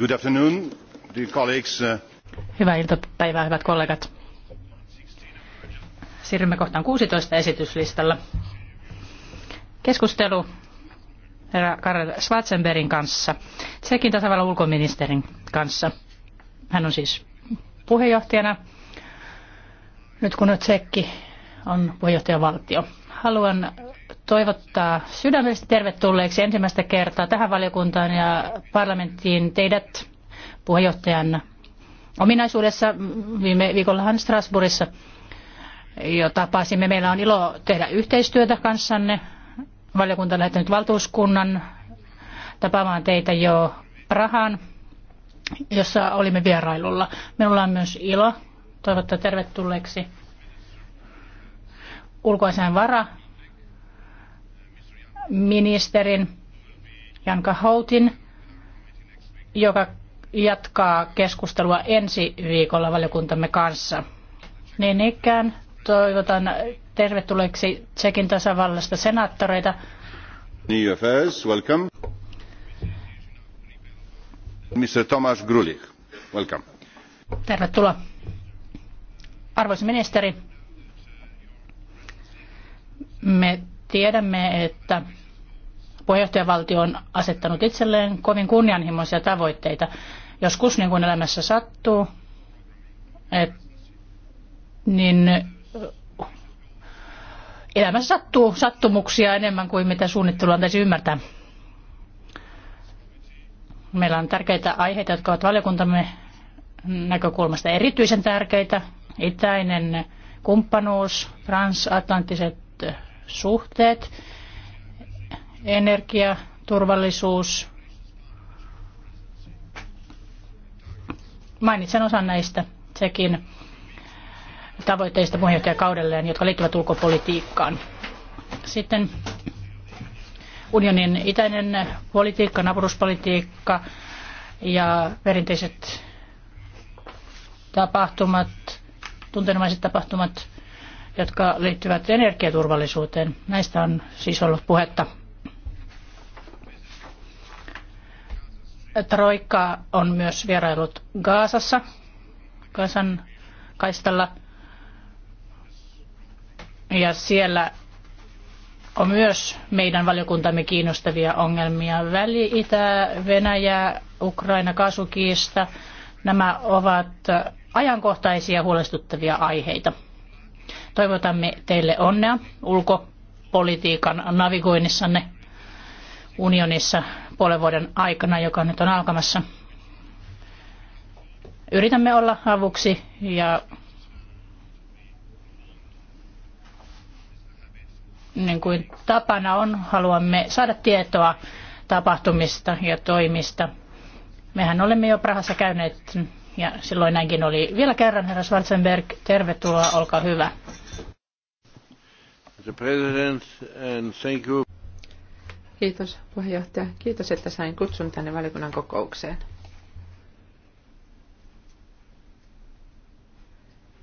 Uh, Hyvää iltapäivää, hyvät kollegat. Siirrymme kohtaan 16 esityslistalla. Keskustelu herra Karel Schwarzenbergin kanssa, Tsekin tasavallan ulkoministerin kanssa. Hän on siis puheenjohtajana. Nyt kun on Tsekki on puheenjohtajavaltio. Haluan toivottaa sydämellisesti tervetulleeksi ensimmäistä kertaa tähän valiokuntaan ja parlamenttiin teidät puheenjohtajan ominaisuudessa. Viime viikollahan Strasbourgissa jo tapasimme. Meillä on ilo tehdä yhteistyötä kanssanne. Valiokunta on lähettänyt valtuuskunnan tapaamaan teitä jo Prahaan, jossa olimme vierailulla. Minulla on myös ilo toivottaa tervetulleeksi ulkoisen vara ministerin Janka Houtin, joka jatkaa keskustelua ensi viikolla valiokuntamme kanssa. Niin ikään toivotan tervetulleeksi Tsekin tasavallasta senaattoreita. New Affairs, welcome. Mr. Thomas Grulich, welcome. Tervetuloa. Arvoisa ministeri, me tiedämme, että Puheenjohtajavaltio on asettanut itselleen kovin kunnianhimoisia tavoitteita. Joskus niin kuin elämässä sattuu, et, niin elämässä sattuu sattumuksia enemmän kuin mitä suunnittelu antaisi ymmärtää. Meillä on tärkeitä aiheita, jotka ovat valiokuntamme näkökulmasta erityisen tärkeitä. Itäinen kumppanuus, transatlanttiset suhteet energia, turvallisuus. Mainitsen osan näistä sekin tavoitteista puheenjohtajakaudelleen, jotka liittyvät ulkopolitiikkaan. Sitten unionin itäinen politiikka, naapuruspolitiikka ja perinteiset tapahtumat, tuntenomaiset tapahtumat, jotka liittyvät energiaturvallisuuteen. Näistä on siis ollut puhetta Troikka on myös vierailut Gaasassa, Gaasan kaistalla. Ja siellä on myös meidän valiokuntamme kiinnostavia ongelmia. Väli-Itä, Venäjä, Ukraina, kaasukiista. Nämä ovat ajankohtaisia huolestuttavia aiheita. Toivotamme teille onnea ulkopolitiikan navigoinnissanne unionissa puolen vuoden aikana, joka nyt on alkamassa. Yritämme olla avuksi ja niin kuin tapana on, haluamme saada tietoa tapahtumista ja toimista. Mehän olemme jo Prahassa käyneet ja silloin näinkin oli. Vielä kerran, herra Schwarzenberg, tervetuloa, olkaa hyvä. Kiitos puheenjohtaja. Kiitos, että sain kutsun tänne valikunnan kokoukseen.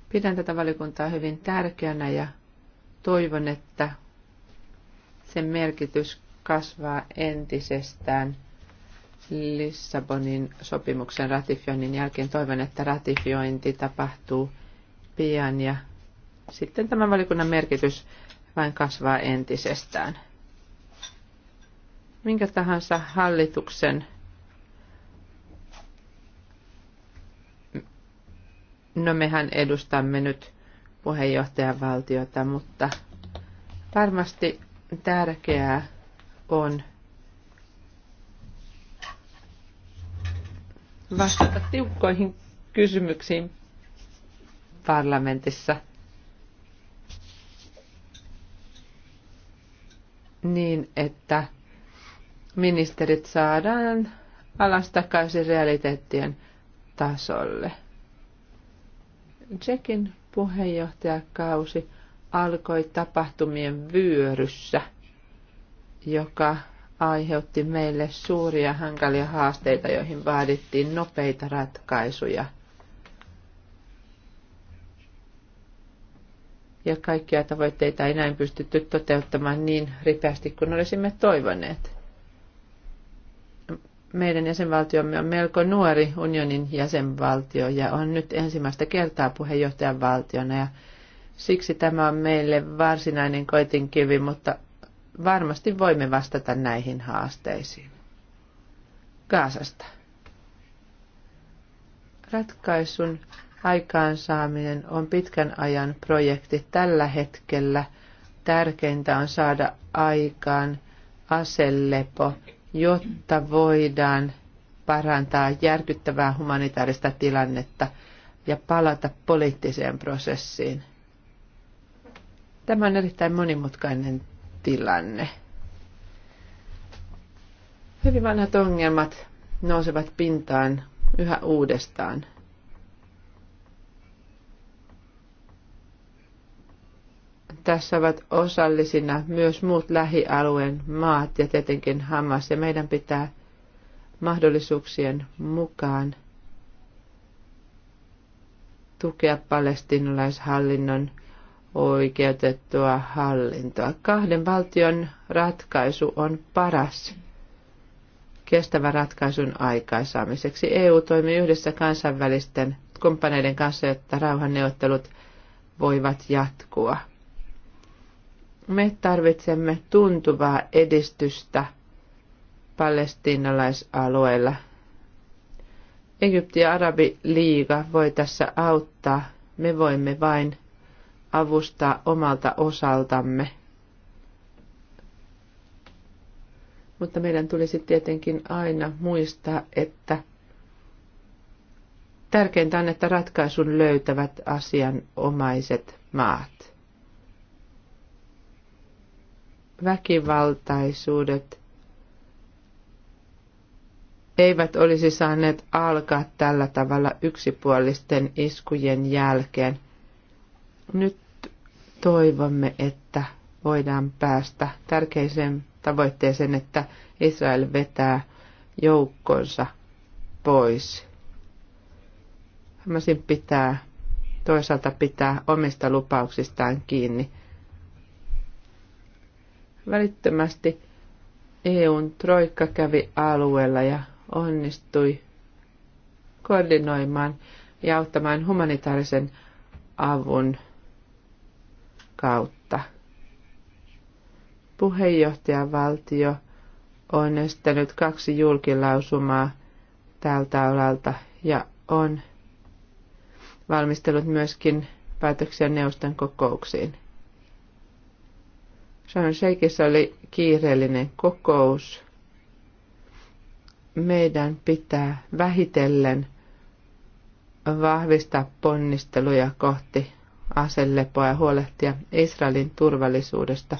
Pidän tätä valikuntaa hyvin tärkeänä ja toivon, että sen merkitys kasvaa entisestään Lissabonin sopimuksen ratifioinnin jälkeen. Toivon, että ratifiointi tapahtuu pian ja sitten tämän valikunnan merkitys vain kasvaa entisestään minkä tahansa hallituksen no mehän edustamme nyt puheenjohtajavaltiota, mutta varmasti tärkeää on vastata tiukkoihin kysymyksiin parlamentissa niin, että ministerit saadaan alas takaisin realiteettien tasolle. Tsekin puheenjohtajakausi alkoi tapahtumien vyöryssä, joka aiheutti meille suuria hankalia haasteita, joihin vaadittiin nopeita ratkaisuja. Ja kaikkia tavoitteita ei näin pystytty toteuttamaan niin ripeästi kuin olisimme toivoneet. Meidän jäsenvaltiomme on melko nuori unionin jäsenvaltio ja on nyt ensimmäistä kertaa puheenjohtajan valtiona ja siksi tämä on meille varsinainen koitinkivi, mutta varmasti voimme vastata näihin haasteisiin. Kaasasta. Ratkaisun aikaansaaminen on pitkän ajan projekti. Tällä hetkellä tärkeintä on saada aikaan aselepo jotta voidaan parantaa järkyttävää humanitaarista tilannetta ja palata poliittiseen prosessiin. Tämä on erittäin monimutkainen tilanne. Hyvin vanhat ongelmat nousevat pintaan yhä uudestaan. tässä ovat osallisina myös muut lähialueen maat ja tietenkin Hamas. Ja meidän pitää mahdollisuuksien mukaan tukea palestinalaishallinnon oikeutettua hallintoa. Kahden valtion ratkaisu on paras kestävä ratkaisun aikaisaamiseksi. EU toimii yhdessä kansainvälisten kumppaneiden kanssa, että rauhanneuvottelut voivat jatkua. Me tarvitsemme tuntuvaa edistystä palestiinalaisalueella. Egypti ja Arabiliiga voi tässä auttaa. Me voimme vain avustaa omalta osaltamme. Mutta meidän tulisi tietenkin aina muistaa, että tärkeintä on, että ratkaisun löytävät asianomaiset maat. väkivaltaisuudet eivät olisi saaneet alkaa tällä tavalla yksipuolisten iskujen jälkeen. Nyt toivomme, että voidaan päästä tärkeiseen tavoitteeseen, että Israel vetää joukkonsa pois. Hamasin pitää toisaalta pitää omista lupauksistaan kiinni – Välittömästi EUn troikka kävi alueella ja onnistui koordinoimaan ja auttamaan humanitaarisen avun kautta. Puheenjohtajavaltio on estänyt kaksi julkilausumaa tältä alalta ja on valmistellut myöskin päätöksiä neuvoston kokouksiin. Sharon Sheikissä oli kiireellinen kokous. Meidän pitää vähitellen vahvistaa ponnisteluja kohti aselepoa ja huolehtia Israelin turvallisuudesta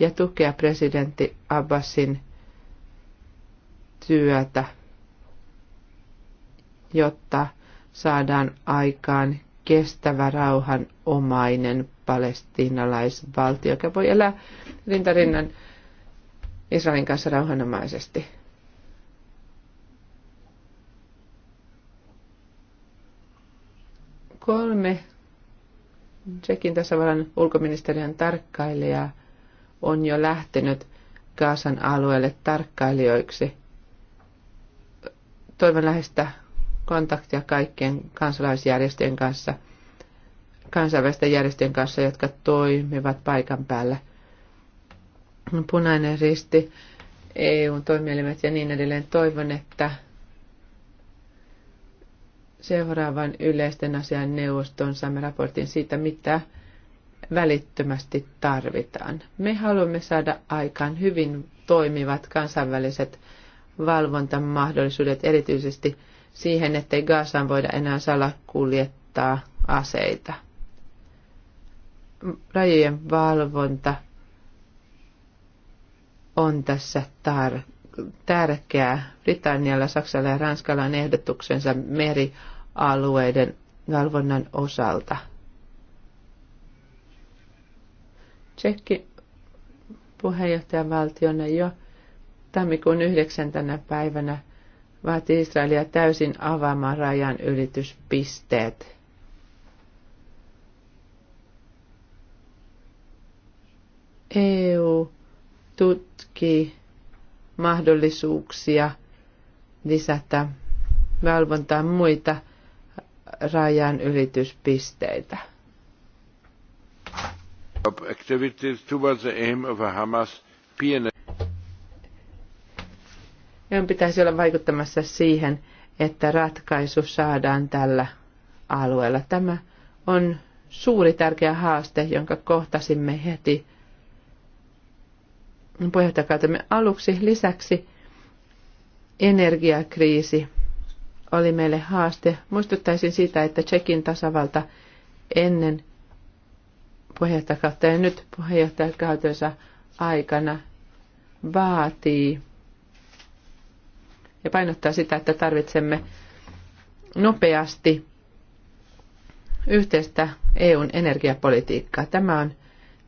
ja tukea presidentti Abbasin työtä, jotta saadaan aikaan kestävä rauhanomainen palestiinalaisvaltio, joka voi elää rintarinnan Israelin kanssa rauhanomaisesti. Kolme Tsekin tasavallan ulkoministeriön tarkkailija on jo lähtenyt Gaasan alueelle tarkkailijoiksi. Toivon läheistä kontaktia kaikkien kansalaisjärjestöjen kanssa – kansainvälisten järjestöjen kanssa, jotka toimivat paikan päällä. Punainen risti, EUn toimielimet ja niin edelleen. Toivon, että seuraavan yleisten asian neuvoston saamme raportin siitä, mitä välittömästi tarvitaan. Me haluamme saada aikaan hyvin toimivat kansainväliset valvontamahdollisuudet, erityisesti siihen, ettei Gaasan voida enää salakuljettaa aseita rajojen valvonta on tässä tar- tärkeää. Britannialla, Saksalla ja Ranskalla on ehdotuksensa merialueiden valvonnan osalta. Tsekki puheenjohtajavaltiona jo tammikuun 9. päivänä vaati Israelia täysin avaamaan rajan ylityspisteet EU tutki mahdollisuuksia lisätä valvontaa muita rajan ylityspisteitä. Meidän pitäisi olla vaikuttamassa siihen, että ratkaisu saadaan tällä alueella. Tämä on suuri tärkeä haaste, jonka kohtasimme heti puheenjohtajakautemme aluksi. Lisäksi energiakriisi oli meille haaste. Muistuttaisin siitä, että Tsekin tasavalta ennen puheenjohtajakautta ja nyt puheenjohtajakautensa aikana vaatii ja painottaa sitä, että tarvitsemme nopeasti yhteistä EUn energiapolitiikkaa. Tämä on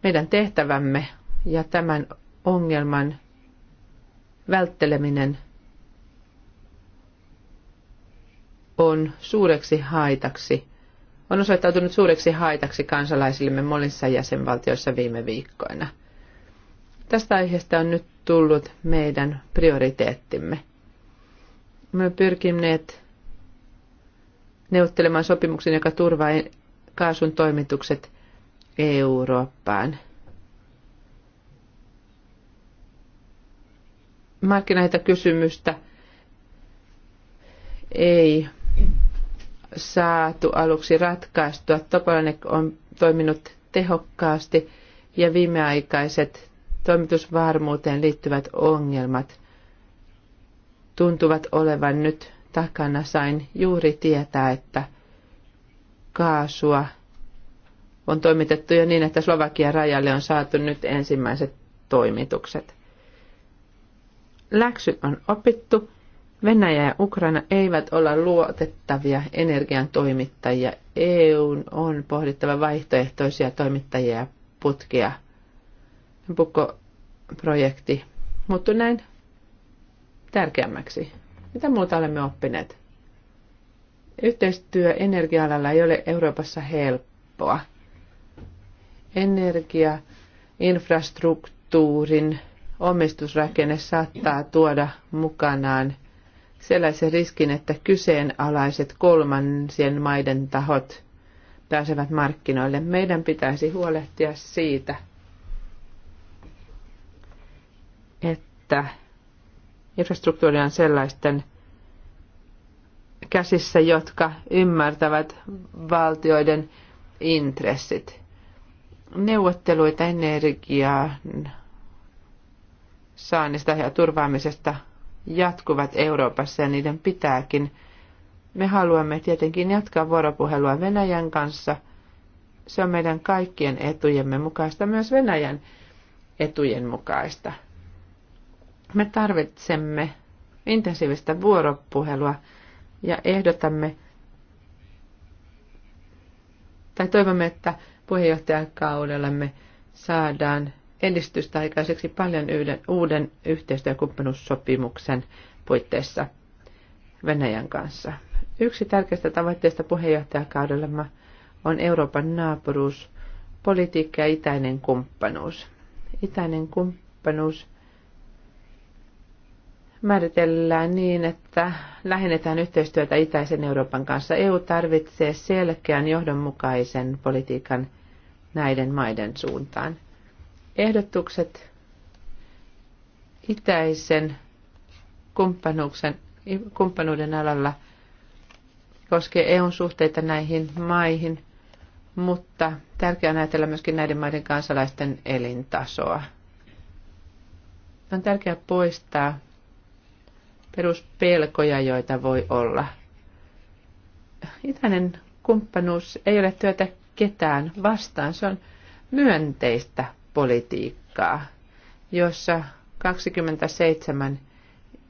meidän tehtävämme ja tämän ongelman vältteleminen on suureksi haitaksi, on osoittautunut suureksi haitaksi kansalaisillemme molissa jäsenvaltioissa viime viikkoina. Tästä aiheesta on nyt tullut meidän prioriteettimme. Me pyrkineet neuvottelemaan sopimuksen, joka turvaa kaasun toimitukset Eurooppaan – markkinaita kysymystä ei saatu aluksi ratkaistua. Topolanek on toiminut tehokkaasti ja viimeaikaiset toimitusvarmuuteen liittyvät ongelmat tuntuvat olevan nyt takana. Sain juuri tietää, että kaasua on toimitettu jo niin, että Slovakian rajalle on saatu nyt ensimmäiset toimitukset läksyt on opittu. Venäjä ja Ukraina eivät ole luotettavia energian toimittajia. EU on pohdittava vaihtoehtoisia toimittajia ja putkia. bukko projekti muuttui näin tärkeämmäksi. Mitä muuta olemme oppineet? Yhteistyö energia-alalla ei ole Euroopassa helppoa. Energia, infrastruktuurin omistusrakenne saattaa tuoda mukanaan sellaisen riskin, että kyseenalaiset kolmansien maiden tahot pääsevät markkinoille. Meidän pitäisi huolehtia siitä, että infrastruktuuri on sellaisten käsissä, jotka ymmärtävät valtioiden intressit. Neuvotteluita energiaan saannista ja turvaamisesta jatkuvat Euroopassa ja niiden pitääkin. Me haluamme tietenkin jatkaa vuoropuhelua Venäjän kanssa. Se on meidän kaikkien etujemme mukaista, myös Venäjän etujen mukaista. Me tarvitsemme intensiivistä vuoropuhelua ja ehdotamme tai toivomme, että puheenjohtajakaudellamme saadaan edistystä aikaiseksi paljon yhden, uuden yhteistyökumppanuussopimuksen puitteissa Venäjän kanssa. Yksi tärkeistä tavoitteista puheenjohtajakaudellamme on Euroopan naapuruus, politiikka ja itäinen kumppanuus. Itäinen kumppanuus määritellään niin, että lähennetään yhteistyötä itäisen Euroopan kanssa. EU tarvitsee selkeän johdonmukaisen politiikan näiden maiden suuntaan ehdotukset itäisen kumppanuuksen, kumppanuuden alalla koskee EUn suhteita näihin maihin, mutta tärkeää on ajatella myöskin näiden maiden kansalaisten elintasoa. On tärkeää poistaa peruspelkoja, joita voi olla. Itäinen kumppanuus ei ole työtä ketään vastaan, se on myönteistä politiikkaa, jossa 27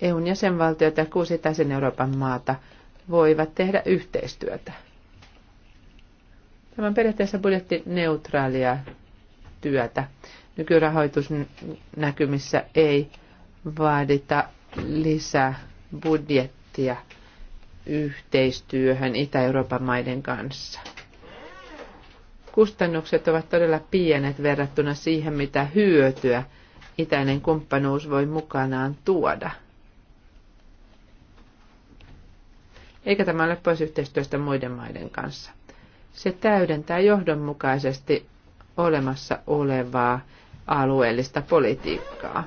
EUn jäsenvaltiota ja kuusi täysin Euroopan maata voivat tehdä yhteistyötä. Tämä on periaatteessa budjettineutraalia työtä. Nykyrahoitusnäkymissä ei vaadita lisää budjettia yhteistyöhön Itä-Euroopan maiden kanssa kustannukset ovat todella pienet verrattuna siihen, mitä hyötyä itäinen kumppanuus voi mukanaan tuoda. Eikä tämä ole pois yhteistyöstä muiden maiden kanssa. Se täydentää johdonmukaisesti olemassa olevaa alueellista politiikkaa.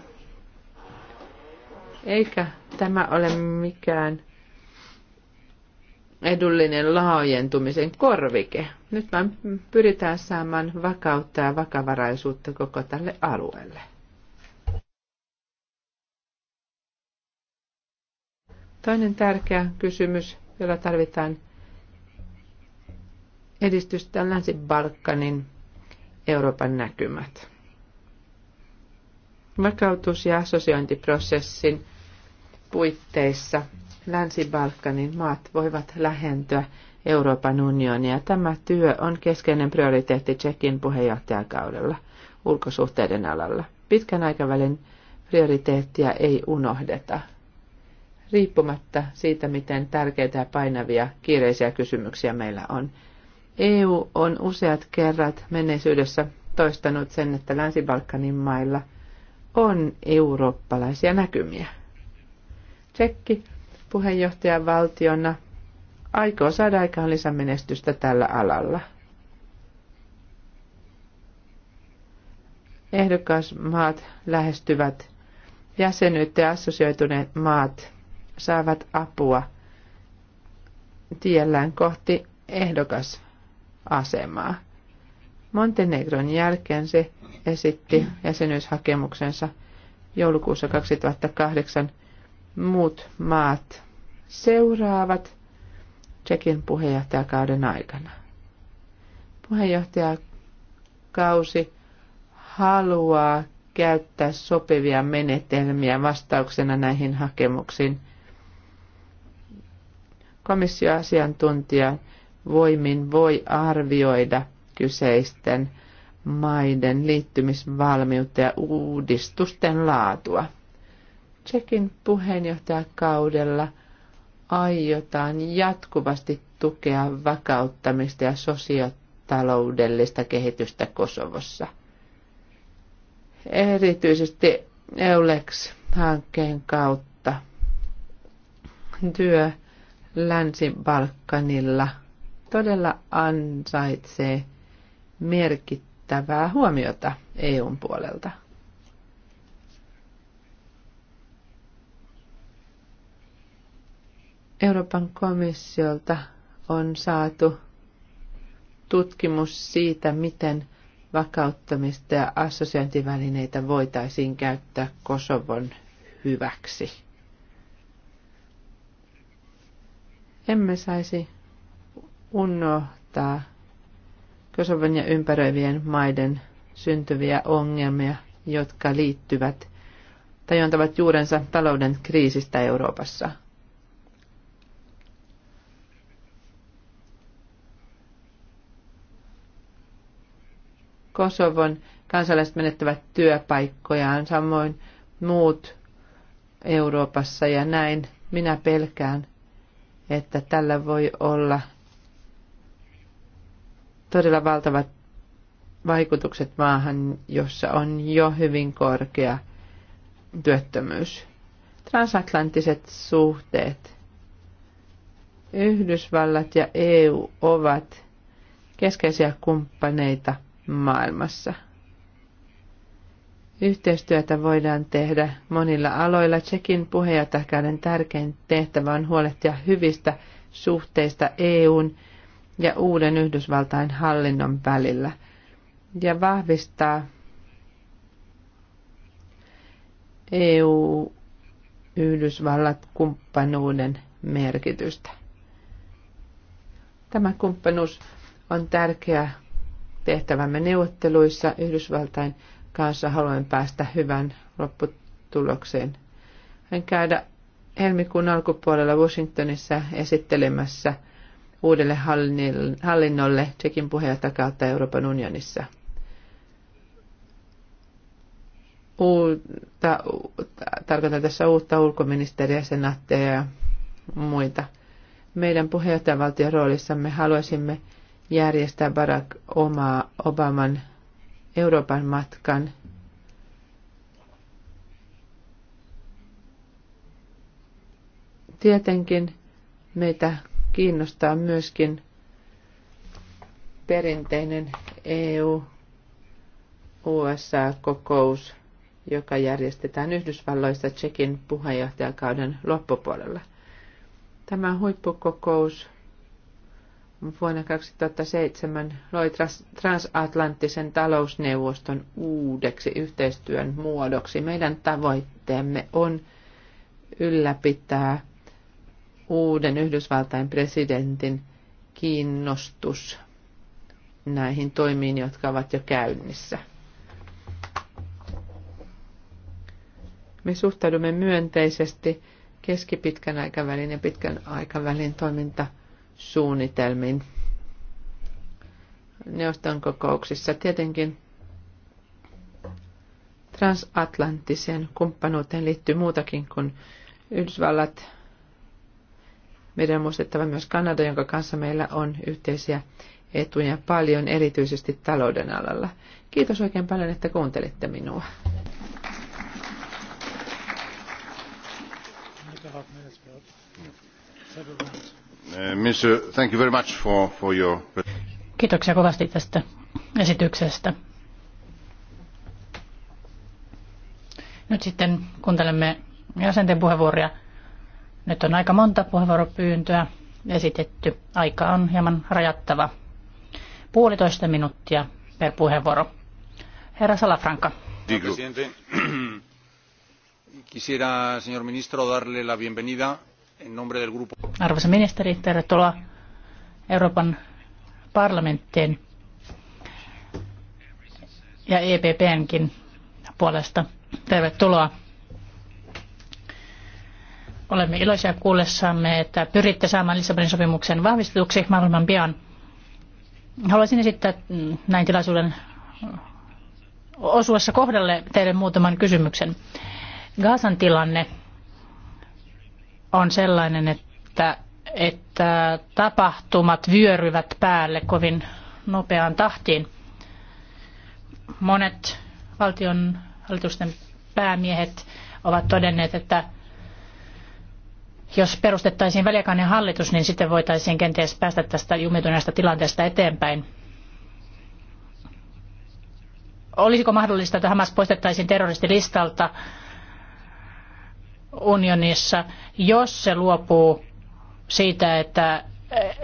Eikä tämä ole mikään edullinen laajentumisen korvike. Nyt vain pyritään saamaan vakautta ja vakavaraisuutta koko tälle alueelle. Toinen tärkeä kysymys, jolla tarvitaan edistystä Länsi-Balkanin Euroopan näkymät. Vakautus- ja assosiointiprosessin puitteissa Länsi-Balkanin maat voivat lähentyä Euroopan unionia. Tämä työ on keskeinen prioriteetti Tsekin puheenjohtajakaudella ulkosuhteiden alalla. Pitkän aikavälin prioriteettia ei unohdeta. Riippumatta siitä, miten tärkeitä ja painavia kiireisiä kysymyksiä meillä on. EU on useat kerrat menneisyydessä toistanut sen, että Länsi-Balkanin mailla on eurooppalaisia näkymiä. Tsekki valtiona aikoo saada aikaan lisämenestystä tällä alalla. Ehdokasmaat lähestyvät jäsenyyttä ja assosioituneet maat saavat apua tiellään kohti ehdokasasemaa. Montenegron jälkeen se esitti jäsenyyshakemuksensa joulukuussa 2008 muut maat seuraavat Tsekin puheenjohtajakauden aikana. Puheenjohtajakausi haluaa käyttää sopivia menetelmiä vastauksena näihin hakemuksiin. Komissioasiantuntijan voimin voi arvioida kyseisten maiden liittymisvalmiutta ja uudistusten laatua. Tsekin puheenjohtajakaudella aiotaan jatkuvasti tukea vakauttamista ja sosiotaloudellista kehitystä Kosovossa. Erityisesti EULEX-hankkeen kautta työ Länsi-Balkanilla todella ansaitsee merkittävää huomiota EUn puolelta. Euroopan komissiolta on saatu tutkimus siitä, miten vakauttamista ja assosiointivälineitä voitaisiin käyttää Kosovon hyväksi. Emme saisi unohtaa Kosovon ja ympäröivien maiden syntyviä ongelmia, jotka liittyvät tai juontavat juurensa talouden kriisistä Euroopassa – Kosovon kansalaiset menettävät työpaikkojaan, samoin muut Euroopassa ja näin minä pelkään, että tällä voi olla todella valtavat vaikutukset maahan, jossa on jo hyvin korkea työttömyys. Transatlanttiset suhteet. Yhdysvallat ja EU ovat keskeisiä kumppaneita maailmassa. Yhteistyötä voidaan tehdä monilla aloilla. Tsekin puheenjohtajakauden tärkein tehtävä on huolehtia hyvistä suhteista EUn ja uuden Yhdysvaltain hallinnon välillä ja vahvistaa EU-Yhdysvallat kumppanuuden merkitystä. Tämä kumppanuus on tärkeä tehtävämme neuvotteluissa Yhdysvaltain kanssa haluamme päästä hyvän lopputulokseen. Hän käydä helmikuun alkupuolella Washingtonissa esittelemässä uudelle hallinnolle Tsekin puheenjohtajakautta Euroopan unionissa. Uutta, tarkoitan tässä uutta ulkoministeriä, senaatteja ja muita. Meidän puheenjohtajavaltion roolissamme haluaisimme järjestää Barack Obaman Euroopan matkan. Tietenkin meitä kiinnostaa myöskin perinteinen EU-USA-kokous, joka järjestetään Yhdysvalloissa Tsekin puheenjohtajakauden loppupuolella. Tämä huippukokous vuonna 2007 loi transatlanttisen talousneuvoston uudeksi yhteistyön muodoksi. Meidän tavoitteemme on ylläpitää uuden Yhdysvaltain presidentin kiinnostus näihin toimiin, jotka ovat jo käynnissä. Me suhtaudumme myönteisesti keskipitkän aikavälin ja pitkän aikavälin toimintaan suunnitelmiin neuvoston kokouksissa. Tietenkin transatlanttiseen kumppanuuteen liittyy muutakin kuin Yhdysvallat. Meidän on muistettava myös Kanada, jonka kanssa meillä on yhteisiä etuja paljon, erityisesti talouden alalla. Kiitos oikein paljon, että kuuntelitte minua. Several rounds. Uh, Kiitoksia kovasti tästä esityksestä. Nyt sitten kuuntelemme jäsenten puheenvuoroja. Nyt on aika monta puheenvuoropyyntöä esitetty. Aika on hieman rajattava. Puolitoista minuuttia per puheenvuoro. Herra Salafranca. Quisiera, señor ministro, darle la bienvenida Arvoisa ministeri, tervetuloa Euroopan parlamenttiin ja EPPnkin puolesta. Tervetuloa. Olemme iloisia kuullessamme, että pyritte saamaan Lissabonin sopimuksen vahvistetuksi mahdollisimman pian. Haluaisin esittää mm, näin tilaisuuden osuessa kohdalle teille muutaman kysymyksen. Gaasan tilanne on sellainen, että, että tapahtumat vyöryvät päälle kovin nopeaan tahtiin. Monet valtion hallitusten päämiehet ovat todenneet, että jos perustettaisiin väliaikainen hallitus, niin sitten voitaisiin kenties päästä tästä jumituneesta tilanteesta eteenpäin. Olisiko mahdollista, että Hamas poistettaisiin terroristilistalta listalta? unionissa, jos se luopuu siitä, että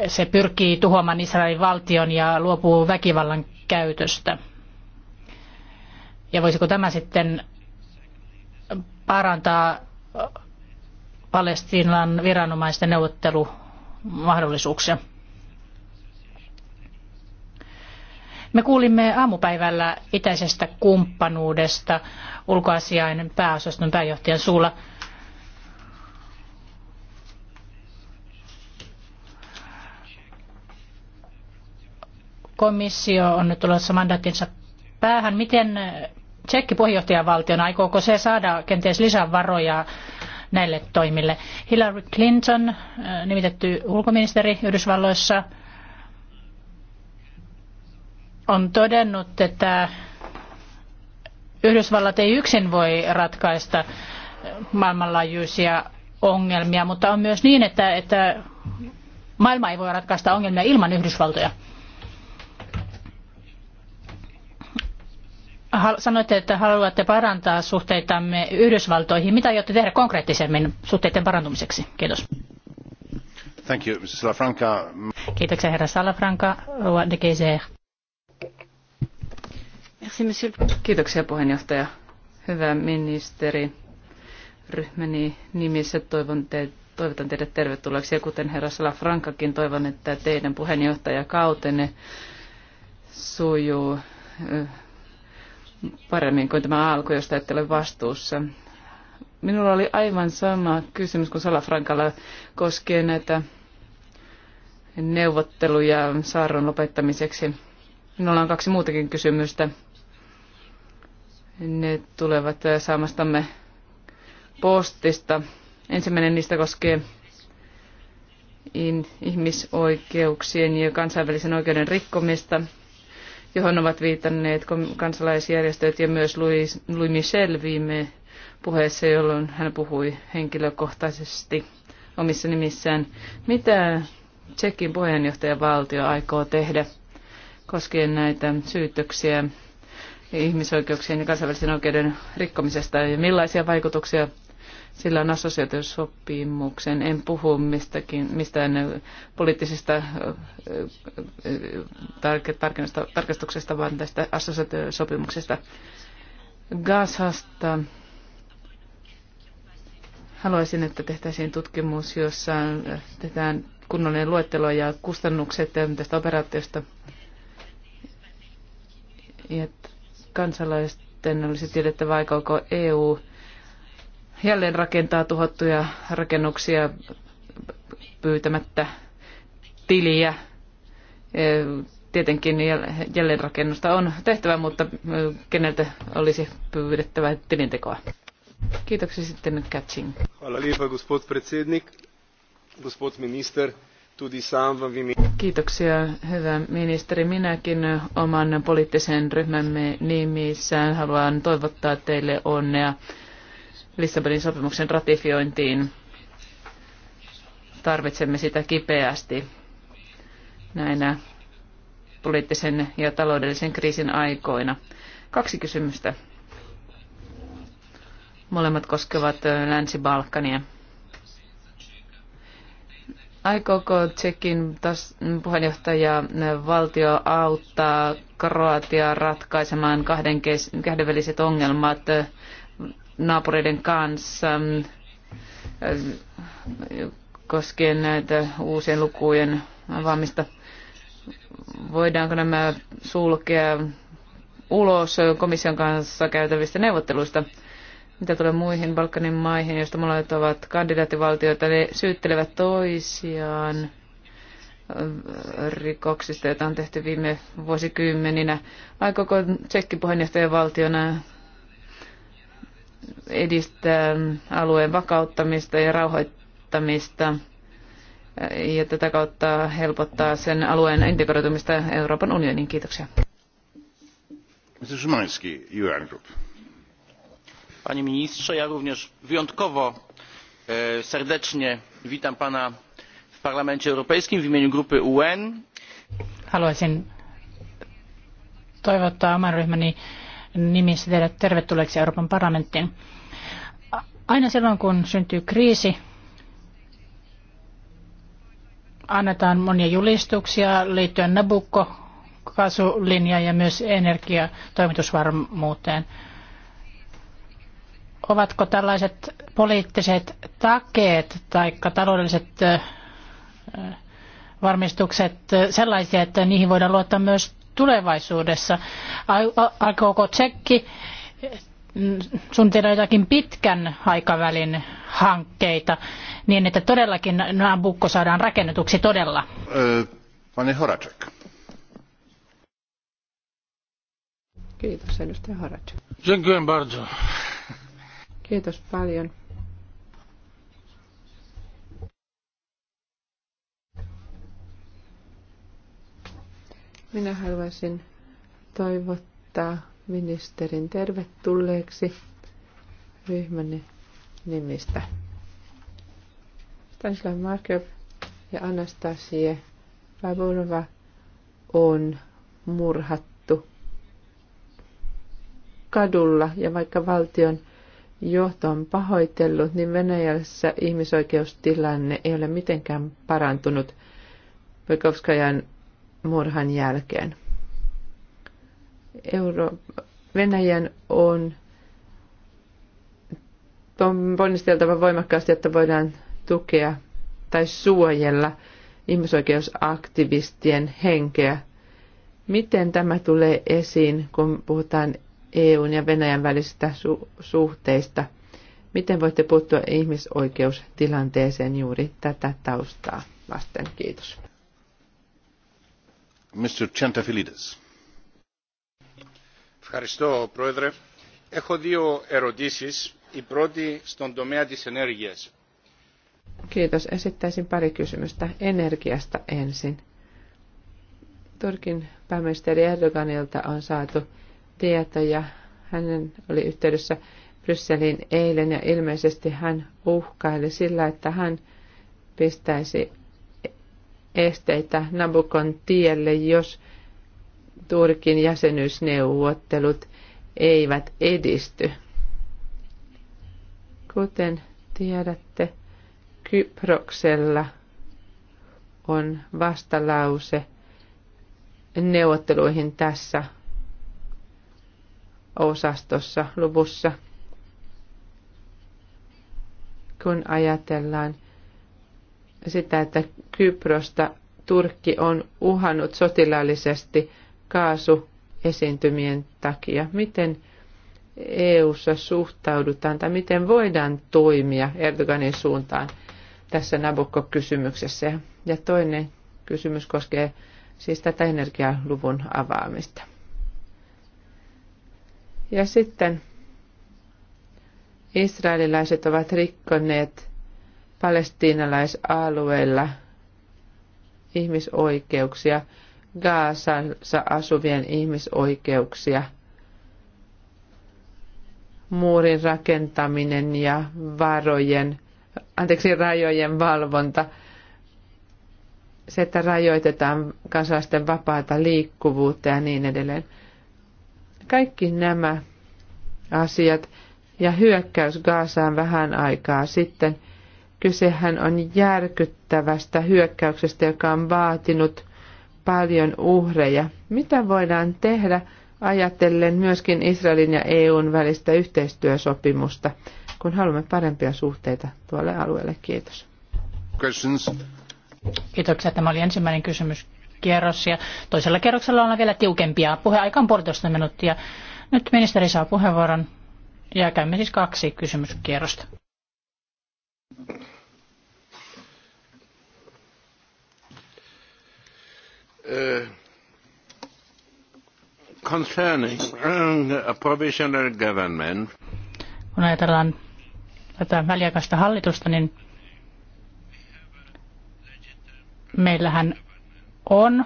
se pyrkii tuhoamaan Israelin valtion ja luopuu väkivallan käytöstä. Ja voisiko tämä sitten parantaa Palestiinan viranomaisten neuvottelumahdollisuuksia? Me kuulimme aamupäivällä itäisestä kumppanuudesta ulkoasiain pääosaston pääjohtajan suulla – komissio on nyt tulossa mandaattinsa päähän. Miten Tsekki puheenjohtajavaltiona, aikooko se saada kenties lisää varoja näille toimille? Hillary Clinton, äh, nimitetty ulkoministeri Yhdysvalloissa, on todennut, että Yhdysvallat ei yksin voi ratkaista maailmanlaajuisia ongelmia, mutta on myös niin, että, että maailma ei voi ratkaista ongelmia ilman Yhdysvaltoja. sanoitte, että haluatte parantaa suhteitamme Yhdysvaltoihin. Mitä aiotte tehdä konkreettisemmin suhteiden parantumiseksi? Kiitos. Thank you, Salafranca. Kiitoksia, herra Salafranca. De Kiitoksia, puheenjohtaja. Hyvä ministeri. Ryhmäni nimissä toivon teitä toivotan teidät tervetulleeksi ja kuten herra Salafrankakin toivon, että teidän puheenjohtajakautenne sujuu paremmin kuin tämä alku, josta ette ole vastuussa. Minulla oli aivan sama kysymys kuin Salafrankalla koskien näitä neuvotteluja saaron lopettamiseksi. Minulla on kaksi muutakin kysymystä. Ne tulevat saamastamme postista. Ensimmäinen niistä koskee ihmisoikeuksien ja kansainvälisen oikeuden rikkomista johon ovat viitanneet kansalaisjärjestöt ja myös Louis, Louis Michel viime puheessa, jolloin hän puhui henkilökohtaisesti omissa nimissään. Mitä Tsekin puheenjohtajavaltio aikoo tehdä koskien näitä syytöksiä ihmisoikeuksien ja kansainvälisen oikeuden rikkomisesta ja millaisia vaikutuksia sillä on assosiaatiosopimuksen. En puhu mistäkin, mistään poliittisista tarkastuksesta, vaan tästä assosiaatiosopimuksesta. Gazasta haluaisin, että tehtäisiin tutkimus, jossa tehdään kunnollinen luettelo ja kustannukset tästä operaatiosta. Ja kansalaisten olisi tiedettävä, aikooko EU jälleen rakentaa tuhottuja rakennuksia pyytämättä tiliä. Tietenkin jälleenrakennusta on tehtävä, mutta keneltä olisi pyydettävä tilintekoa. Kiitoksia sitten Katsin. tudi Kiitoksia, hyvä ministeri. Minäkin oman poliittisen ryhmämme nimissä haluan toivottaa teille onnea Lissabonin sopimuksen ratifiointiin. Tarvitsemme sitä kipeästi näinä poliittisen ja taloudellisen kriisin aikoina. Kaksi kysymystä. Molemmat koskevat Länsi-Balkania. Aikooko Tsekin puheenjohtaja valtio auttaa Kroatiaa ratkaisemaan kahdenväliset ongelmat naapureiden kanssa ähm, koskien näitä uusien lukujen avaamista. Voidaanko nämä sulkea ulos komission kanssa käytävistä neuvotteluista? Mitä tulee muihin Balkanin maihin, joista molemmat ovat kandidaattivaltioita, ne syyttelevät toisiaan rikoksista, joita on tehty viime vuosikymmeninä. Aikooko Tsekki puheenjohtajavaltiona edistää alueen vakauttamista ja rauhoittamista ja tätä kautta helpottaa sen alueen integroitumista Euroopan unioniin. Kiitoksia. Panie ministrze, ja również wyjątkowo e, serdecznie witam pana w Parlamencie Europejskim w imieniu grupy UN. Haluaisin toivottaa oman ryhmäni nimissä teidät tervetulleeksi Euroopan parlamenttiin. Aina silloin, kun syntyy kriisi, annetaan monia julistuksia liittyen Nabucco kasulinja ja myös energiatoimitusvarmuuteen. Ovatko tällaiset poliittiset takeet tai taloudelliset eh, varmistukset eh, sellaisia, että niihin voidaan luottaa myös tulevaisuudessa? Aikooko Tsekki mm, suunnitella jotakin pitkän aikavälin hankkeita niin, että todellakin nämä bukko saadaan rakennetuksi todella? Pani Horacek. Kiitos, edustaja Horacek. Dziękuję bardzo. Kiitos paljon. Minä haluaisin toivottaa ministerin tervetulleeksi ryhmäni nimistä. Stanislav Markov ja Anastasia Pavlova on murhattu kadulla ja vaikka valtion johto on pahoitellut, niin Venäjällä ihmisoikeustilanne ei ole mitenkään parantunut. Pekovskajan murhan jälkeen. Euro- Venäjän on ponnisteltava voimakkaasti, että voidaan tukea tai suojella ihmisoikeusaktivistien henkeä. Miten tämä tulee esiin, kun puhutaan EUn ja Venäjän välisistä su- suhteista? Miten voitte puuttua ihmisoikeustilanteeseen juuri tätä taustaa vasten? Kiitos. Ευχαριστώ, Πρόεδρε. Έχω δύο ερωτήσεις. Η πρώτη στον τομέα της ενέργειας. Kiitos. Esittäisin pari kysymystä energiasta ensin. Turkin pääministeri Erdoganilta on saatu tietoja. Hänen oli yhteydessä Brysseliin eilen ja ilmeisesti hän uhkaili sillä, että hän pistäisi esteitä Nabukon tielle, jos Turkin jäsenyysneuvottelut eivät edisty. Kuten tiedätte, Kyproksella on vastalause neuvotteluihin tässä osastossa luvussa. Kun ajatellaan sitä, että Kyprosta Turkki on uhannut sotilaallisesti kaasuesiintymien takia. Miten EU:ssa suhtaudutaan tai miten voidaan toimia Erdoganin suuntaan tässä Nabokko-kysymyksessä? Ja toinen kysymys koskee siis tätä energialuvun avaamista. Ja sitten israelilaiset ovat rikkoneet palestiinalaisalueilla ihmisoikeuksia, Gaasassa asuvien ihmisoikeuksia, muurin rakentaminen ja varojen, anteeksi, rajojen valvonta, se, että rajoitetaan kansalaisten vapaata liikkuvuutta ja niin edelleen. Kaikki nämä asiat ja hyökkäys Gaasaan vähän aikaa sitten – Kysehän on järkyttävästä hyökkäyksestä, joka on vaatinut paljon uhreja. Mitä voidaan tehdä ajatellen myöskin Israelin ja EUn välistä yhteistyösopimusta, kun haluamme parempia suhteita tuolle alueelle? Kiitos. Questions. Kiitoksia. Tämä oli ensimmäinen kysymys kierros ja toisella kerroksella ollaan vielä tiukempia. Puheaika on puolitoista minuuttia. Nyt ministeri saa puheenvuoron ja käymme siis kaksi kysymyskierrosta. Eh, uh, Kun ajatellaan tätä väliaikaista hallitusta, niin meillähän on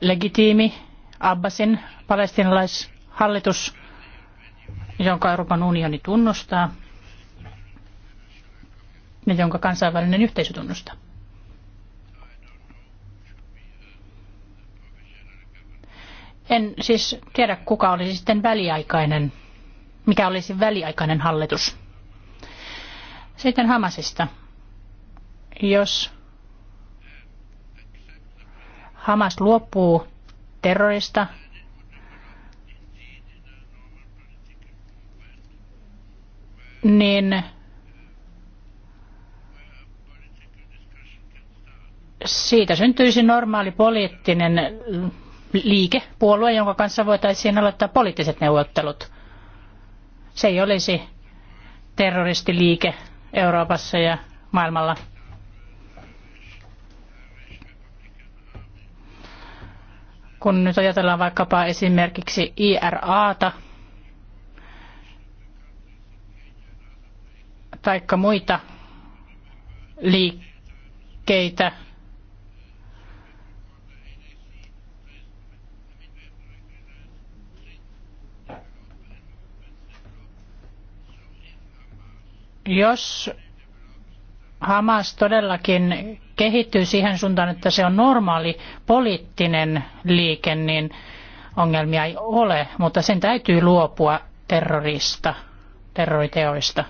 legitiimi Abbasin palestinalaishallitus, jonka Euroopan unioni tunnustaa ja jonka kansainvälinen yhteisö tunnustaa. En siis tiedä, kuka olisi siis sitten väliaikainen, mikä olisi siis väliaikainen hallitus. Sitten Hamasista. Jos Hamas luopuu terrorista, niin siitä syntyisi normaali poliittinen liike, puolue, jonka kanssa voitaisiin aloittaa poliittiset neuvottelut. Se ei olisi terroristiliike Euroopassa ja maailmalla. Kun nyt ajatellaan vaikkapa esimerkiksi IRAta taikka muita liikkeitä, Jos Hamas todellakin kehittyy siihen suuntaan, että se on normaali poliittinen liike, niin ongelmia ei ole, mutta sen täytyy luopua terrorista, terroriteoista.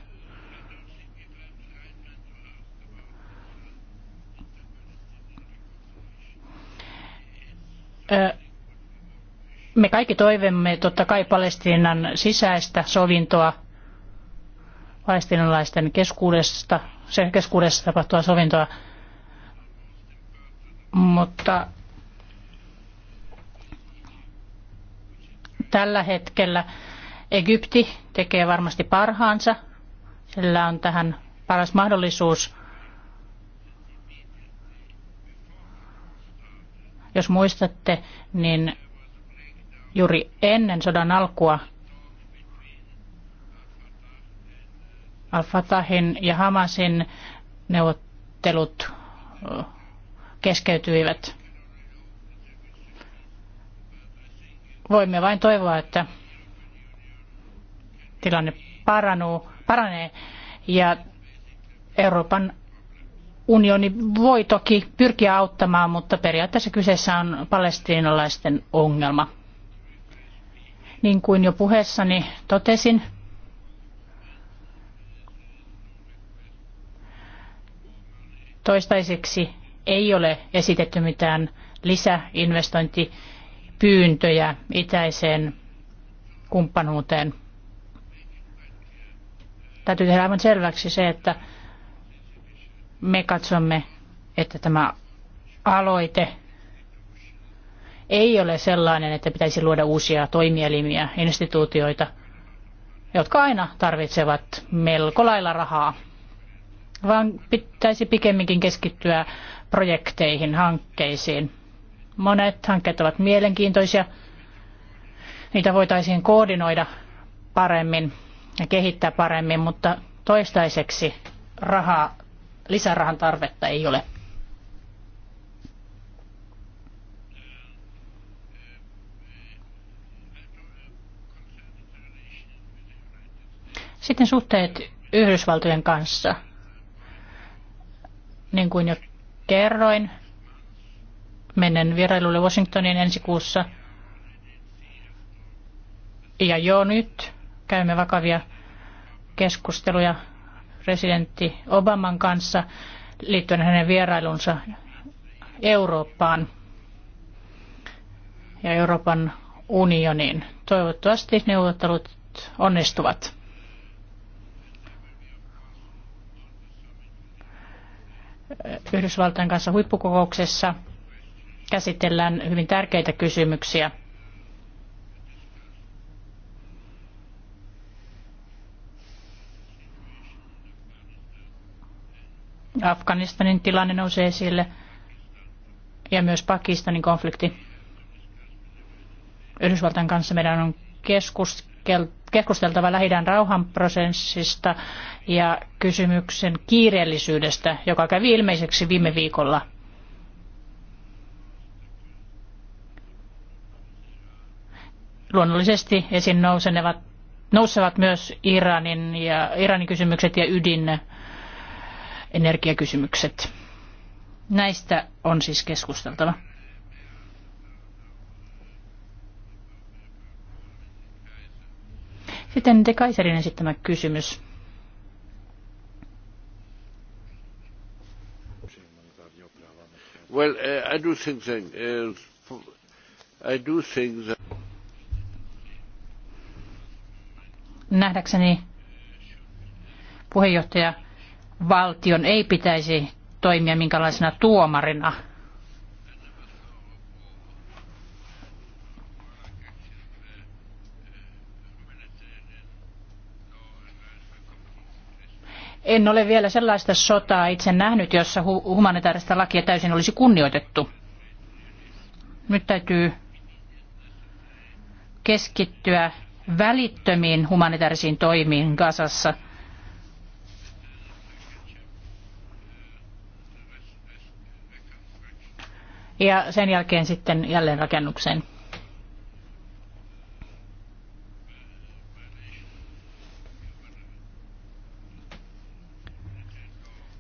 Me kaikki toivomme totta kai Palestiinan sisäistä sovintoa, palestinalaisten keskuudesta, se keskuudessa tapahtua sovintoa. Mutta tällä hetkellä Egypti tekee varmasti parhaansa. Sillä on tähän paras mahdollisuus. Jos muistatte, niin juuri ennen sodan alkua Al-Fatahin ja Hamasin neuvottelut keskeytyivät. Voimme vain toivoa, että tilanne paranuu, paranee ja Euroopan unioni voi toki pyrkiä auttamaan, mutta periaatteessa kyseessä on palestiinalaisten ongelma. Niin kuin jo puheessani totesin, Toistaiseksi ei ole esitetty mitään lisäinvestointipyyntöjä itäiseen kumppanuuteen. Täytyy tehdä aivan selväksi se, että me katsomme, että tämä aloite ei ole sellainen, että pitäisi luoda uusia toimielimiä, instituutioita, jotka aina tarvitsevat melko lailla rahaa vaan pitäisi pikemminkin keskittyä projekteihin, hankkeisiin. Monet hankkeet ovat mielenkiintoisia. Niitä voitaisiin koordinoida paremmin ja kehittää paremmin, mutta toistaiseksi rahaa, lisärahan tarvetta ei ole. Sitten suhteet Yhdysvaltojen kanssa. Niin kuin jo kerroin, menen vierailulle Washingtoniin ensi kuussa. Ja jo nyt käymme vakavia keskusteluja presidentti Obaman kanssa liittyen hänen vierailunsa Eurooppaan ja Euroopan unioniin. Toivottavasti neuvottelut onnistuvat. Yhdysvaltain kanssa huippukokouksessa käsitellään hyvin tärkeitä kysymyksiä. Afganistanin tilanne nousee esille ja myös Pakistanin konflikti. Yhdysvaltain kanssa meidän on keskus, keskusteltava lähidän rauhanprosessista ja kysymyksen kiireellisyydestä, joka kävi ilmeiseksi viime viikolla. Luonnollisesti esiin nousevat, nousevat myös Iranin, ja, Iranin kysymykset ja ydinenergiakysymykset. Näistä on siis keskusteltava. Sitten De Kaiserin esittämä kysymys. Well, uh, I do think that, uh, I do think that... Nähdäkseni puheenjohtaja valtion ei pitäisi toimia minkälaisena tuomarina – En ole vielä sellaista sotaa itse nähnyt, jossa hu- humanitaarista lakia täysin olisi kunnioitettu. Nyt täytyy keskittyä välittömiin humanitaarisiin toimiin Gazassa. Ja sen jälkeen sitten jälleenrakennukseen.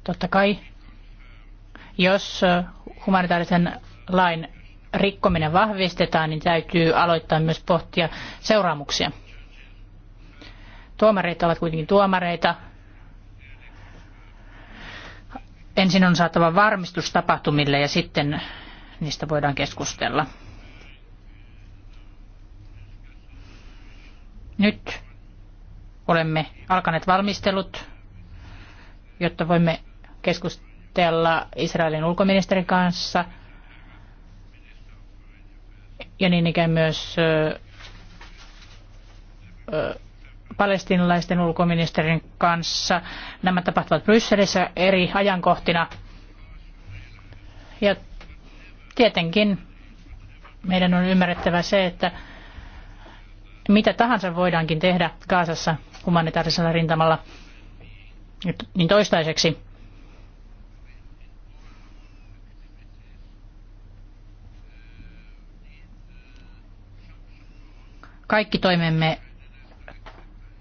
Totta kai, jos humanitaarisen lain rikkominen vahvistetaan, niin täytyy aloittaa myös pohtia seuraamuksia. Tuomareita ovat kuitenkin tuomareita. Ensin on saatava varmistus tapahtumille ja sitten niistä voidaan keskustella. Nyt olemme alkaneet valmistelut, jotta voimme keskustella Israelin ulkoministerin kanssa ja niin ikään myös palestinalaisten ulkoministerin kanssa. Nämä tapahtuvat Brysselissä eri ajankohtina. Ja tietenkin meidän on ymmärrettävä se, että mitä tahansa voidaankin tehdä Kaasassa humanitaarisella rintamalla, niin toistaiseksi kaikki toimemme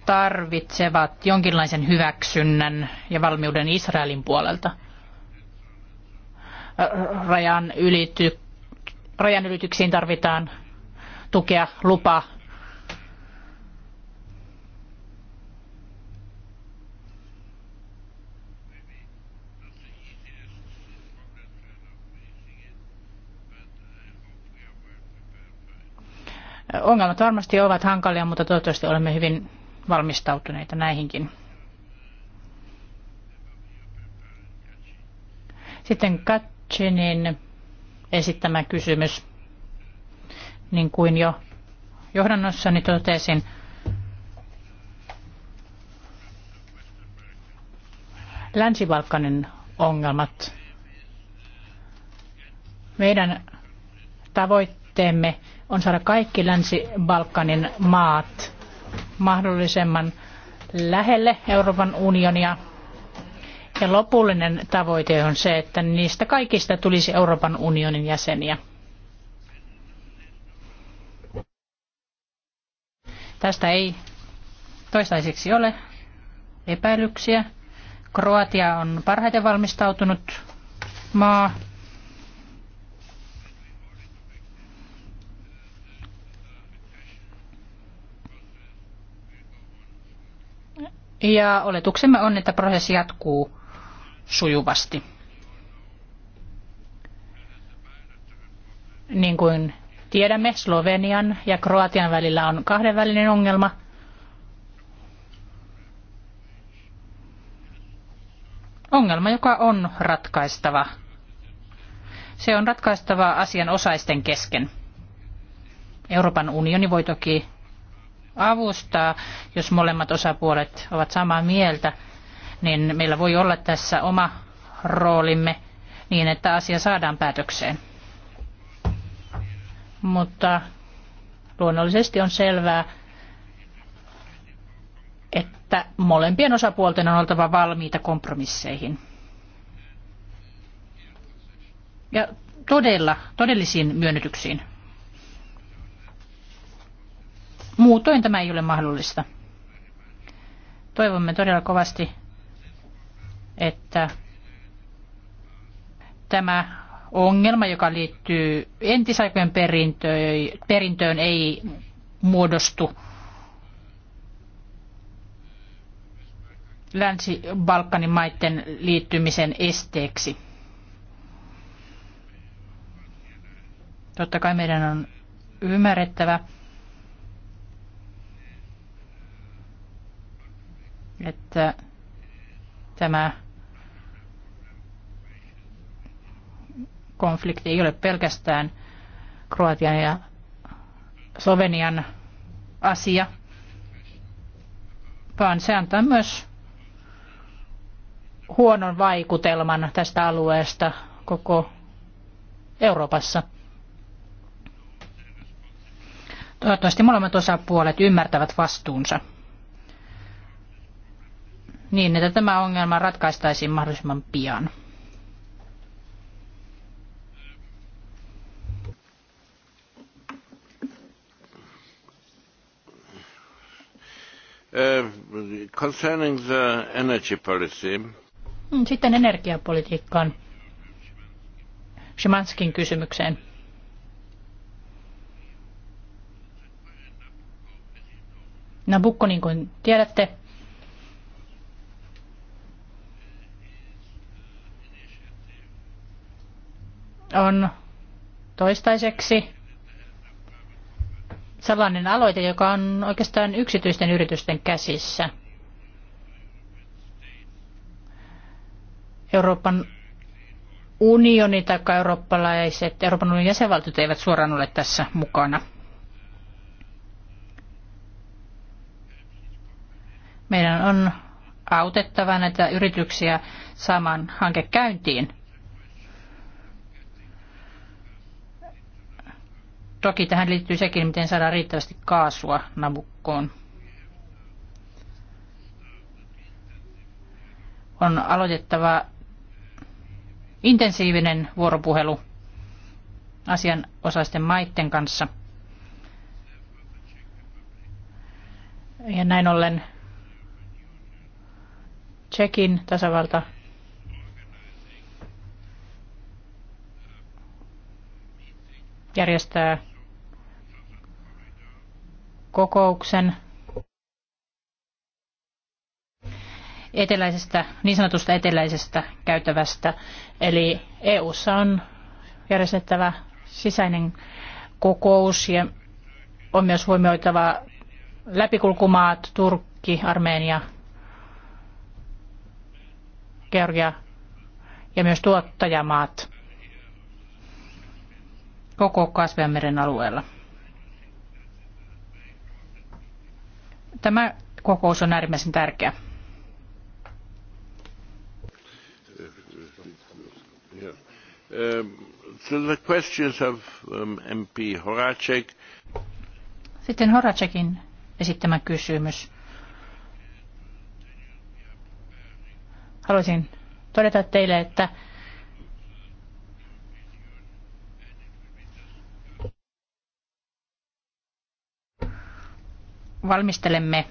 tarvitsevat jonkinlaisen hyväksynnän ja valmiuden Israelin puolelta. Rajan, ylity, rajan ylityksiin tarvitaan tukea, lupa Ongelmat varmasti ovat hankalia, mutta toivottavasti olemme hyvin valmistautuneita näihinkin. Sitten Katsinin esittämä kysymys. Niin kuin jo johdannossani totesin, Länsi-Balkanin ongelmat. Meidän tavoitteemme tavoitteemme on saada kaikki Länsi-Balkanin maat mahdollisimman lähelle Euroopan unionia. Ja lopullinen tavoite on se, että niistä kaikista tulisi Euroopan unionin jäseniä. Tästä ei toistaiseksi ole epäilyksiä. Kroatia on parhaiten valmistautunut maa Ja oletuksemme on, että prosessi jatkuu sujuvasti. Niin kuin tiedämme, Slovenian ja Kroatian välillä on kahdenvälinen ongelma. Ongelma, joka on ratkaistava. Se on ratkaistava asianosaisten kesken. Euroopan unioni voi toki avustaa, jos molemmat osapuolet ovat samaa mieltä, niin meillä voi olla tässä oma roolimme niin, että asia saadaan päätökseen. Mutta luonnollisesti on selvää, että molempien osapuolten on oltava valmiita kompromisseihin. Ja todella, todellisiin myönnytyksiin. Muutoin tämä ei ole mahdollista. Toivomme todella kovasti, että tämä ongelma, joka liittyy entisaikojen perintöön, perintöön ei muodostu Länsi-Balkanin maiden liittymisen esteeksi. Totta kai meidän on ymmärrettävä, että tämä konflikti ei ole pelkästään Kroatian ja Slovenian asia, vaan se antaa myös huonon vaikutelman tästä alueesta koko Euroopassa. Toivottavasti molemmat osapuolet ymmärtävät vastuunsa niin, että tämä ongelma ratkaistaisiin mahdollisimman pian. Eh, concerning the energy policy. Hmm, sitten energiapolitiikkaan. Szymanskin kysymykseen. Nabukko, niin kuin tiedätte, on toistaiseksi sellainen aloite, joka on oikeastaan yksityisten yritysten käsissä. Euroopan unioni tai eurooppalaiset, Euroopan unionin jäsenvaltiot eivät suoraan ole tässä mukana. Meidän on autettava näitä yrityksiä saamaan hanke käyntiin. Toki tähän liittyy sekin, miten saadaan riittävästi kaasua Nabukkoon. On aloitettava intensiivinen vuoropuhelu asianosaisten maiden kanssa. Ja näin ollen Tsekin tasavalta järjestää kokouksen eteläisestä, niin sanotusta eteläisestä käytävästä. Eli EU:ssa on järjestettävä sisäinen kokous ja on myös huomioitava läpikulkumaat Turkki, Armenia, Georgia ja myös tuottajamaat koko Kasvianmeren alueella. Tämä kokous on äärimmäisen tärkeä. Um, um, Sitten Horacekin esittämä kysymys. Haluaisin todeta teille, että valmistelemme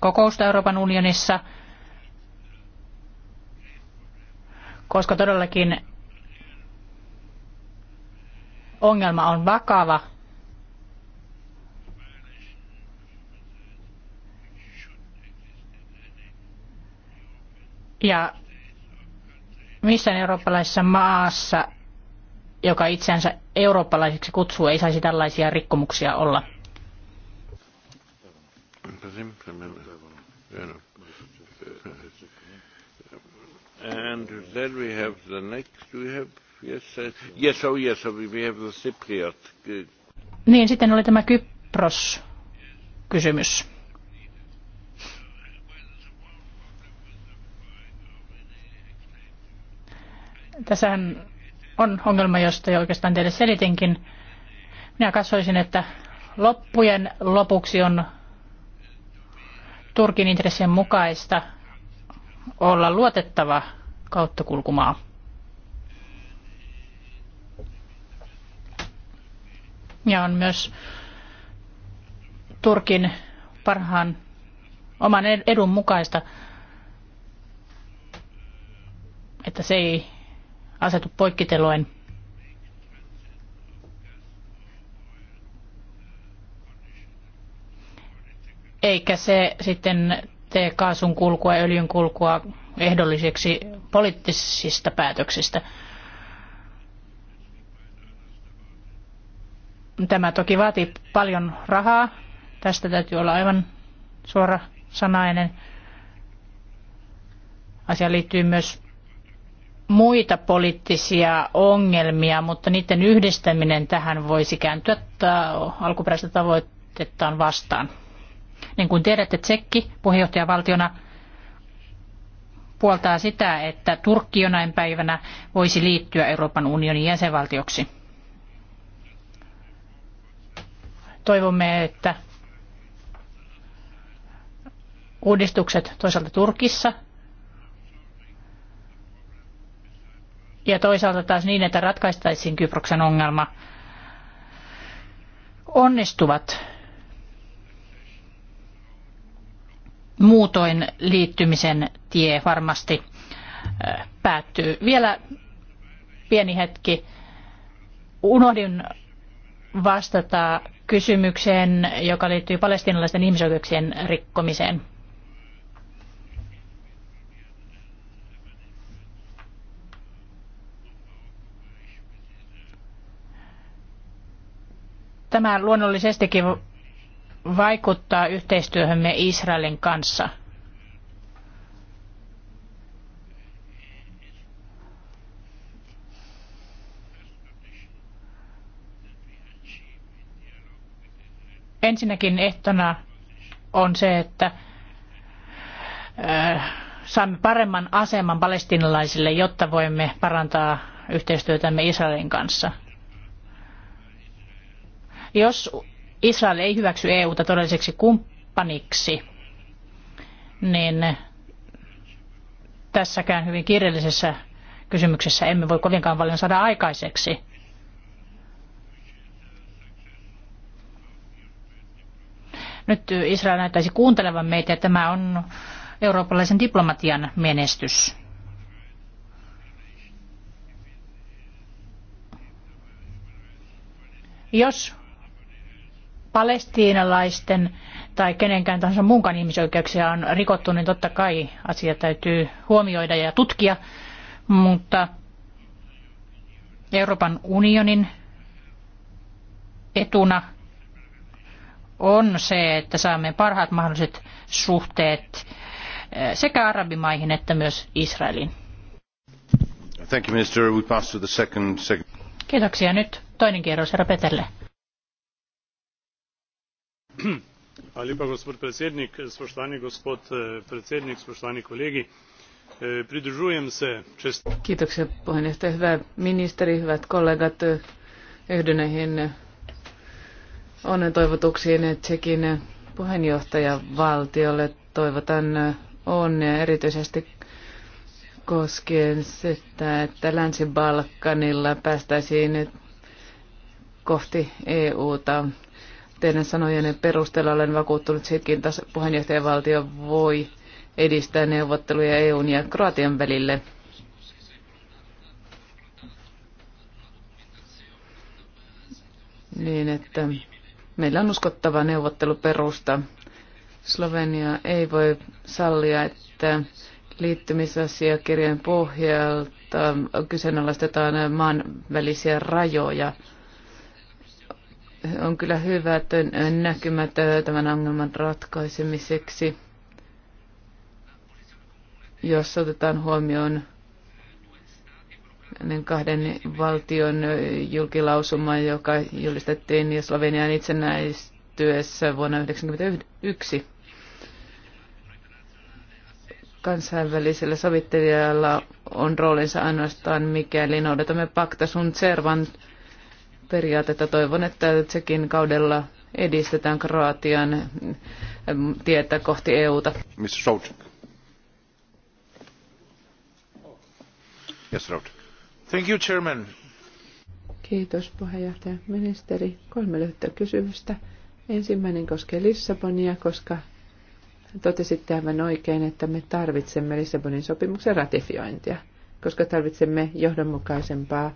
kokousta Euroopan unionissa, koska todellakin ongelma on vakava. Ja missään eurooppalaisessa maassa, joka itseänsä eurooppalaiseksi kutsuu, ei saisi tällaisia rikkomuksia olla. And then we have the next, do we have, yes, uh, yes, oh yes, oh, we have the Cypriot. Niin, sitten oli tämä Kypros-kysymys. Tässähän on ongelma, josta jo oikeastaan teille selitinkin. Minä katsoisin, että loppujen lopuksi on Turkin intressien mukaista olla luotettava kauttakulkumaa. Ja on myös Turkin parhaan oman edun mukaista, että se ei asetu poikkiteloin eikä se sitten tee kaasun kulkua ja öljyn kulkua ehdolliseksi poliittisista päätöksistä. Tämä toki vaatii paljon rahaa. Tästä täytyy olla aivan suora sanainen. Asia liittyy myös muita poliittisia ongelmia, mutta niiden yhdistäminen tähän voisi kääntyä alkuperäistä tavoitettaan vastaan. Niin kuin tiedätte, Tsekki puheenjohtajavaltiona puoltaa sitä, että Turkki jonain päivänä voisi liittyä Euroopan unionin jäsenvaltioksi. Toivomme, että uudistukset toisaalta Turkissa ja toisaalta taas niin, että ratkaistaisiin Kyproksen ongelma, onnistuvat Muutoin liittymisen tie varmasti päättyy. Vielä pieni hetki. Unohdin vastata kysymykseen, joka liittyy palestinalaisten ihmisoikeuksien rikkomiseen. Tämä luonnollisestikin vaikuttaa yhteistyöhömme Israelin kanssa. Ensinnäkin ehtona on se, että äh, saamme paremman aseman palestinalaisille, jotta voimme parantaa yhteistyötämme Israelin kanssa. Jos Israel ei hyväksy EUta todelliseksi kumppaniksi, niin tässäkään hyvin kirjallisessa kysymyksessä emme voi kovinkaan paljon saada aikaiseksi. Nyt Israel näyttäisi kuuntelevan meitä ja tämä on eurooppalaisen diplomatian menestys. Jos palestiinalaisten tai kenenkään tahansa muunkaan ihmisoikeuksia on rikottu, niin totta kai asia täytyy huomioida ja tutkia. Mutta Euroopan unionin etuna on se, että saamme parhaat mahdolliset suhteet eh, sekä arabimaihin että myös Israeliin. Thank you, Minister. We pass to the second, second... Kiitoksia. Nyt toinen kierros herra Petelle gospod predsednik spoštovani gospod eh, predsednik spoštovani kolegi eh, pridružujem se Kiitoksia puheenjohtaja. Hyvä ministeri, hyvät kollegat, erityisesti koskien sitä, että Länsi-Balkanilla kohti e Teidän sanojenne perusteella olen vakuuttunut sitkin, että puheenjohtajavaltio voi edistää neuvotteluja EUn ja Kroatian välille. Niin, että meillä on uskottava neuvotteluperusta. Slovenia ei voi sallia, että liittymisasiakirjan pohjalta kyseenalaistetaan maan välisiä rajoja on kyllä hyvä hyvät näkymätä tämän ongelman ratkaisemiseksi, jos otetaan huomioon kahden valtion julkilausuma, joka julistettiin ja Slovenian itsenäistyessä vuonna 1991. Kansainvälisellä sovittelijalla on roolinsa ainoastaan, mikäli noudatamme pakta sun servant periaatetta. Toivon, että Tsekin kaudella edistetään Kroatian ähm, tietä kohti EUta. Mr. Schultz. Yes, Schultz. Thank you, Chairman. Kiitos puheenjohtaja ministeri. Kolme lyhyttä kysymystä. Ensimmäinen koskee Lissabonia, koska totesitte aivan oikein, että me tarvitsemme Lissabonin sopimuksen ratifiointia, koska tarvitsemme johdonmukaisempaa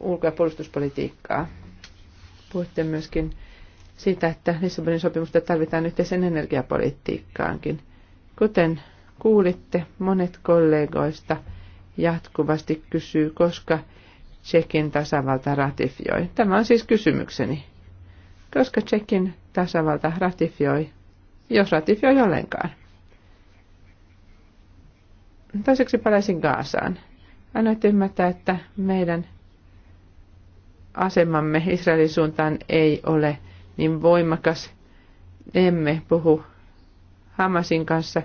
ulko- ja puolustuspolitiikkaa. Puhutte myöskin siitä, että Lissabonin sopimusta tarvitaan yhteisen energiapolitiikkaankin. Kuten kuulitte, monet kollegoista jatkuvasti kysyy, koska Tsekin tasavalta ratifioi. Tämä on siis kysymykseni. Koska Tsekin tasavalta ratifioi, jos ratifioi ollenkaan. Toiseksi palaisin Gaasaan. Annoit ymmärtää, että meidän asemamme Israelin suuntaan ei ole niin voimakas. Emme puhu Hamasin kanssa.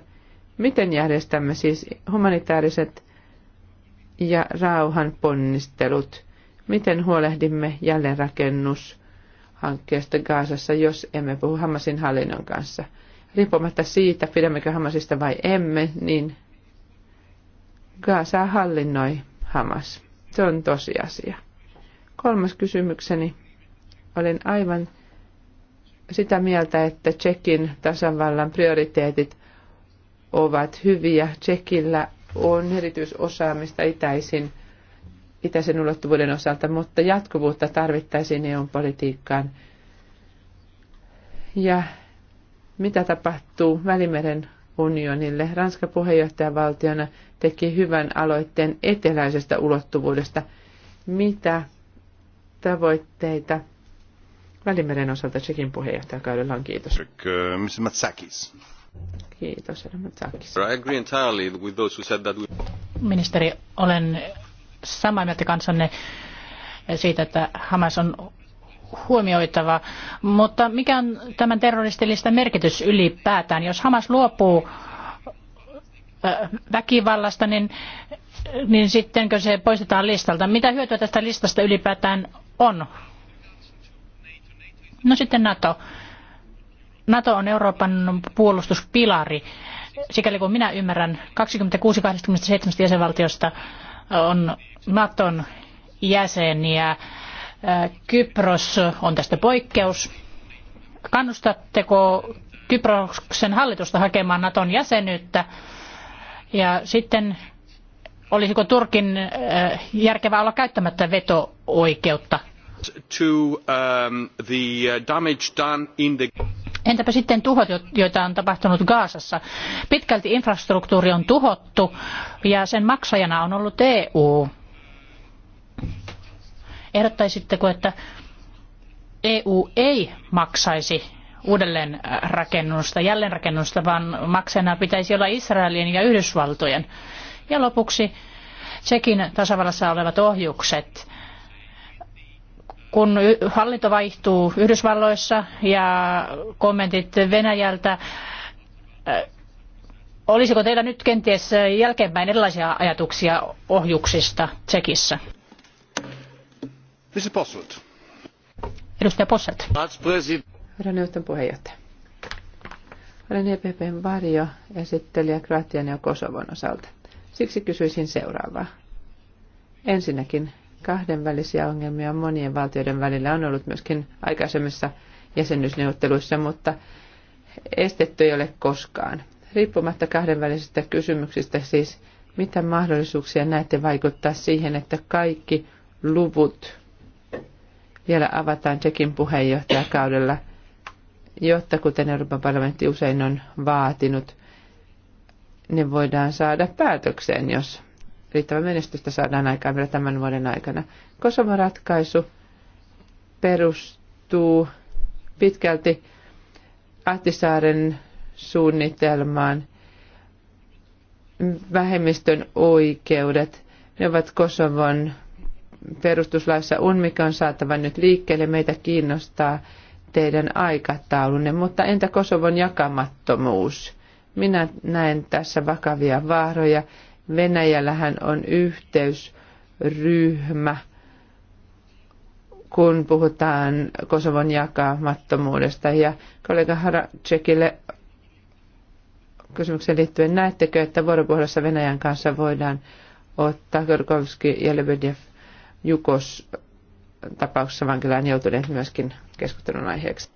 Miten järjestämme siis humanitaariset ja rauhan ponnistelut? Miten huolehdimme jälleenrakennushankkeesta Gaasassa, jos emme puhu Hamasin hallinnon kanssa? Riippumatta siitä, pidämmekö Hamasista vai emme, niin Gaasaa hallinnoi Hamas. Se on tosiasia. Kolmas kysymykseni. Olen aivan sitä mieltä, että Tsekin tasavallan prioriteetit ovat hyviä. Tsekillä on erityisosaamista itäisin, itäisen ulottuvuuden osalta, mutta jatkuvuutta tarvittaisiin EU-politiikkaan. Ja mitä tapahtuu Välimeren unionille? Ranska puheenjohtajavaltiona teki hyvän aloitteen eteläisestä ulottuvuudesta. Mitä tavoitteita Välimeren osalta Tsekin puheenjohtajakaudella on kiitos. Uh, Mr. Matsakis. Kiitos, Matsakis. Ministeri, olen samaa mieltä kanssanne siitä, että Hamas on huomioitava, mutta mikä on tämän terroristilistan merkitys ylipäätään? Jos Hamas luopuu väkivallasta, niin, niin sittenkö se poistetaan listalta? Mitä hyötyä tästä listasta ylipäätään on. No sitten NATO. NATO on Euroopan puolustuspilari. Sikäli kun minä ymmärrän, 26-27 jäsenvaltiosta on Naton jäseniä. Äh, Kypros on tästä poikkeus. Kannustatteko Kyproksen hallitusta hakemaan Naton jäsenyyttä? Ja sitten olisiko Turkin äh, järkevää olla käyttämättä veto-oikeutta To, um, the uh, damage done in the... Entäpä sitten tuhot, joita on tapahtunut Gaasassa? Pitkälti infrastruktuuri on tuhottu ja sen maksajana on ollut EU. Ehdottaisitteko, että EU ei maksaisi uudelleenrakennusta, äh, jälleenrakennusta, vaan maksajana pitäisi olla Israelin ja Yhdysvaltojen. Ja lopuksi Tsekin tasavallassa olevat ohjukset kun hallinto vaihtuu Yhdysvalloissa ja kommentit Venäjältä, olisiko teillä nyt kenties jälkeenpäin erilaisia ajatuksia ohjuksista Tsekissä? Mr. Posselt. Edustaja Posselt. Rajaneuvoston puheenjohtaja. Olen EPPn varjo esittelijä Kroatian ja Kosovon osalta. Siksi kysyisin seuraavaa. Ensinnäkin, kahdenvälisiä ongelmia monien valtioiden välillä on ollut myöskin aikaisemmissa jäsennysneuvotteluissa, mutta estetty ei ole koskaan. Riippumatta kahdenvälisistä kysymyksistä siis, mitä mahdollisuuksia näette vaikuttaa siihen, että kaikki luvut vielä avataan Tsekin puheenjohtajakaudella, jotta kuten Euroopan parlamentti usein on vaatinut, ne voidaan saada päätökseen, jos riittävä menestystä saadaan aikaan vielä tämän vuoden aikana. Kosovo-ratkaisu perustuu pitkälti Ahtisaaren suunnitelmaan. Vähemmistön oikeudet, ne ovat Kosovon perustuslaissa on, mikä on saatava nyt liikkeelle. Meitä kiinnostaa teidän aikataulunne, mutta entä Kosovon jakamattomuus? Minä näen tässä vakavia vaaroja. Venäjällähän on yhteysryhmä, kun puhutaan Kosovon jakamattomuudesta. Ja kollega Haracekille kysymykseen liittyen, näettekö, että vuoropuhelussa Venäjän kanssa voidaan ottaa Gorkovski ja Lebedev Jukos tapauksessa vankilaan joutuneet myöskin keskustelun aiheeksi?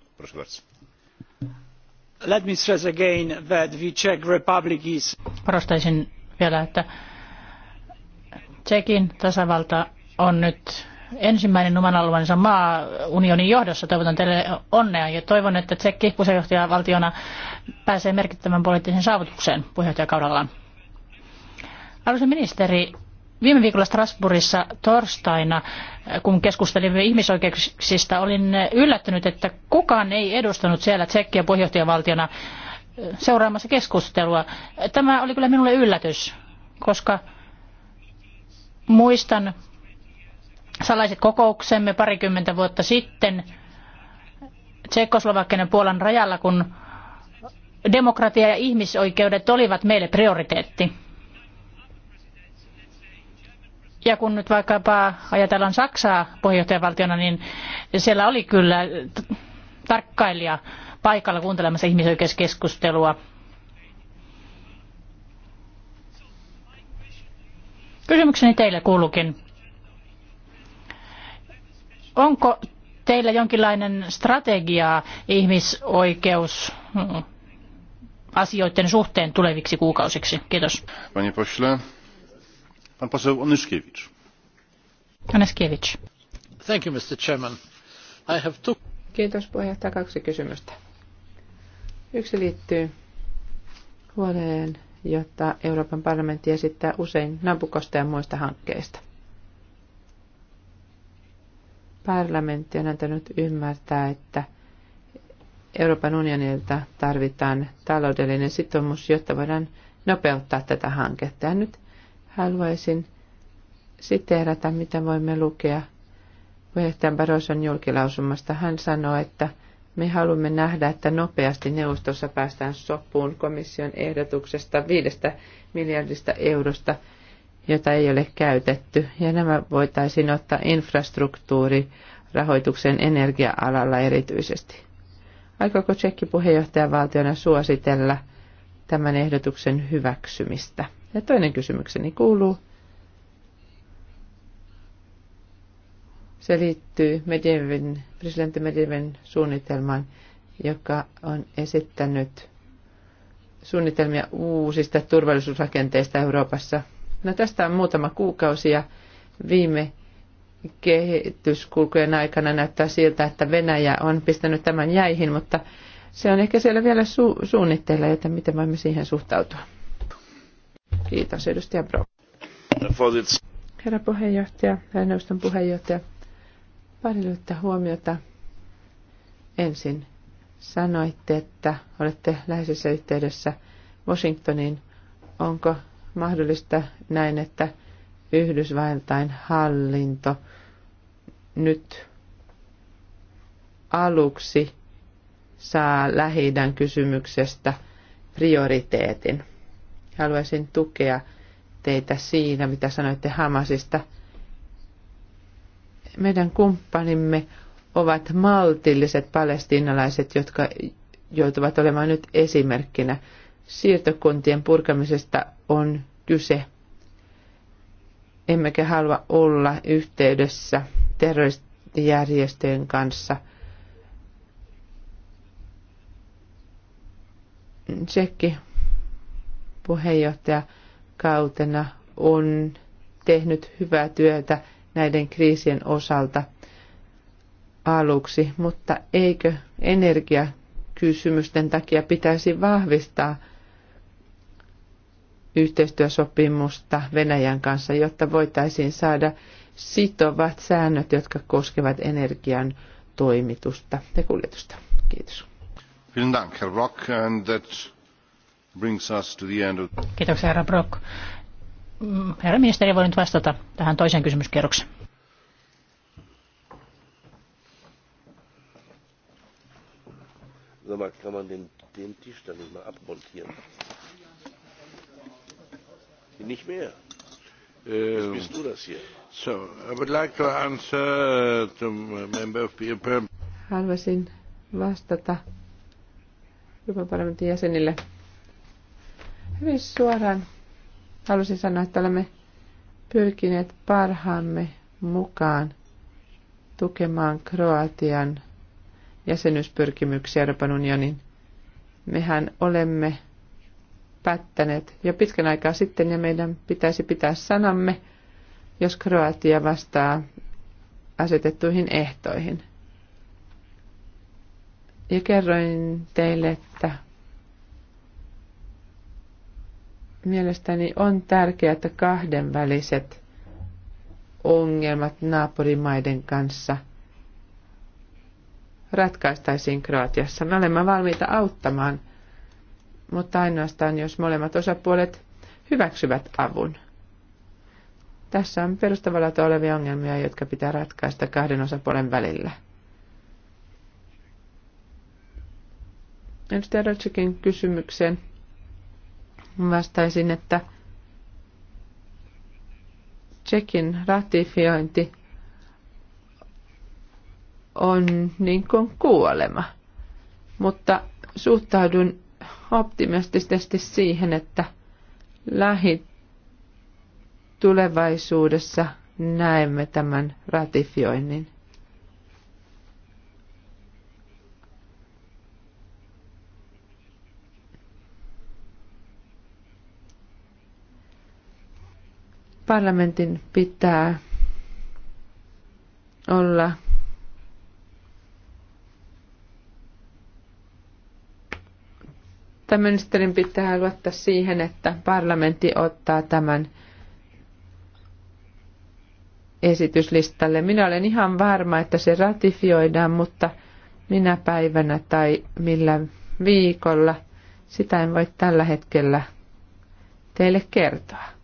Let me stress again that the Czech Republic is... Korostaisin vielä, että Tsekin tasavalta on nyt ensimmäinen oman alueensa maa unionin johdossa. Toivotan teille onnea ja toivon, että Tsekki puheenjohtajavaltiona pääsee merkittävän poliittisen saavutukseen puheenjohtajakaudellaan. Arvoisa ministeri, viime viikolla Strasbourgissa torstaina, kun keskustelimme ihmisoikeuksista, olin yllättynyt, että kukaan ei edustanut siellä Tsekkiä puheenjohtajavaltiona seuraamassa keskustelua. Tämä oli kyllä minulle yllätys, koska muistan salaiset kokouksemme parikymmentä vuotta sitten Tsekoslovakian ja Puolan rajalla, kun demokratia ja ihmisoikeudet olivat meille prioriteetti. Ja kun nyt vaikkapa ajatellaan Saksaa puheenjohtajavaltiona, niin siellä oli kyllä tarkkailija paikalla kuuntelemassa ihmisoikeuskeskustelua. Kysymykseni teille kuulukin. Onko teillä jonkinlainen strategia ihmisoikeus asioiden suhteen tuleviksi kuukausiksi? Kiitos. Panie pośle, pan poseł Onyszkiewicz. Onyszkiewicz. Thank you, Mr. Chairman. I have two... Kiitos puheenjohtaja. Kaksi kysymystä. Yksi liittyy huoleen, jotta Euroopan parlamentti esittää usein Nabukosta ja muista hankkeista. Parlamentti on antanut ymmärtää, että Euroopan unionilta tarvitaan taloudellinen sitoumus, jotta voidaan nopeuttaa tätä hanketta. Ja nyt haluaisin siteerata, mitä voimme lukea puheenjohtajan Baroson julkilausumasta. Hän sanoi, että – me haluamme nähdä, että nopeasti neuvostossa päästään sopuun komission ehdotuksesta viidestä miljardista eurosta, jota ei ole käytetty. Ja nämä voitaisiin ottaa infrastruktuuri rahoituksen energia-alalla erityisesti. Aikooko Tsekki puheenjohtajavaltiona suositella tämän ehdotuksen hyväksymistä? Ja toinen kysymykseni kuuluu, Se liittyy Medvedevin, presidentti Medvedevin suunnitelmaan, joka on esittänyt suunnitelmia uusista turvallisuusrakenteista Euroopassa. No tästä on muutama kuukausi ja viime kehityskulkujen aikana näyttää siltä, että Venäjä on pistänyt tämän jäihin, mutta se on ehkä siellä vielä su- suunnitteilla, joten miten voimme siihen suhtautua. Kiitos, edustaja Bro. Herra puheenjohtaja, neuvoston puheenjohtaja. Pari huomiota. Ensin sanoitte, että olette läheisessä yhteydessä Washingtoniin. Onko mahdollista näin, että Yhdysvaltain hallinto nyt aluksi saa lähi kysymyksestä prioriteetin. Haluaisin tukea teitä siinä, mitä sanoitte Hamasista – meidän kumppanimme ovat maltilliset palestiinalaiset, jotka joutuvat olemaan nyt esimerkkinä. Siirtokuntien purkamisesta on kyse. Emmekä halua olla yhteydessä terroristijärjestöjen kanssa. Tsekki puheenjohtaja kautena on tehnyt hyvää työtä näiden kriisien osalta aluksi, mutta eikö energiakysymysten takia pitäisi vahvistaa yhteistyösopimusta Venäjän kanssa, jotta voitaisiin saada sitovat säännöt, jotka koskevat energian toimitusta ja kuljetusta. Kiitos. Kiitoksia, herra Brock. Mm, herra ministeri voi nyt vastata tähän toiseen kysymyskierrokseen. Sag mal, kann man den, den Tisch dann nicht mal abmontieren? Nicht mehr. Jetzt ähm, bist du das hier. So, I would like to answer äh, to member of the Haluaisin vastata Euroopan parlamentin jäsenille hyvin suoraan Haluaisin sanoa, että olemme pyrkineet parhaamme mukaan tukemaan Kroatian jäsenyyspyrkimyksiä Euroopan unionin. Mehän olemme päättäneet jo pitkän aikaa sitten ja meidän pitäisi pitää sanamme, jos Kroatia vastaa asetettuihin ehtoihin. Ja kerroin teille, että Mielestäni on tärkeää, että kahdenväliset ongelmat naapurimaiden kanssa ratkaistaisiin Kroatiassa. Me olemme valmiita auttamaan, mutta ainoastaan jos molemmat osapuolet hyväksyvät avun. Tässä on perustavalla olevia ongelmia, jotka pitää ratkaista kahden osapuolen välillä. Edustaja Rotsikin kysymykseen vastaisin, että Tsekin ratifiointi on niin kuin kuolema. Mutta suhtaudun optimistisesti siihen, että lähi tulevaisuudessa näemme tämän ratifioinnin. Parlamentin pitää olla Tämän ministerin pitää luottaa siihen, että parlamentti ottaa tämän esityslistalle. Minä olen ihan varma, että se ratifioidaan, mutta minä päivänä tai millä viikolla, sitä en voi tällä hetkellä teille kertoa.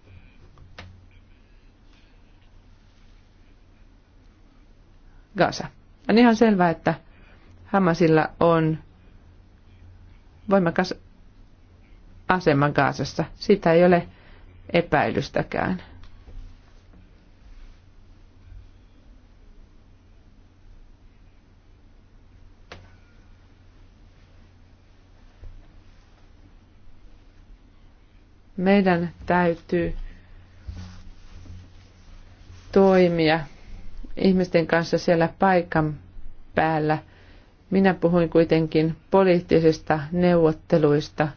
Gaza. On ihan selvää, että Hamasilla on voimakas asema Gaasassa. Sitä ei ole epäilystäkään. Meidän täytyy toimia ihmisten kanssa siellä paikan päällä. Minä puhuin kuitenkin poliittisista neuvotteluista.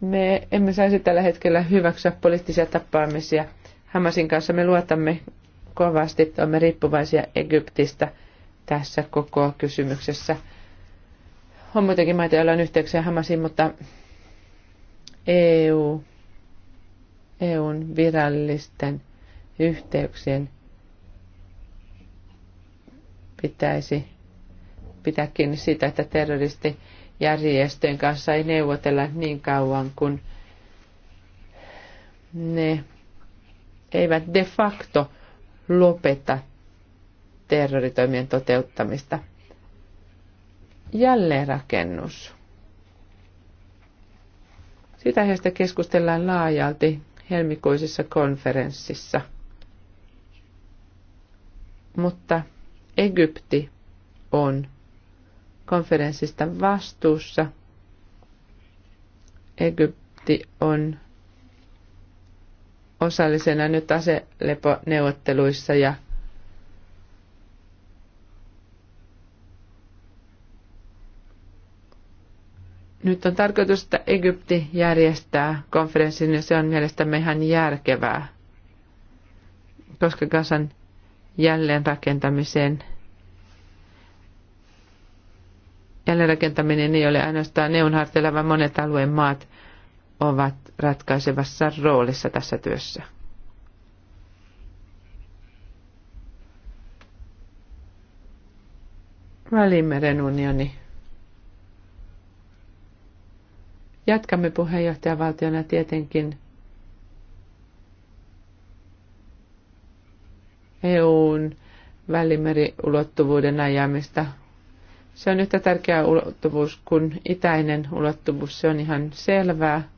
Me emme saisi tällä hetkellä hyväksyä poliittisia tapaamisia. Hamasin kanssa me luotamme kovasti, olemme riippuvaisia Egyptistä tässä koko kysymyksessä. On muutenkin maita, joilla on yhteyksiä Hamasiin, mutta EU, EUn virallisten yhteyksien pitäisi pitää kiinni siitä, että terroristijärjestöjen kanssa ei neuvotella niin kauan, kun ne eivät de facto lopeta terroritoimien toteuttamista. Jälleenrakennus. Sitä heistä keskustellaan laajalti helmikuisessa konferenssissa – mutta Egypti on konferenssista vastuussa. Egypti on osallisena nyt aseleponeuvotteluissa ja nyt on tarkoitus, että Egypti järjestää konferenssin ja se on mielestämme ihan järkevää, koska Gazan jälleenrakentamiseen. Jälleenrakentaminen ei ole ainoastaan EUn vaan monet alueen maat ovat ratkaisevassa roolissa tässä työssä. Välimeren unioni. Jatkamme puheenjohtajavaltiona tietenkin EUn välimeriulottuvuuden ajamista. Se on yhtä tärkeä ulottuvuus kuin itäinen ulottuvuus, se on ihan selvää.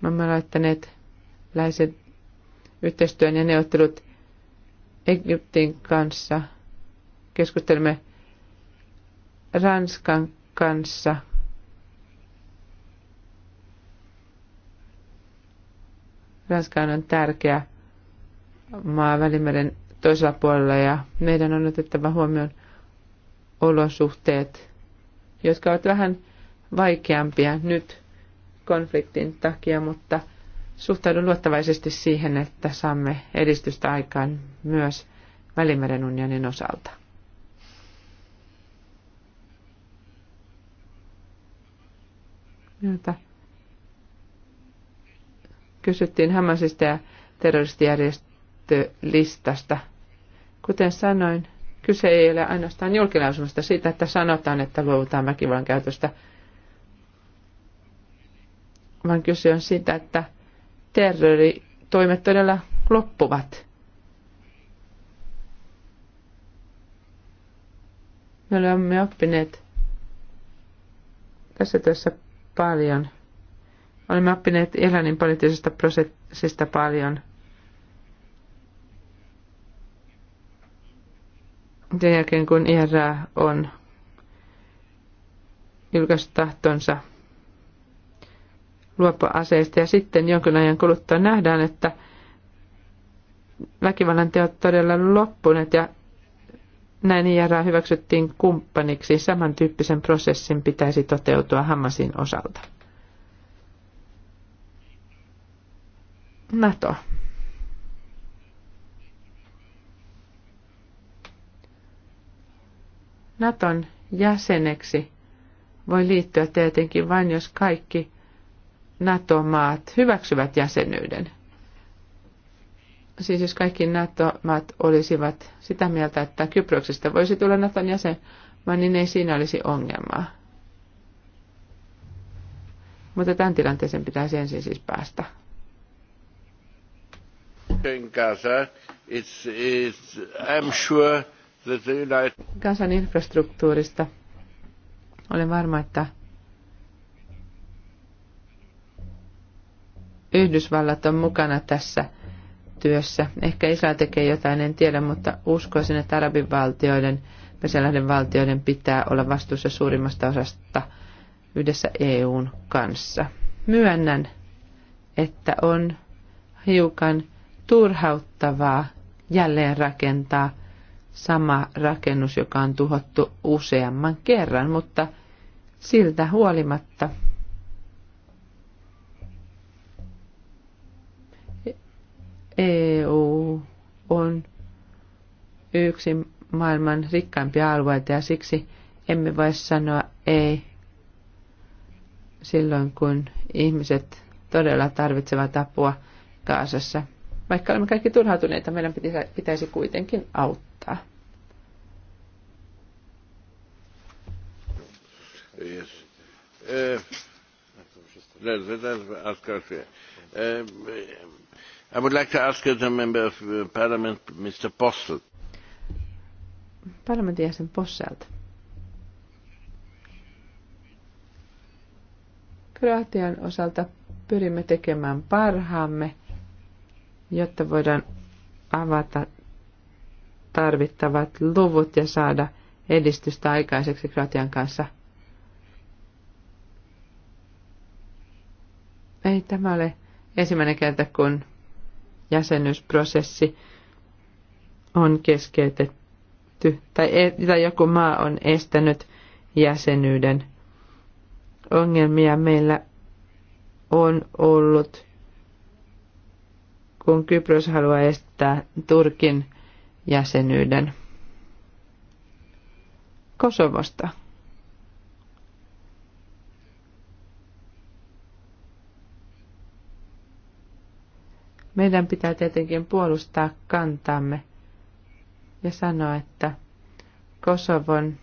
Me olemme laittaneet läiset yhteistyön ja neuvottelut Egyptin kanssa. Keskustelemme Ranskan kanssa – Ranskaan on tärkeä maa Välimeren toisella puolella ja meidän on otettava huomioon olosuhteet, jotka ovat vähän vaikeampia nyt konfliktin takia, mutta suhtaudun luottavaisesti siihen, että saamme edistystä aikaan myös Välimeren unionin osalta. Jota Kysyttiin Hamasista ja terroristijärjestölistasta. Kuten sanoin, kyse ei ole ainoastaan julkilausumasta siitä, että sanotaan, että luovutaan väkivallan käytöstä, vaan kyse on siitä, että terroritoimet todella loppuvat. Me olemme oppineet tässä työssä paljon – Olemme oppineet Iranin poliittisesta prosessista paljon. Sen jälkeen, kun IRA on julkaissut tahtonsa luopua aseista ja sitten jonkin ajan kuluttua nähdään, että väkivallan teot todella loppuneet ja näin IRA hyväksyttiin kumppaniksi. Samantyyppisen prosessin pitäisi toteutua Hamasin osalta. Nato. Naton jäseneksi voi liittyä tietenkin vain, jos kaikki NATO-maat hyväksyvät jäsenyyden. Siis jos kaikki NATO-maat olisivat sitä mieltä, että Kyproksesta voisi tulla Naton jäsen, niin ei siinä olisi ongelmaa. Mutta tämän tilanteeseen pitäisi ensin siis päästä. Gazan infrastruktuurista. Olen varma, että Yhdysvallat on mukana tässä työssä. Ehkä Israel tekee jotain, en tiedä, mutta uskoisin, että Arabin valtioiden, Pesälähden valtioiden pitää olla vastuussa suurimmasta osasta yhdessä EUn kanssa. Myönnän, että on hiukan turhauttavaa jälleen rakentaa sama rakennus, joka on tuhottu useamman kerran, mutta siltä huolimatta e- EU on yksi maailman rikkaimpia alueita ja siksi emme voi sanoa ei silloin, kun ihmiset todella tarvitsevat apua Kaasassa. Vaikka olemme kaikki turhautuneita, meidän pitäisi kuitenkin auttaa. Yes. Eh, eh, I would like to ask the member of uh, parliament, Mr. Postel. Parlamentin jäsen Posselt. Kroatian osalta pyrimme tekemään parhaamme jotta voidaan avata tarvittavat luvut ja saada edistystä aikaiseksi Kroatian kanssa. Ei tämä ole ensimmäinen kerta, kun jäsenyysprosessi on keskeytetty tai, e- tai joku maa on estänyt jäsenyyden. Ongelmia meillä on ollut kun Kypros haluaa estää Turkin jäsenyyden Kosovosta. Meidän pitää tietenkin puolustaa kantaamme ja sanoa, että Kosovon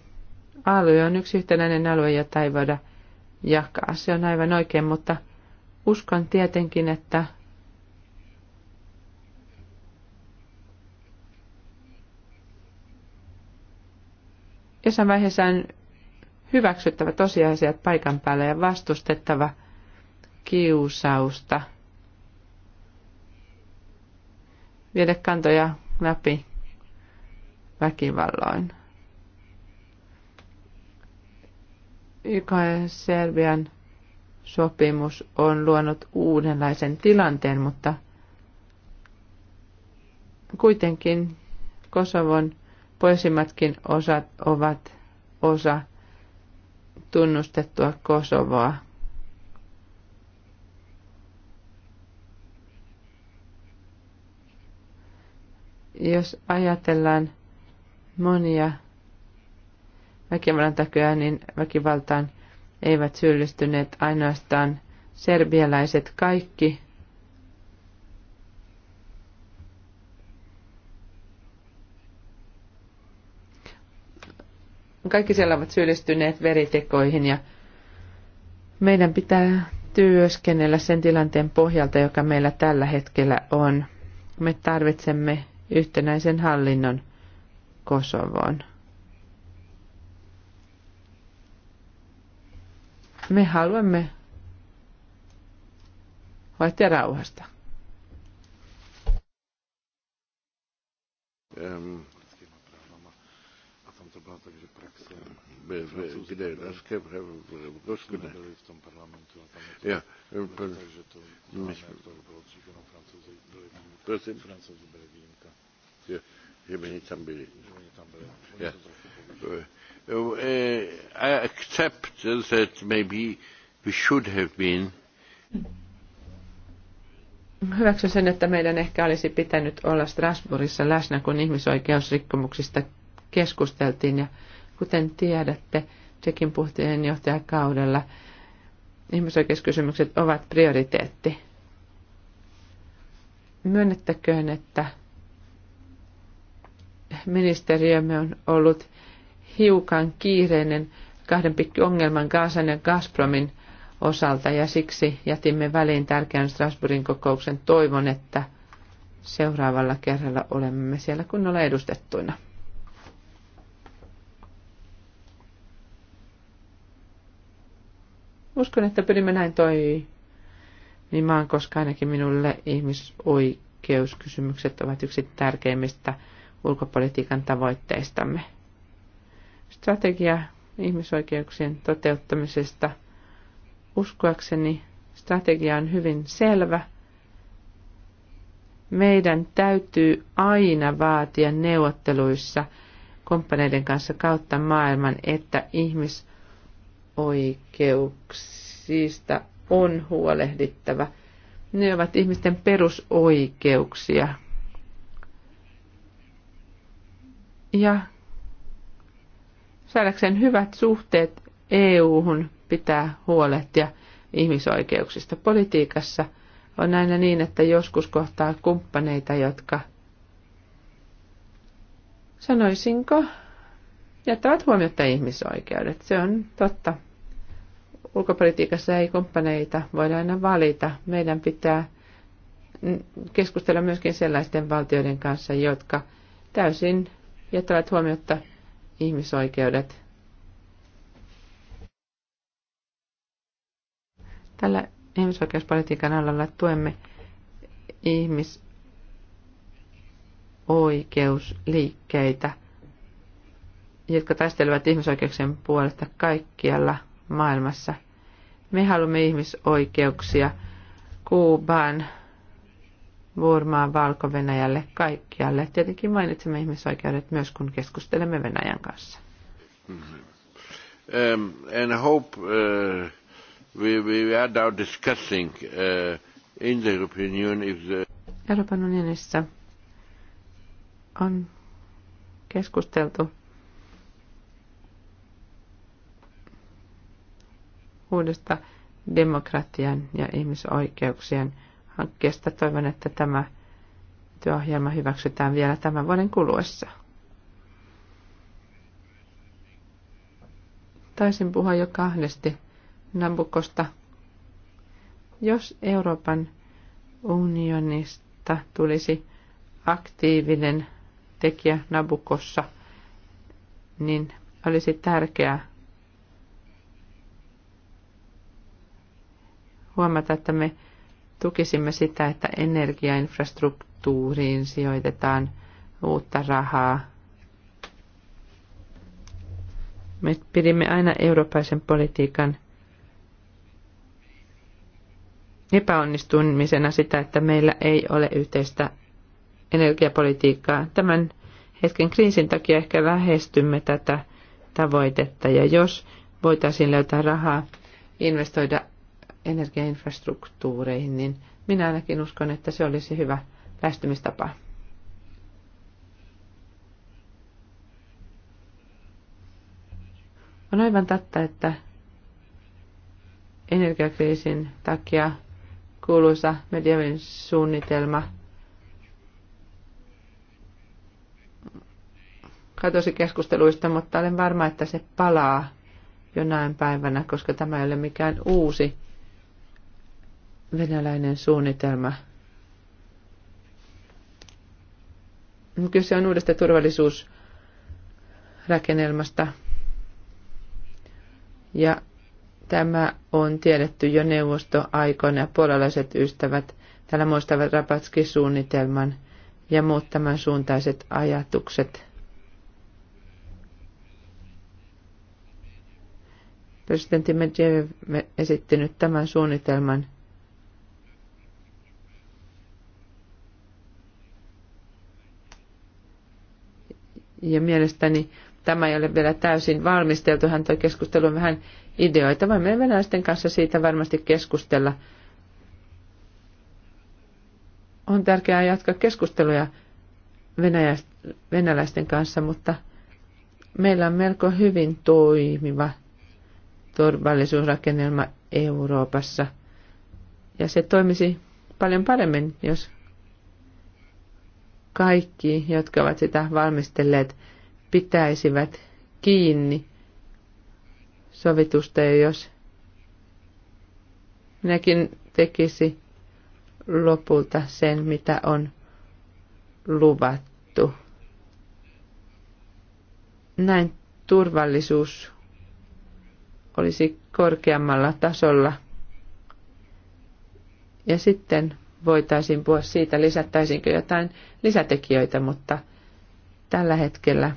alue on yksi yhtenäinen alue, jota ei voida jakaa. Se on aivan oikein, mutta uskon tietenkin, että jossain vaiheessa on hyväksyttävä tosiasiat paikan päällä ja vastustettava kiusausta viedä kantoja läpi väkivalloin. YK ja Serbian sopimus on luonut uudenlaisen tilanteen, mutta kuitenkin Kosovon poisimmatkin osat ovat osa tunnustettua Kosovoa. Jos ajatellaan monia väkivallan takia, niin väkivaltaan eivät syyllistyneet ainoastaan serbialaiset. Kaikki Kaikki siellä ovat syyllistyneet veritekoihin ja meidän pitää työskennellä sen tilanteen pohjalta, joka meillä tällä hetkellä on. Me tarvitsemme yhtenäisen hallinnon Kosovoon. Me haluamme huolehtia rauhasta. Ähm, parlamentu to, to, tam byli. tam byli. ja. I accept that maybe we should have been Hyväksyn sen, että meidän ehkä olisi pitänyt olla Strasbourgissa läsnä, kun ihmisoikeusrikkomuksista keskusteltiin ja Kuten tiedätte, Tsekin puheenjohtajakaudella ihmisoikeuskysymykset ovat prioriteetti. Myönnettäköön, että ministeriömme on ollut hiukan kiireinen kahden ongelman Gaasan ja Gazpromin osalta ja siksi jätimme väliin tärkeän Strasbourgin kokouksen. Toivon, että seuraavalla kerralla olemme siellä kunnolla edustettuina. Uskon, että pyrimme näin toi maan, koska ainakin minulle ihmisoikeuskysymykset ovat yksi tärkeimmistä ulkopolitiikan tavoitteistamme. Strategia ihmisoikeuksien toteuttamisesta uskoakseni strategia on hyvin selvä. Meidän täytyy aina vaatia neuvotteluissa kumppaneiden kanssa kautta maailman, että ihmisoikeudet Oikeuksista on huolehdittava. Ne ovat ihmisten perusoikeuksia. Ja saadakseen hyvät suhteet EU-hun pitää huolehtia ihmisoikeuksista. Politiikassa on aina niin, että joskus kohtaa kumppaneita, jotka sanoisinko, jättävät huomiota ihmisoikeudet. Se on totta ulkopolitiikassa ei kumppaneita voida aina valita. Meidän pitää keskustella myöskin sellaisten valtioiden kanssa, jotka täysin jättävät huomiota ihmisoikeudet. Tällä ihmisoikeuspolitiikan alalla tuemme ihmisoikeusliikkeitä, jotka taistelevat ihmisoikeuksien puolesta kaikkialla – maailmassa. Me haluamme ihmisoikeuksia Kuubaan, Burmaan, Valko-Venäjälle, kaikkialle. Tietenkin mainitsemme ihmisoikeudet myös, kun keskustelemme Venäjän kanssa. Mm-hmm. Um, and hope uh, we, we are now discussing uh, in the European Union if the Euroopan unionissa on keskusteltu uudesta demokratian ja ihmisoikeuksien hankkeesta. Toivon, että tämä työohjelma hyväksytään vielä tämän vuoden kuluessa. Taisin puhua jo kahdesti Nabukosta. Jos Euroopan unionista tulisi aktiivinen tekijä Nabukossa, niin olisi tärkeää huomata, että me tukisimme sitä, että energiainfrastruktuuriin sijoitetaan uutta rahaa. Me pidimme aina eurooppaisen politiikan epäonnistumisena sitä, että meillä ei ole yhteistä energiapolitiikkaa. Tämän hetken kriisin takia ehkä lähestymme tätä tavoitetta ja jos voitaisiin löytää rahaa investoida energiainfrastruktuureihin, niin minä ainakin uskon, että se olisi hyvä lähestymistapa. On aivan totta, että energiakriisin takia kuuluisa Medjevin suunnitelma katosi keskusteluista, mutta olen varma, että se palaa jonain päivänä, koska tämä ei ole mikään uusi venäläinen suunnitelma. Kyse on uudesta turvallisuusrakennelmasta. Ja tämä on tiedetty jo neuvostoaikoina. Puolalaiset ystävät täällä muistavat Rapatski-suunnitelman ja muut tämän suuntaiset ajatukset. Presidentti Medvedev esitti nyt tämän suunnitelman – Ja mielestäni tämä ei ole vielä täysin valmisteltu. Hän toi keskustelun vähän ideoita. Voimme venäläisten kanssa siitä varmasti keskustella. On tärkeää jatkaa keskusteluja venäläisten kanssa, mutta meillä on melko hyvin toimiva turvallisuusrakennelma Euroopassa. Ja se toimisi paljon paremmin, jos kaikki, jotka ovat sitä valmistelleet, pitäisivät kiinni sovitusta, ja jos nekin tekisi lopulta sen, mitä on luvattu. Näin turvallisuus olisi korkeammalla tasolla. Ja sitten voitaisiin puhua siitä, lisättäisiinkö jotain lisätekijöitä, mutta tällä hetkellä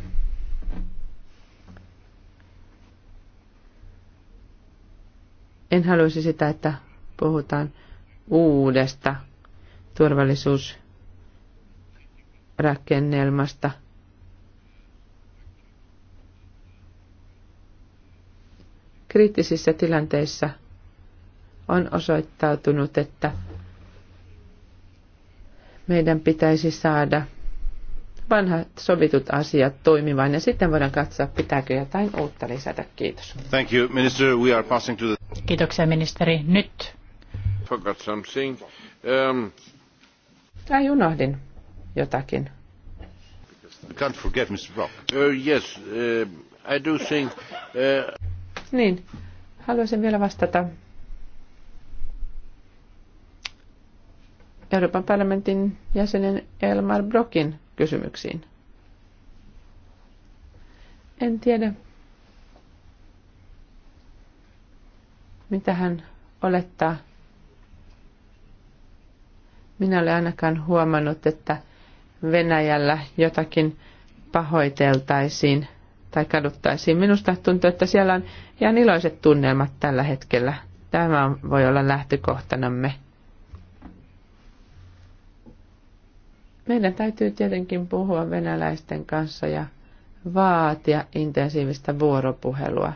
en haluaisi sitä, että puhutaan uudesta turvallisuusrakennelmasta. Kriittisissä tilanteissa on osoittautunut, että meidän pitäisi saada vanhat sovitut asiat toimimaan ja sitten voidaan katsoa, pitääkö jotain uutta lisätä. Kiitos. Thank you, minister. We are passing to the... Kiitoksia ministeri. Nyt. Forgot something. Um... Tai unohdin jotakin. I can't forget, Mr. Brock. Uh, yes, uh, I do think... Uh... Niin, haluaisin vielä vastata Euroopan parlamentin jäsenen Elmar Brokin kysymyksiin. En tiedä, mitä hän olettaa. Minä olen ainakaan huomannut, että Venäjällä jotakin pahoiteltaisiin tai kaduttaisiin. Minusta tuntuu, että siellä on ihan iloiset tunnelmat tällä hetkellä. Tämä voi olla lähtökohtanamme. Meidän täytyy tietenkin puhua venäläisten kanssa ja vaatia intensiivistä vuoropuhelua.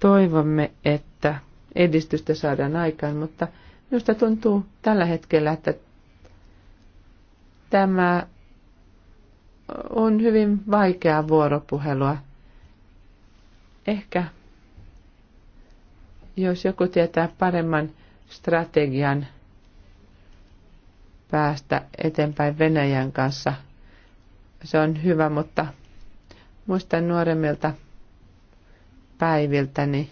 Toivomme, että edistystä saadaan aikaan, mutta minusta tuntuu tällä hetkellä, että tämä on hyvin vaikeaa vuoropuhelua. Ehkä jos joku tietää paremman strategian päästä eteenpäin Venäjän kanssa. Se on hyvä, mutta muistan nuoremmilta päiviltäni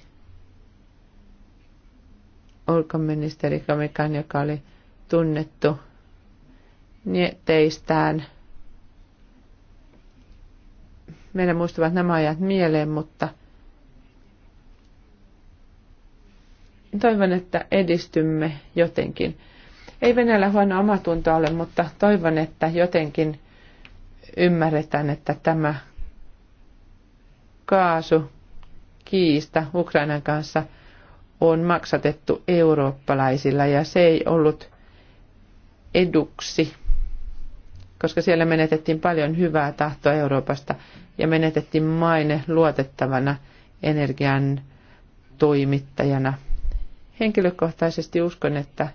ulkoministeri Komikan, joka oli tunnettu teistään. meidän muistuvat nämä ajat mieleen, mutta toivon, että edistymme jotenkin. Ei Venäjällä huono omatunto ole, mutta toivon, että jotenkin ymmärretään, että tämä kaasu kiista Ukrainan kanssa on maksatettu eurooppalaisilla ja se ei ollut eduksi, koska siellä menetettiin paljon hyvää tahtoa Euroopasta ja menetettiin maine luotettavana energian toimittajana. Henkilökohtaisesti uskon, että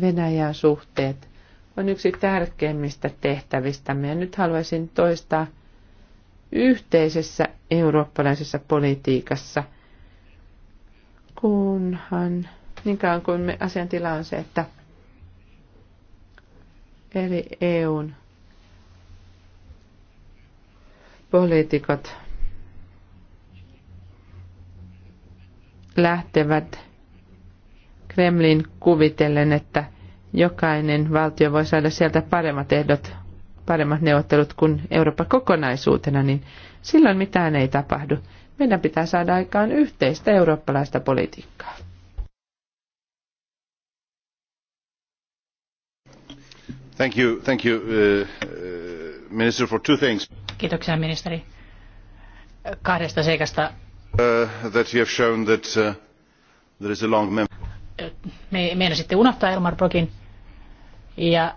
Venäjän suhteet on yksi tärkeimmistä tehtävistämme. Ja nyt haluaisin toistaa yhteisessä eurooppalaisessa politiikassa, kunhan niin kauan kuin me asiantila on se, että eri EUn poliitikot lähtevät Kremlin kuvitellen, että jokainen valtio voi saada sieltä paremmat ehdot, paremmat neuvottelut kuin Eurooppa kokonaisuutena, niin silloin mitään ei tapahdu. Meidän pitää saada aikaan yhteistä eurooppalaista politiikkaa. Thank you, thank you, uh, uh minister, for two things. Kiitoksia ministeri kahdesta seikasta. Uh, that you have shown that, uh, there is a long me, sitten unohtaa Elmar Brokin. Ja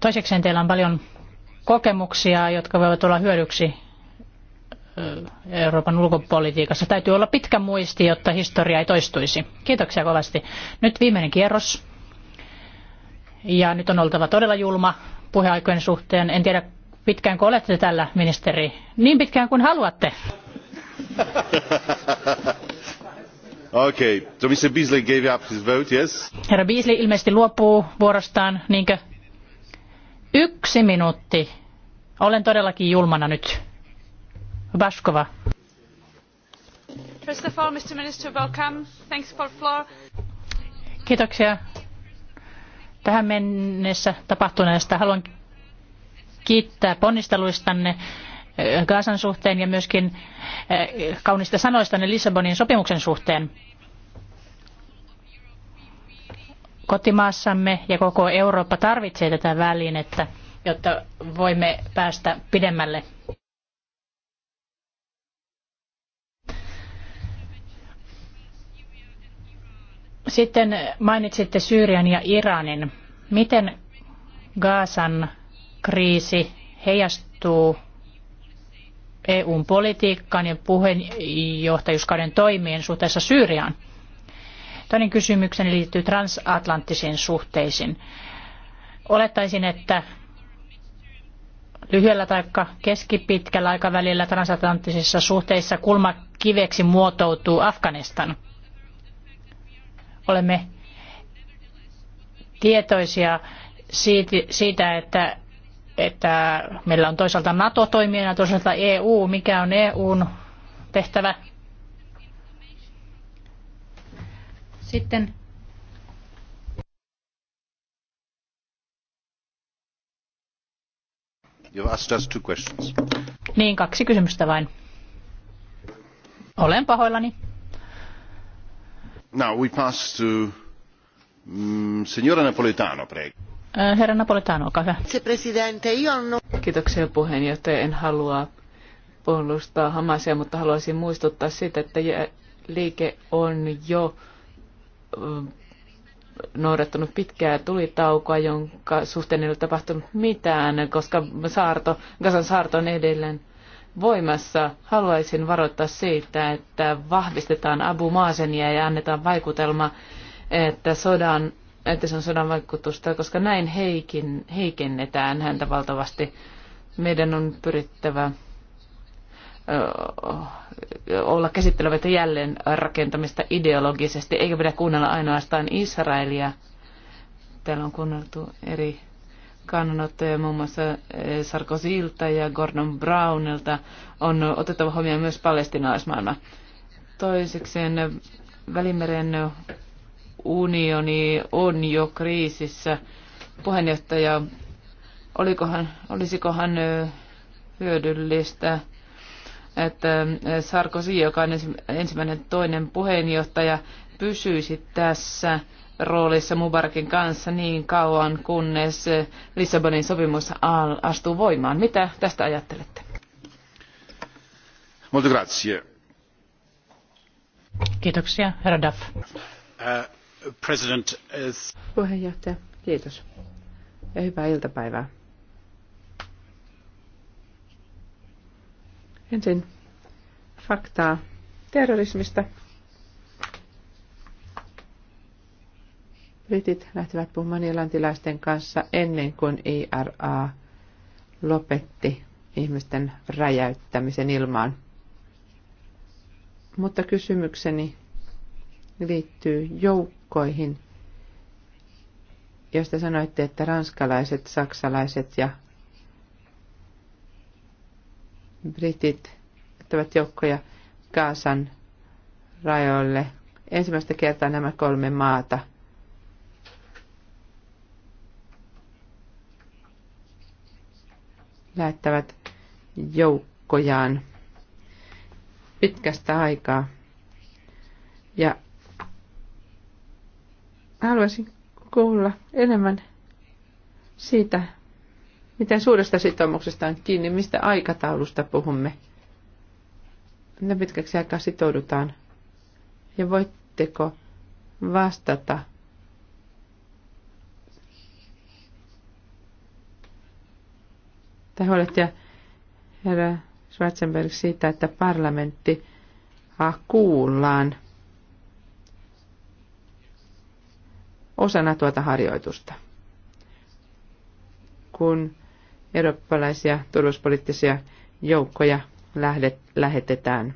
toisekseen teillä on paljon kokemuksia, jotka voivat olla hyödyksi Euroopan ulkopolitiikassa. Täytyy olla pitkä muisti, jotta historia ei toistuisi. Kiitoksia kovasti. Nyt viimeinen kierros. Ja nyt on oltava todella julma puheaikojen suhteen. En tiedä, pitkäänkö olette tällä, ministeri? Niin pitkään kuin haluatte. Beasley Herra Beasley ilmeisesti luopuu vuorostaan, niinkö? Yksi minuutti. Olen todellakin julmana nyt. Baskova. First of all, Mr. Minister, welcome. Thanks for Kiitoksia tähän mennessä tapahtuneesta. Haluan kiittää ponnisteluistanne Gaasan suhteen ja myöskin eh, kaunista sanoistanne Lissabonin sopimuksen suhteen. Kotimaassamme ja koko Eurooppa tarvitsee tätä välinettä, jotta voimme päästä pidemmälle. Sitten mainitsitte Syyrian ja Iranin. Miten Gaasan kriisi heijastuu EUn politiikkaan ja puheenjohtajuuskauden toimien suhteessa Syyriaan? Toinen kysymykseni liittyy transatlanttisiin suhteisiin. Olettaisin, että lyhyellä tai keskipitkällä aikavälillä transatlanttisissa suhteissa kulmakiveksi muotoutuu Afganistan. Olemme tietoisia siitä, että että meillä on toisaalta NATO toimijana ja toisaalta EU. Mikä on EUn tehtävä? Sitten You've asked us two questions. Niin, kaksi kysymystä vain. Olen pahoillani. Now we pass to mm, signora Napolitano, prego. Äh, herra Napolitano, olkaa hyvä. Kiitoksia puheenjohtaja. En halua puolustaa Hamasia, mutta haluaisin muistuttaa siitä, että liike on jo äh, noudattanut pitkää tulitaukoa, jonka suhteen ei ole tapahtunut mitään, koska saarto, Gasan saarto on edelleen voimassa. Haluaisin varoittaa siitä, että vahvistetaan Abu Maasenia ja annetaan vaikutelma, että sodan että se on sodan vaikutusta, koska näin heikin, heikennetään häntä valtavasti. Meidän on pyrittävä olla käsittelevät jälleen rakentamista ideologisesti, eikä pidä kuunnella ainoastaan Israelia. Täällä on kuunneltu eri kannanottoja muun muassa Sarkozylta ja Gordon Brownilta. On otettava huomioon myös palestinaismaailma. Toisekseen Välimeren unioni on jo kriisissä. Puheenjohtaja, olikohan, olisikohan hyödyllistä, että Sarkozy, joka on ensimmäinen toinen puheenjohtaja, pysyisi tässä roolissa Mubarakin kanssa niin kauan, kunnes Lissabonin sopimus astuu voimaan. Mitä tästä ajattelette? Molto grazie. Kiitoksia, herra Duff. Äh. President. Puheenjohtaja, kiitos. Ja hyvää iltapäivää. Ensin faktaa terrorismista. Britit lähtivät puhumaan irlantilaisten kanssa ennen kuin IRA lopetti ihmisten räjäyttämisen ilmaan. Mutta kysymykseni liittyy joukkoon joukkoihin, josta sanoitte, että ranskalaiset, saksalaiset ja britit ottavat joukkoja Kaasan rajoille. Ensimmäistä kertaa nämä kolme maata – lähettävät joukkojaan pitkästä aikaa. Ja Haluaisin kuulla enemmän siitä, miten suuresta sitoumuksesta on kiinni, mistä aikataulusta puhumme, miten pitkäksi aikaa sitoudutaan ja voitteko vastata tai huolehtia herra Schwarzenberg siitä, että parlamentti kuullaan osana tuota harjoitusta. Kun eurooppalaisia turvallisuuspoliittisia joukkoja lähdet, lähetetään.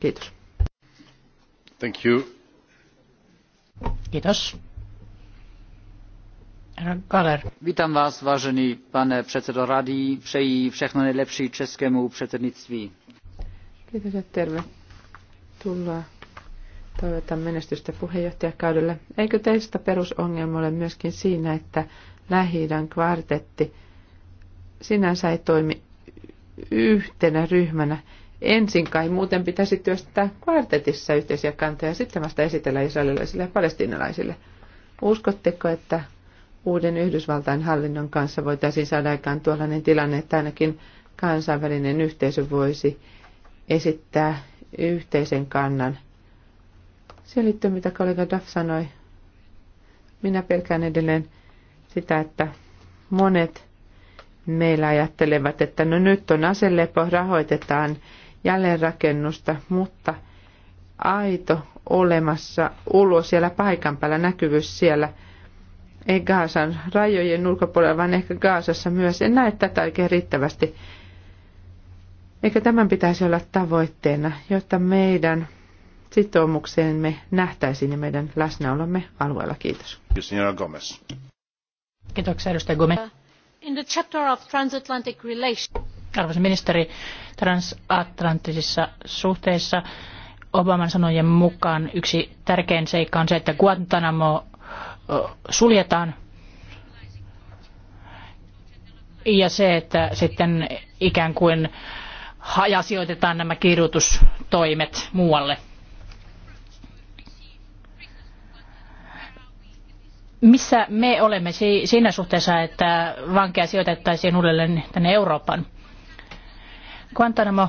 Kiitos. Thank you. Kiitos. Witam Was, ważeni pane Przewodniczący rady, przeji všechno nejlepší czeskiemu przewodnictwu. Kiitos ja tervetuloa Tervetuloa. Toivotan menestystä puheenjohtajakaudelle. Eikö teistä perusongelma ole myöskin siinä, että lähi kvartetti sinänsä ei toimi yhtenä ryhmänä? Ensin kai muuten pitäisi työstää kvartetissa yhteisiä kantoja sitten vasta esitellä israelilaisille ja palestinalaisille. Uskotteko, että uuden Yhdysvaltain hallinnon kanssa voitaisiin saada aikaan tuollainen tilanne, että ainakin kansainvälinen yhteisö voisi esittää yhteisen kannan. Se liittyy, mitä kollega Duff sanoi. Minä pelkään edelleen sitä, että monet meillä ajattelevat, että no nyt on aselepo, rahoitetaan jälleenrakennusta, mutta aito olemassa ulo siellä paikan päällä, näkyvyys siellä, ei Gaasan rajojen ulkopuolella, vaan ehkä Gaasassa myös. En näe tätä oikein riittävästi Eikö tämän pitäisi olla tavoitteena, jotta meidän sitoumukseemme nähtäisiin ja meidän läsnäolomme alueella? Kiitos. Gomez. Kiitoksia, edustaja Gomez. Uh, in the chapter of transatlantic relations. Arvoisa ministeri, transatlanttisissa suhteissa Obaman sanojen mukaan yksi tärkein seikka on se, että Guantanamo suljetaan ja se, että sitten ikään kuin hajasijoitetaan nämä kidutustoimet muualle. Missä me olemme siinä suhteessa, että vankeja sijoitettaisiin uudelleen tänne Euroopan? Guantanamo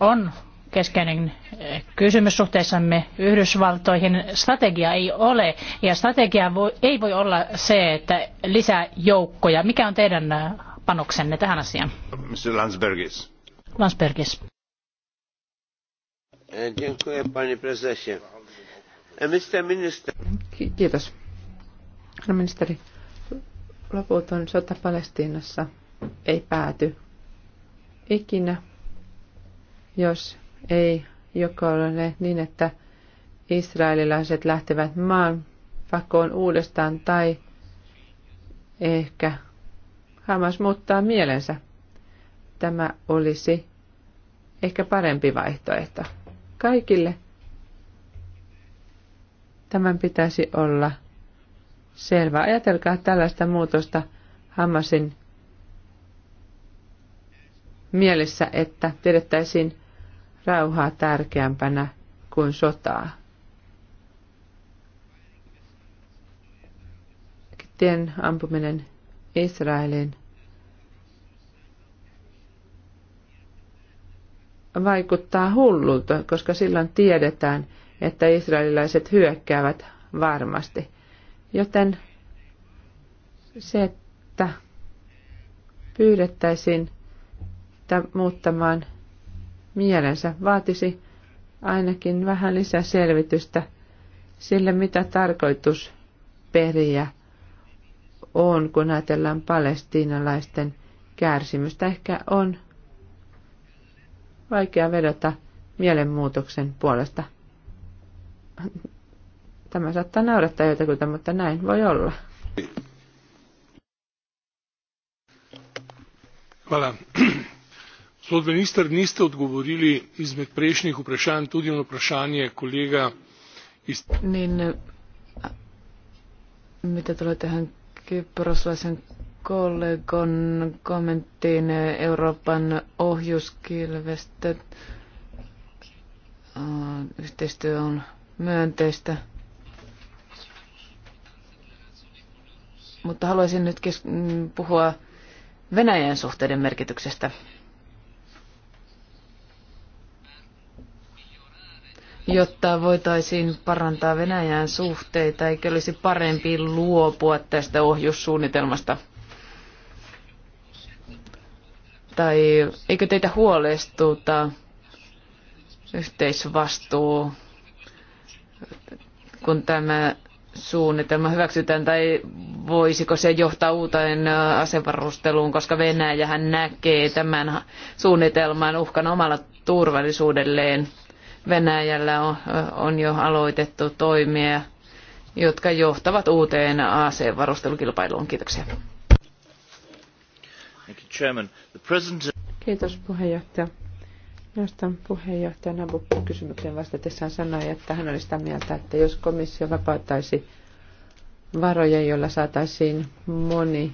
on keskeinen eh, kysymys suhteessamme Yhdysvaltoihin. Strategia ei ole, ja strategia voi, ei voi olla se, että lisää joukkoja. Mikä on teidän eh, panoksenne tähän asiaan? Mr. Landsbergis. Landsbergis. E, e, kiitos. Herra no, ministeri, loputon sota Palestiinassa ei pääty ikinä, jos ei joko ole niin, että israelilaiset lähtevät maan pakoon uudestaan tai ehkä Hamas muuttaa mielensä tämä olisi ehkä parempi vaihtoehto. Kaikille tämän pitäisi olla selvä. Ajatelkaa tällaista muutosta Hamasin mielessä, että tiedettäisiin rauhaa tärkeämpänä kuin sotaa. Tien ampuminen Israeliin – vaikuttaa hullulta, koska silloin tiedetään, että israelilaiset hyökkäävät varmasti. Joten se, että pyydettäisiin muuttamaan mielensä, vaatisi ainakin vähän lisää selvitystä sille, mitä tarkoitus periä on, kun ajatellaan palestiinalaisten kärsimystä. Ehkä on vaikea vedota mielenmuutoksen puolesta. Tämä saattaa naurattaa jotakuta, mutta näin voi olla. Hvala. Gospod minister, niste odgovorili izmed prejšnjih vprašanj tudi na vprašanje kolega iz... Niin, mitä tulee tähän kyproslaisen kollegon kommenttiin Euroopan ohjuskilvestä. Yhteistyö on myönteistä. Mutta haluaisin nyt puhua Venäjän suhteiden merkityksestä. jotta voitaisiin parantaa Venäjän suhteita, eikö olisi parempi luopua tästä ohjussuunnitelmasta? tai eikö teitä huolestuta yhteisvastuu, kun tämä suunnitelma hyväksytään, tai voisiko se johtaa uuteen asevarusteluun, koska Venäjähän näkee tämän suunnitelman uhkan omalla turvallisuudelleen. Venäjällä on, on jo aloitettu toimia, jotka johtavat uuteen asevarustelukilpailuun. Kiitoksia. Kiitos puheenjohtaja. Nostan puheenjohtaja Nabukun kysymykseen vastatessaan sanoi, että hän oli sitä mieltä, että jos komissio vapauttaisi varoja, joilla saataisiin moni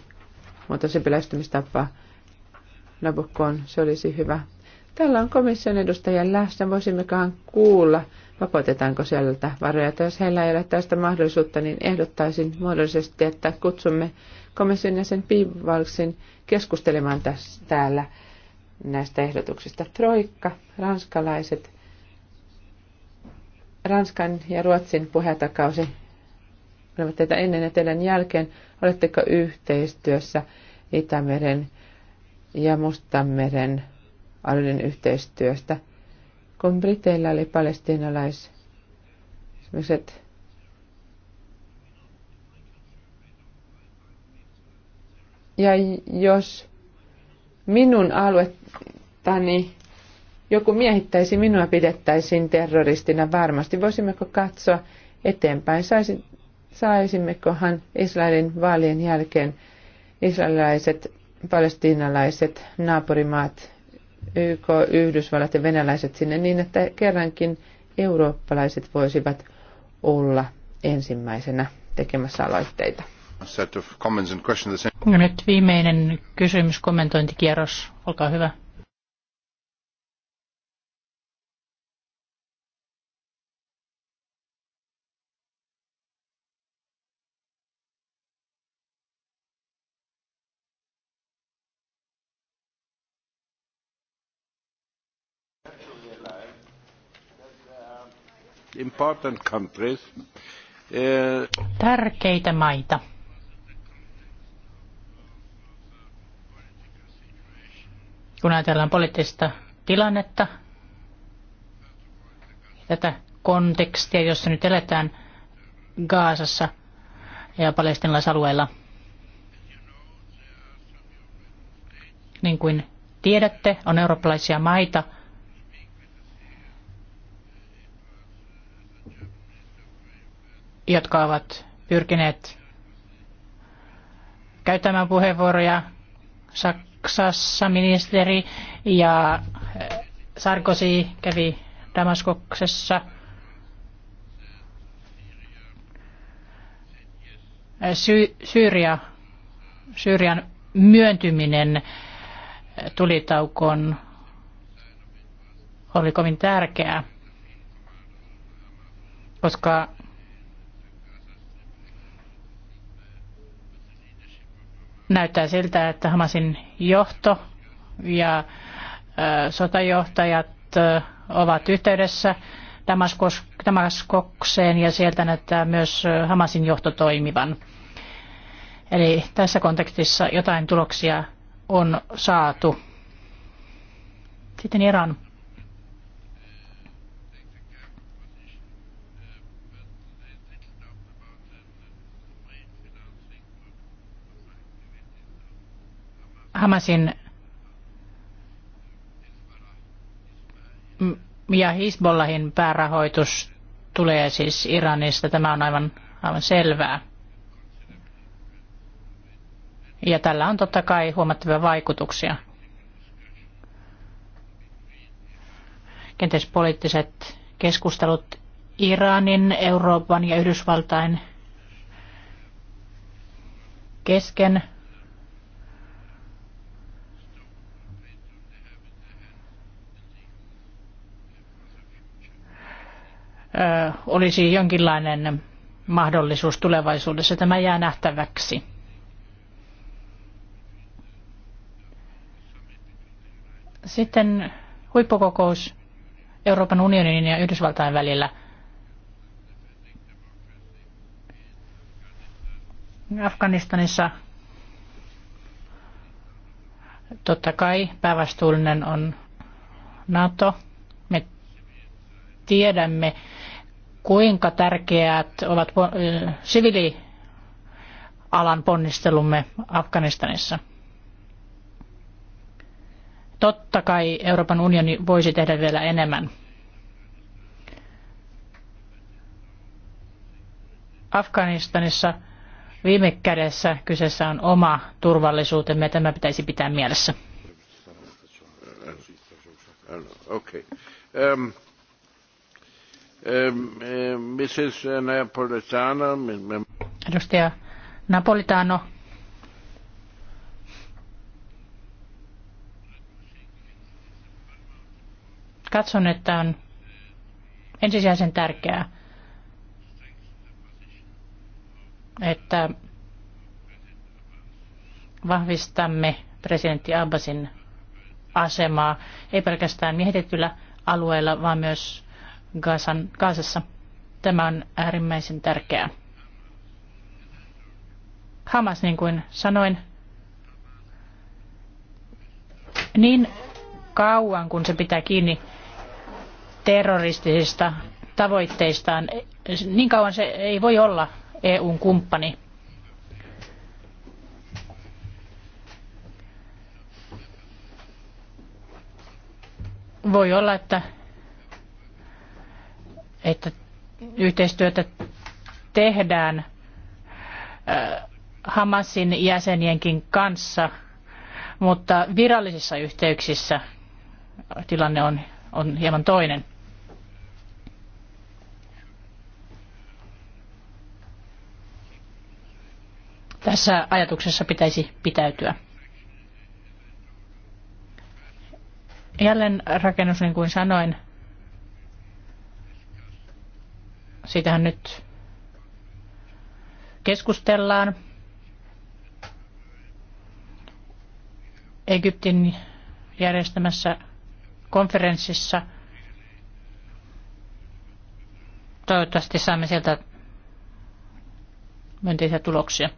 muotoisempi lähestymistapa Nabukkoon, se olisi hyvä. Täällä on komission edustajan läsnä. Voisimmekohan kuulla vapautetaanko sieltä varoja. Tai jos heillä ei ole tästä mahdollisuutta, niin ehdottaisin muodollisesti, että kutsumme komission ja sen keskustelemaan tässä, täällä näistä ehdotuksista. Troikka, ranskalaiset, Ranskan ja Ruotsin puhetakausi olivat teitä ennen ja teidän jälkeen. Oletteko yhteistyössä Itämeren ja Mustanmeren alueiden yhteistyöstä – kun Briteillä oli palestiinalais ja jos minun aluettani joku miehittäisi minua, pidettäisiin terroristina varmasti. Voisimmeko katsoa eteenpäin? Saisi, saisimmekohan Israelin vaalien jälkeen israelilaiset, palestiinalaiset naapurimaat YK, Yhdysvallat ja venäläiset sinne niin, että kerrankin eurooppalaiset voisivat olla ensimmäisenä tekemässä aloitteita. Nyt viimeinen kysymys, kommentointikierros. Olkaa hyvä. important countries. Uh, Tärkeitä maita. Kun ajatellaan poliittista tilannetta, tätä kontekstia, jossa nyt eletään Gaasassa ja palestinalaisalueella. Niin kuin tiedätte, on eurooppalaisia maita – jotka ovat pyrkineet käyttämään puheenvuoroja. Saksassa ministeri ja eh, Sarkozy kävi Damaskoksessa. Eh, Sy- Syyria, Syyrian myöntyminen eh, tulitaukoon oli kovin tärkeää, koska Näyttää siltä, että Hamasin johto ja sotajohtajat ovat yhteydessä Damaskokseen ja sieltä näyttää myös Hamasin johto toimivan. Eli tässä kontekstissa jotain tuloksia on saatu. Sitten Iran. Hamasin ja Hisbollahin päärahoitus tulee siis Iranista. Tämä on aivan, aivan selvää. Ja tällä on totta kai huomattavia vaikutuksia. Kenties poliittiset keskustelut Iranin, Euroopan ja Yhdysvaltain kesken olisi jonkinlainen mahdollisuus tulevaisuudessa. Tämä jää nähtäväksi. Sitten huippukokous Euroopan unionin ja Yhdysvaltain välillä. Afganistanissa totta kai päävastuullinen on NATO. Me tiedämme, kuinka tärkeät ovat siviilialan ponnistelumme Afganistanissa. Totta kai Euroopan unioni voisi tehdä vielä enemmän. Afganistanissa viime kädessä kyseessä on oma turvallisuutemme ja tämä pitäisi pitää mielessä. Okay. Um... Mrs. Napolitano. Edustaja Napolitano. Katson, että on ensisijaisen tärkeää, että vahvistamme presidentti Abbasin asemaa ei pelkästään miehitetyllä alueella, vaan myös Gaasan, Gaasassa. Tämä on äärimmäisen tärkeää. Hamas, niin kuin sanoin, niin kauan kun se pitää kiinni terroristisista tavoitteistaan, niin kauan se ei voi olla EUn kumppani. Voi olla, että että yhteistyötä tehdään äh, Hamasin jäsenienkin kanssa, mutta virallisissa yhteyksissä tilanne on, on hieman toinen. Tässä ajatuksessa pitäisi pitäytyä. Jälleen rakennus, niin kuin sanoin, Siitähän nyt keskustellaan. Egyptin järjestämässä konferenssissa. Toivottavasti saamme sieltä myönteisiä tuloksia.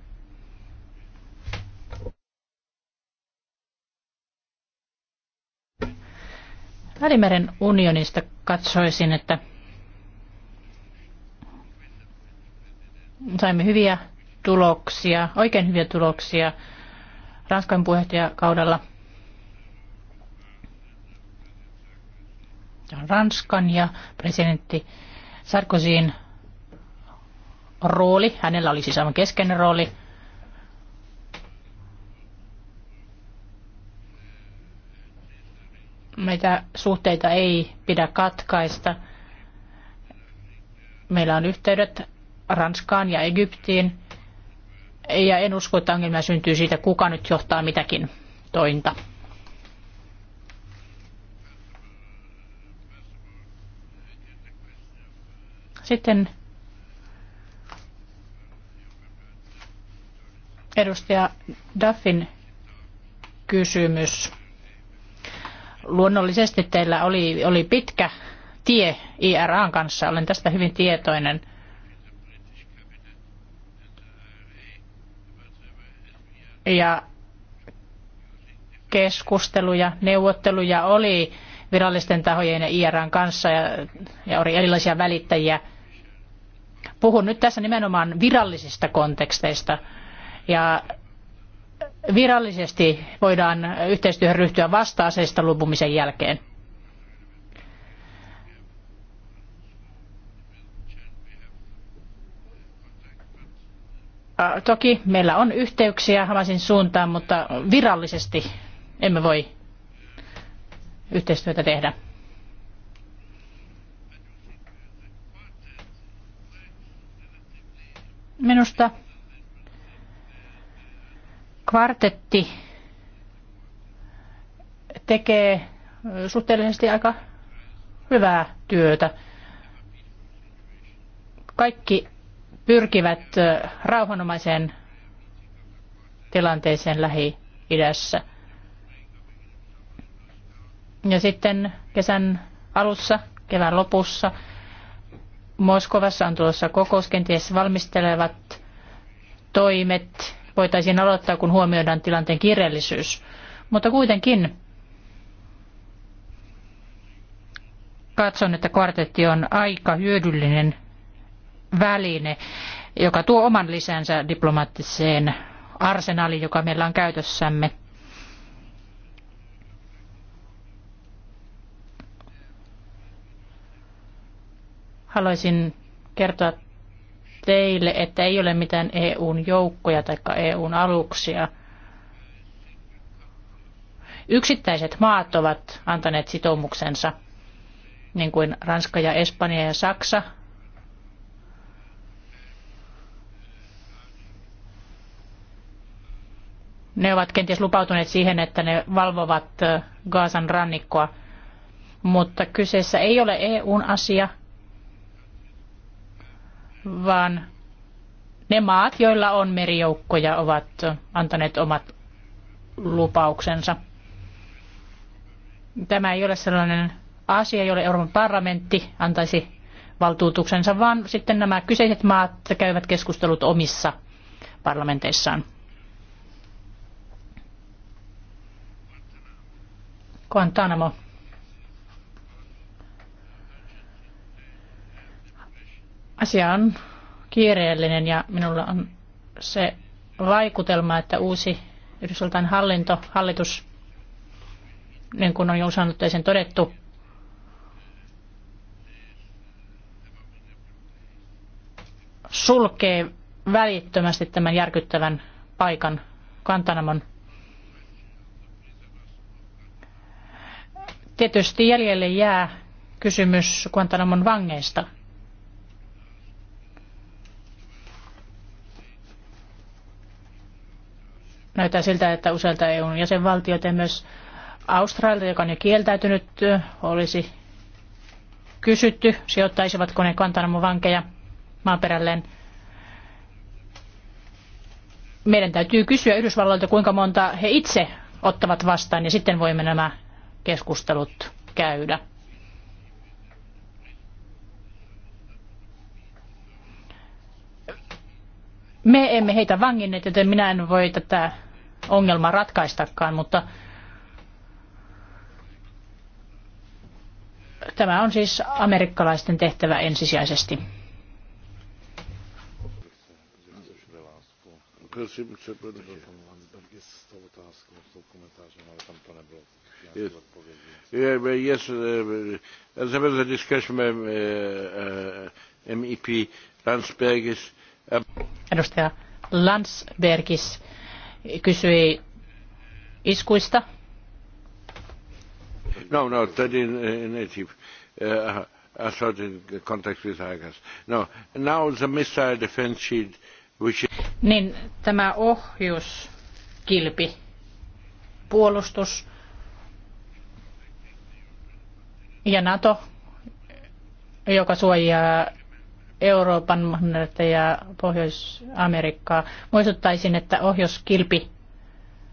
Välimeren unionista katsoisin, että saimme hyviä tuloksia, oikein hyviä tuloksia Ranskan puheenjohtajakaudella. Ranskan ja presidentti Sarkozyn rooli, hänellä oli siis aivan keskeinen rooli. Meitä suhteita ei pidä katkaista. Meillä on yhteydet Ranskaan ja Egyptiin. Ja en usko, että ongelmia syntyy siitä, kuka nyt johtaa mitäkin tointa. Sitten edustaja Duffin kysymys. Luonnollisesti teillä oli, oli pitkä tie IRAn kanssa, olen tästä hyvin tietoinen. ja keskusteluja, neuvotteluja oli virallisten tahojen ja IRAn kanssa ja, ja oli erilaisia välittäjiä. Puhun nyt tässä nimenomaan virallisista konteksteista ja virallisesti voidaan yhteistyöhön ryhtyä vasta aseista luopumisen jälkeen. Toki meillä on yhteyksiä Hamasin suuntaan, mutta virallisesti emme voi yhteistyötä tehdä. Minusta kvartetti tekee suhteellisesti aika hyvää työtä. Kaikki pyrkivät rauhanomaiseen tilanteeseen Lähi-idässä. Ja sitten kesän alussa, kevään lopussa, Moskovassa on tulossa kokous, kenties valmistelevat toimet voitaisiin aloittaa, kun huomioidaan tilanteen kiireellisyys. Mutta kuitenkin katson, että kvartetti on aika hyödyllinen väline, joka tuo oman lisänsä diplomaattiseen arsenaaliin, joka meillä on käytössämme. Haluaisin kertoa teille, että ei ole mitään EUn joukkoja tai EUn aluksia. Yksittäiset maat ovat antaneet sitoumuksensa, niin kuin Ranska ja Espanja ja Saksa Ne ovat kenties lupautuneet siihen, että ne valvovat Gaasan rannikkoa, mutta kyseessä ei ole EUn asia, vaan ne maat, joilla on merijoukkoja, ovat antaneet omat lupauksensa. Tämä ei ole sellainen asia, jolle Euroopan parlamentti antaisi valtuutuksensa, vaan sitten nämä kyseiset maat käyvät keskustelut omissa parlamenteissaan. Guantanamo. Asia on kiireellinen ja minulla on se vaikutelma, että uusi Yhdysvaltain hallinto, hallitus, niin kuin on jo sen todettu, sulkee välittömästi tämän järkyttävän paikan Kantanamon. Tietysti jäljelle jää kysymys Guantanamon vangeista. Näyttää siltä, että useilta EUn jäsenvaltioita ja myös Australia, joka on jo kieltäytynyt, olisi kysytty, sijoittaisivatko ne Guantanamon vankeja maaperälleen meidän täytyy kysyä Yhdysvalloilta, kuinka monta he itse ottavat vastaan, ja sitten voimme nämä keskustelut käydä. Me emme heitä vanginneet, joten minä en voi tätä ongelmaa ratkaistakaan, mutta tämä on siis amerikkalaisten tehtävä ensisijaisesti. Prosím, Yes. Yeah, but uh, uh, there was a discussion by uh, uh, MEP Landsbergis. Edustaja Landsbergis kysyi iskuista. No, no, that in, in uh, native. Uh, I thought in contact with Hagas. No, now the missile defense sheet, which is... Niin, tämä ohjuskilpi, puolustus, ja NATO, joka suojaa Euroopan mannerta ja Pohjois-Amerikkaa. Muistuttaisin, että ohjuskilpi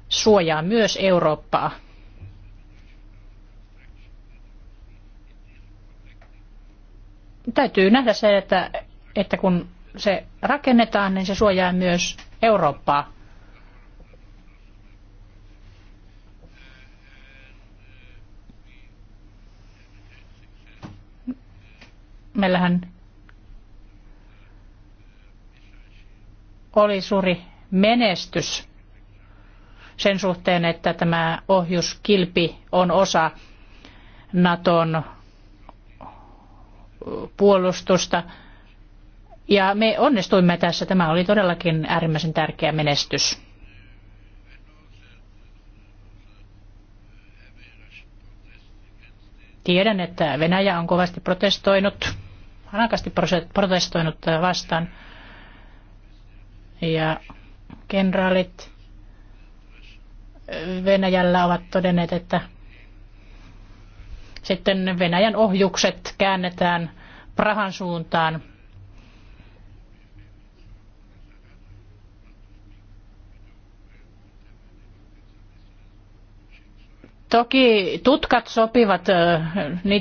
suojaa myös Eurooppaa. Täytyy nähdä se, että, että kun se rakennetaan, niin se suojaa myös Eurooppaa. Meillähän oli suuri menestys sen suhteen, että tämä ohjuskilpi on osa Naton puolustusta. Ja me onnistuimme tässä. Tämä oli todellakin äärimmäisen tärkeä menestys. Tiedän, että Venäjä on kovasti protestoinut rankasti protestoinut äh, vastaan. Ja kenraalit äh, Venäjällä ovat todenneet, että sitten Venäjän ohjukset käännetään Prahan suuntaan Toki tutkat sopivat,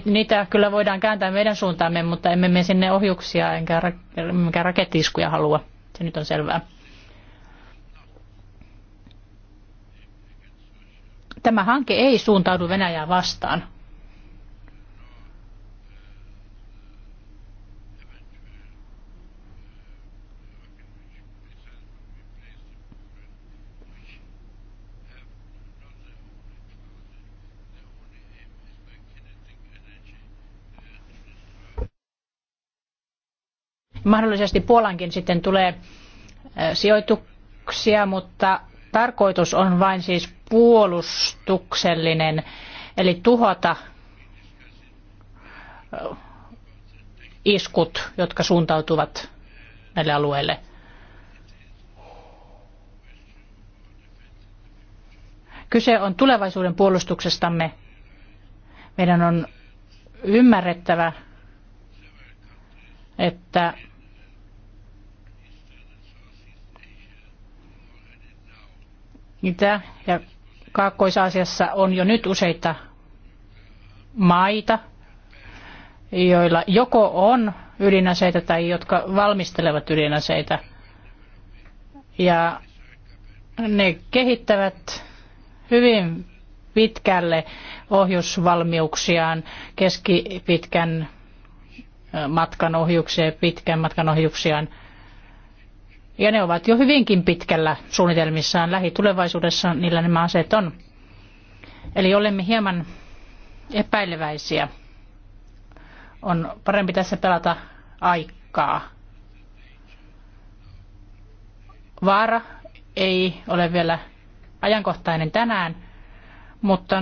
niitä kyllä voidaan kääntää meidän suuntaamme, mutta emme me sinne ohjuksia enkä, enkä rakettiiskuja halua. Se nyt on selvää. Tämä hanke ei suuntaudu Venäjää vastaan. mahdollisesti Puolankin sitten tulee sijoituksia, mutta tarkoitus on vain siis puolustuksellinen, eli tuhota iskut, jotka suuntautuvat näille alueille. Kyse on tulevaisuuden puolustuksestamme. Meidän on ymmärrettävä, että Itä- ja Kaakkois-Aasiassa on jo nyt useita maita, joilla joko on ydinaseita tai jotka valmistelevat ydinaseita. Ja ne kehittävät hyvin pitkälle ohjusvalmiuksiaan keskipitkän matkan ja pitkän matkan ohjuksiaan – ja ne ovat jo hyvinkin pitkällä suunnitelmissaan. Lähitulevaisuudessa niillä nämä aseet on. Eli olemme hieman epäileväisiä. On parempi tässä pelata aikaa. Vaara ei ole vielä ajankohtainen tänään, mutta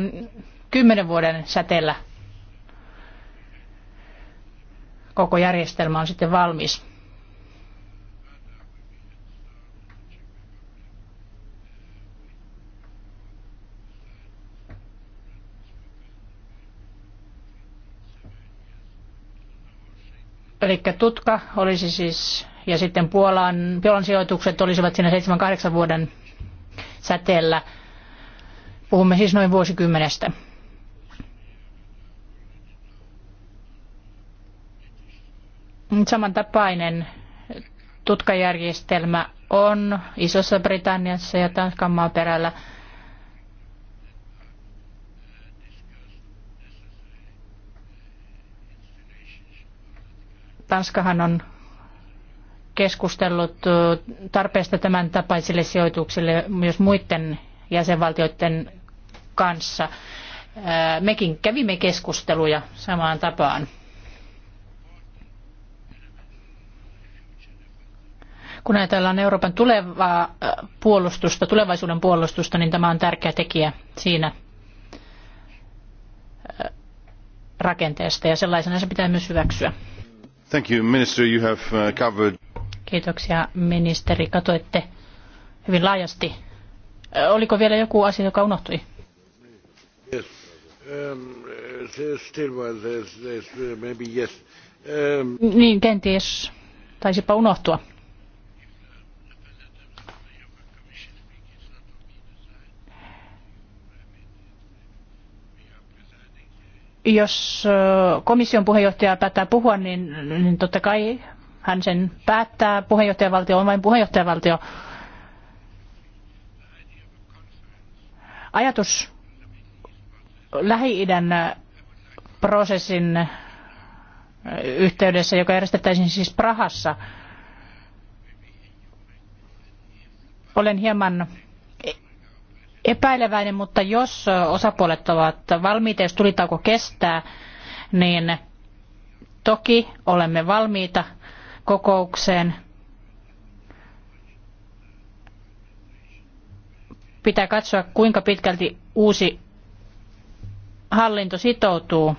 kymmenen vuoden säteellä koko järjestelmä on sitten valmis. Eli tutka olisi siis, ja sitten Puolan, Puolan sijoitukset olisivat siinä 7-8 vuoden säteellä. Puhumme siis noin vuosikymmenestä. Samantapainen tutkajärjestelmä on Isossa Britanniassa ja Tanskan maaperällä. Tanskahan on keskustellut tarpeesta tämän tapaisille sijoituksille myös muiden jäsenvaltioiden kanssa. Mekin kävimme keskusteluja samaan tapaan. Kun ajatellaan Euroopan tulevaa puolustusta, tulevaisuuden puolustusta, niin tämä on tärkeä tekijä siinä rakenteesta ja sellaisena se pitää myös hyväksyä. Uh, Kiitoksia ministeri. Katoitte hyvin laajasti. Oliko vielä joku asia, joka unohtui? Um, uh, uh, um, niin, kenties. Taisipa unohtua. Jos komission puheenjohtaja päättää puhua, niin, niin totta kai hän sen päättää. Puheenjohtajavaltio on vain puheenjohtajavaltio. Ajatus Lähi-idän prosessin yhteydessä, joka järjestettäisiin siis Prahassa. Olen hieman epäileväinen, mutta jos osapuolet ovat valmiita, jos tulitauko kestää, niin toki olemme valmiita kokoukseen. Pitää katsoa, kuinka pitkälti uusi hallinto sitoutuu.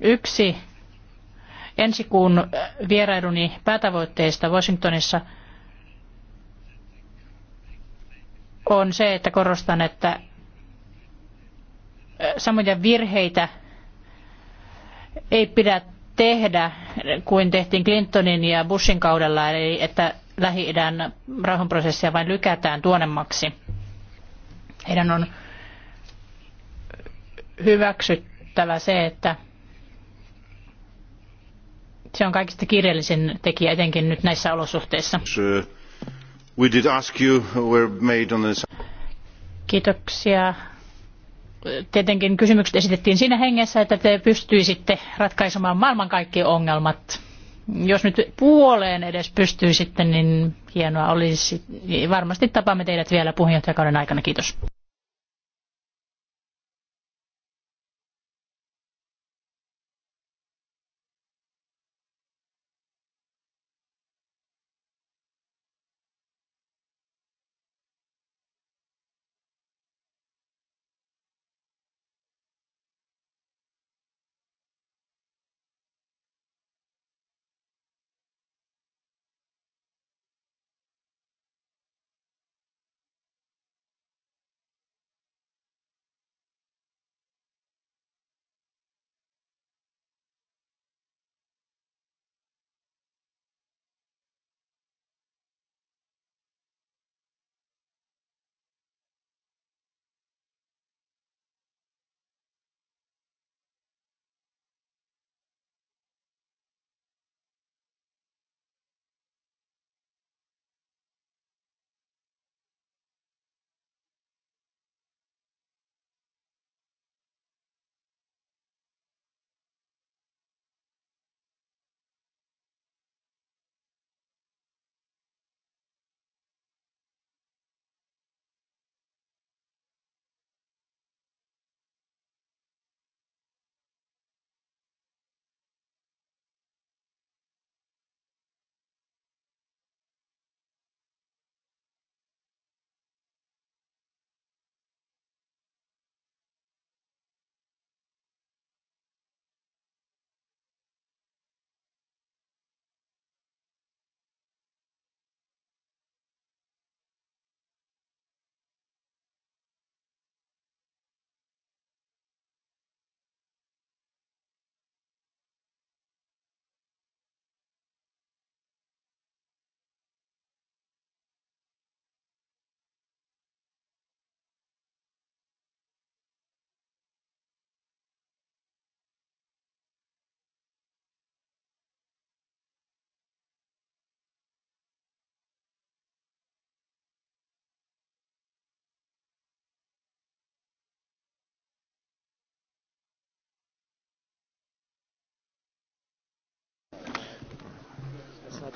Yksi ensi kuun vierailuni päätavoitteista Washingtonissa – on se, että korostan, että samoja virheitä ei pidä tehdä kuin tehtiin Clintonin ja Bushin kaudella, eli että Lähi-idän rauhanprosessia vain lykätään tuonemmaksi. Heidän on hyväksyttävä se, että se on kaikista kiireellisin tekijä, etenkin nyt näissä olosuhteissa. We did ask you, were made on this. Kiitoksia. Tietenkin kysymykset esitettiin siinä hengessä, että te pystyisitte ratkaisemaan maailman kaikki ongelmat. Jos nyt puoleen edes pystyisitte, niin hienoa olisi. Varmasti tapaamme teidät vielä puheenjohtajakauden aikana. Kiitos.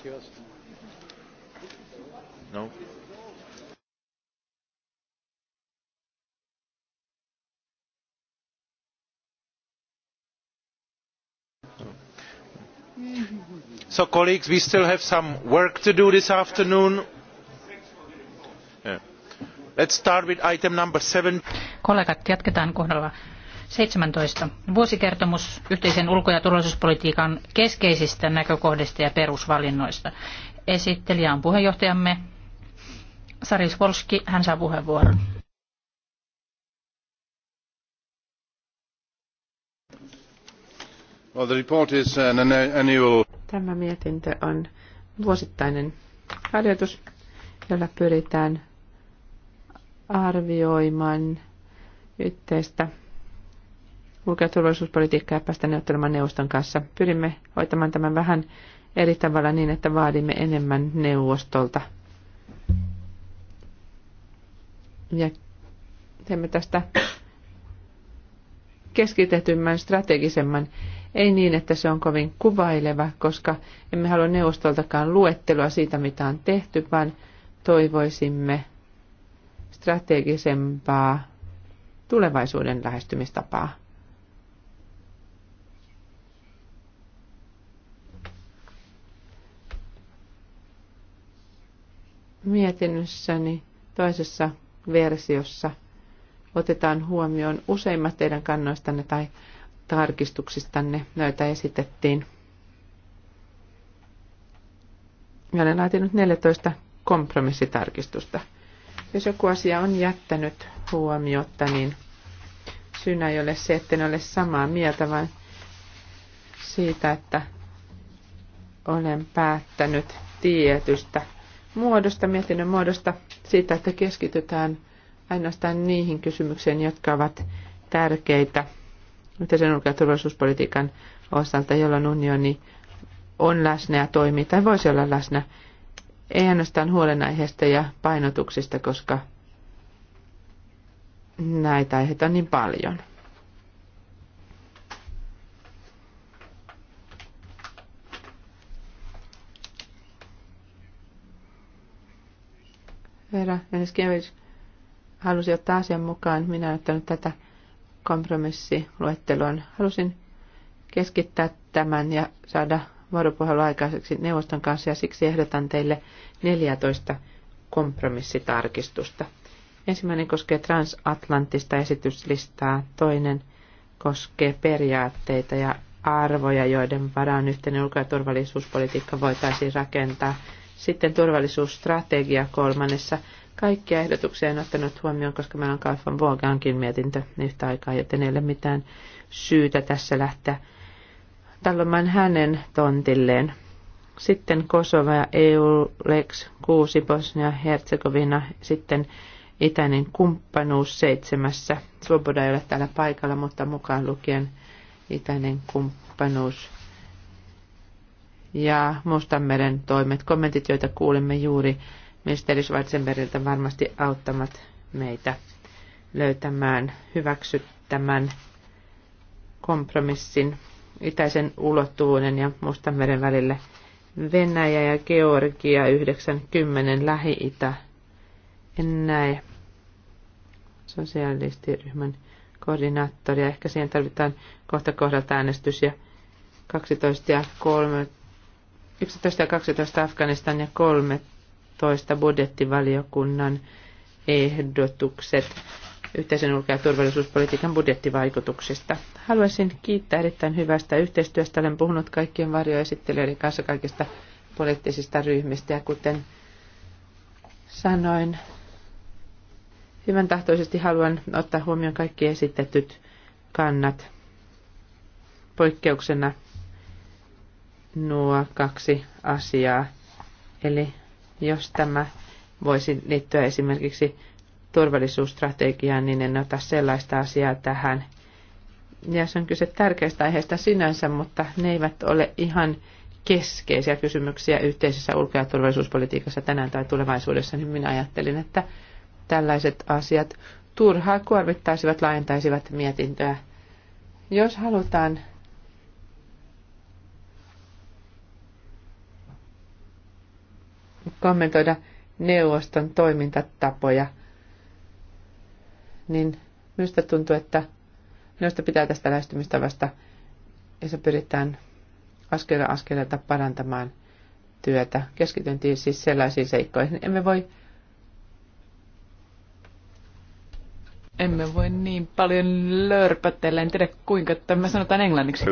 Matthias? No? no. So, colleagues, we still have some work to do this afternoon. Yeah. Let's start with item number seven. Kollegat, jatketaan kohdalla 17. Vuosikertomus yhteisen ulko- ja turvallisuuspolitiikan keskeisistä näkökohdista ja perusvalinnoista. Esittelijä on puheenjohtajamme Saris Volski. Hän saa puheenvuoron. Well, the report is an annual... Tämä mietintö on vuosittainen harjoitus, jolla pyritään arvioimaan yhteistä ulko- ja turvallisuuspolitiikkaa ja päästä neuvottelemaan neuvoston kanssa. Pyrimme hoitamaan tämän vähän eri tavalla niin, että vaadimme enemmän neuvostolta. Ja teemme tästä keskitetymmän, strategisemman. Ei niin, että se on kovin kuvaileva, koska emme halua neuvostoltakaan luettelua siitä, mitä on tehty, vaan toivoisimme strategisempaa tulevaisuuden lähestymistapaa. mietinnössäni toisessa versiossa otetaan huomioon useimmat teidän kannoistanne tai tarkistuksistanne, joita esitettiin. Minä olen laatinut 14 kompromissitarkistusta. Jos joku asia on jättänyt huomiota, niin syynä ei ole se, että en ole samaa mieltä, vaan siitä, että olen päättänyt tietystä muodosta, mietinnön muodosta siitä, että keskitytään ainoastaan niihin kysymyksiin, jotka ovat tärkeitä yhteisen ulko- ja turvallisuuspolitiikan osalta, jolloin unioni on läsnä ja toimii tai voisi olla läsnä. Ei ainoastaan huolenaiheista ja painotuksista, koska näitä aiheita on niin paljon. Vera Januskiewicz halusi ottaa asian mukaan. Minä olen ottanut tätä kompromissiluetteloon. Halusin keskittää tämän ja saada vuoropuhelu aikaiseksi neuvoston kanssa ja siksi ehdotan teille 14 kompromissitarkistusta. Ensimmäinen koskee transatlanttista esityslistaa, toinen koskee periaatteita ja arvoja, joiden varaan yhteinen ulko- ja turvallisuuspolitiikka voitaisiin rakentaa. Sitten turvallisuusstrategia kolmannessa. Kaikkia ehdotuksia en ottanut huomioon, koska meillä on Kaifan Vuogankin mietintö yhtä aikaa, joten ei ole mitään syytä tässä lähteä tallomaan hänen tontilleen. Sitten Kosova ja EU-Lex 6, Bosnia, Herzegovina, sitten itäinen kumppanuus seitsemässä. Svoboda ei ole täällä paikalla, mutta mukaan lukien itäinen kumppanuus ja Mustanmeren toimet. Kommentit, joita kuulimme juuri ministeri Schwarzenbergiltä, varmasti auttamat meitä löytämään hyväksyttämän kompromissin itäisen ulottuvuuden ja Mustanmeren välille. Venäjä ja Georgia 90 Lähi-Itä. En näe sosialistiryhmän koordinaattoria. Ehkä siihen tarvitaan kohta kohdalta äänestys ja 12 ja 13 11 ja 12 Afganistan ja 13 budjettivaliokunnan ehdotukset yhteisen ulko- ja turvallisuuspolitiikan budjettivaikutuksista. Haluaisin kiittää erittäin hyvästä yhteistyöstä. Olen puhunut kaikkien varjoesittelijöiden kanssa kaikista poliittisista ryhmistä ja kuten sanoin, hyvän tahtoisesti haluan ottaa huomioon kaikki esitetyt kannat poikkeuksena nuo kaksi asiaa. Eli jos tämä voisi liittyä esimerkiksi turvallisuusstrategiaan, niin en ota sellaista asiaa tähän. Ja se on kyse tärkeistä aiheista sinänsä, mutta ne eivät ole ihan keskeisiä kysymyksiä yhteisessä ulko- ja turvallisuuspolitiikassa tänään tai tulevaisuudessa, niin minä ajattelin, että tällaiset asiat turhaa kuormittaisivat, laajentaisivat mietintöä. Jos halutaan kommentoida neuvoston toimintatapoja, niin minusta tuntuu, että neuvosto pitää tästä lähestymistavasta ja se pyritään askel askeleelta parantamaan työtä. Keskityntiin siis, siis sellaisiin seikkoihin. Emme voi Emme voi niin paljon lörpätellä, En tiedä kuinka tämä sanotaan englanniksi.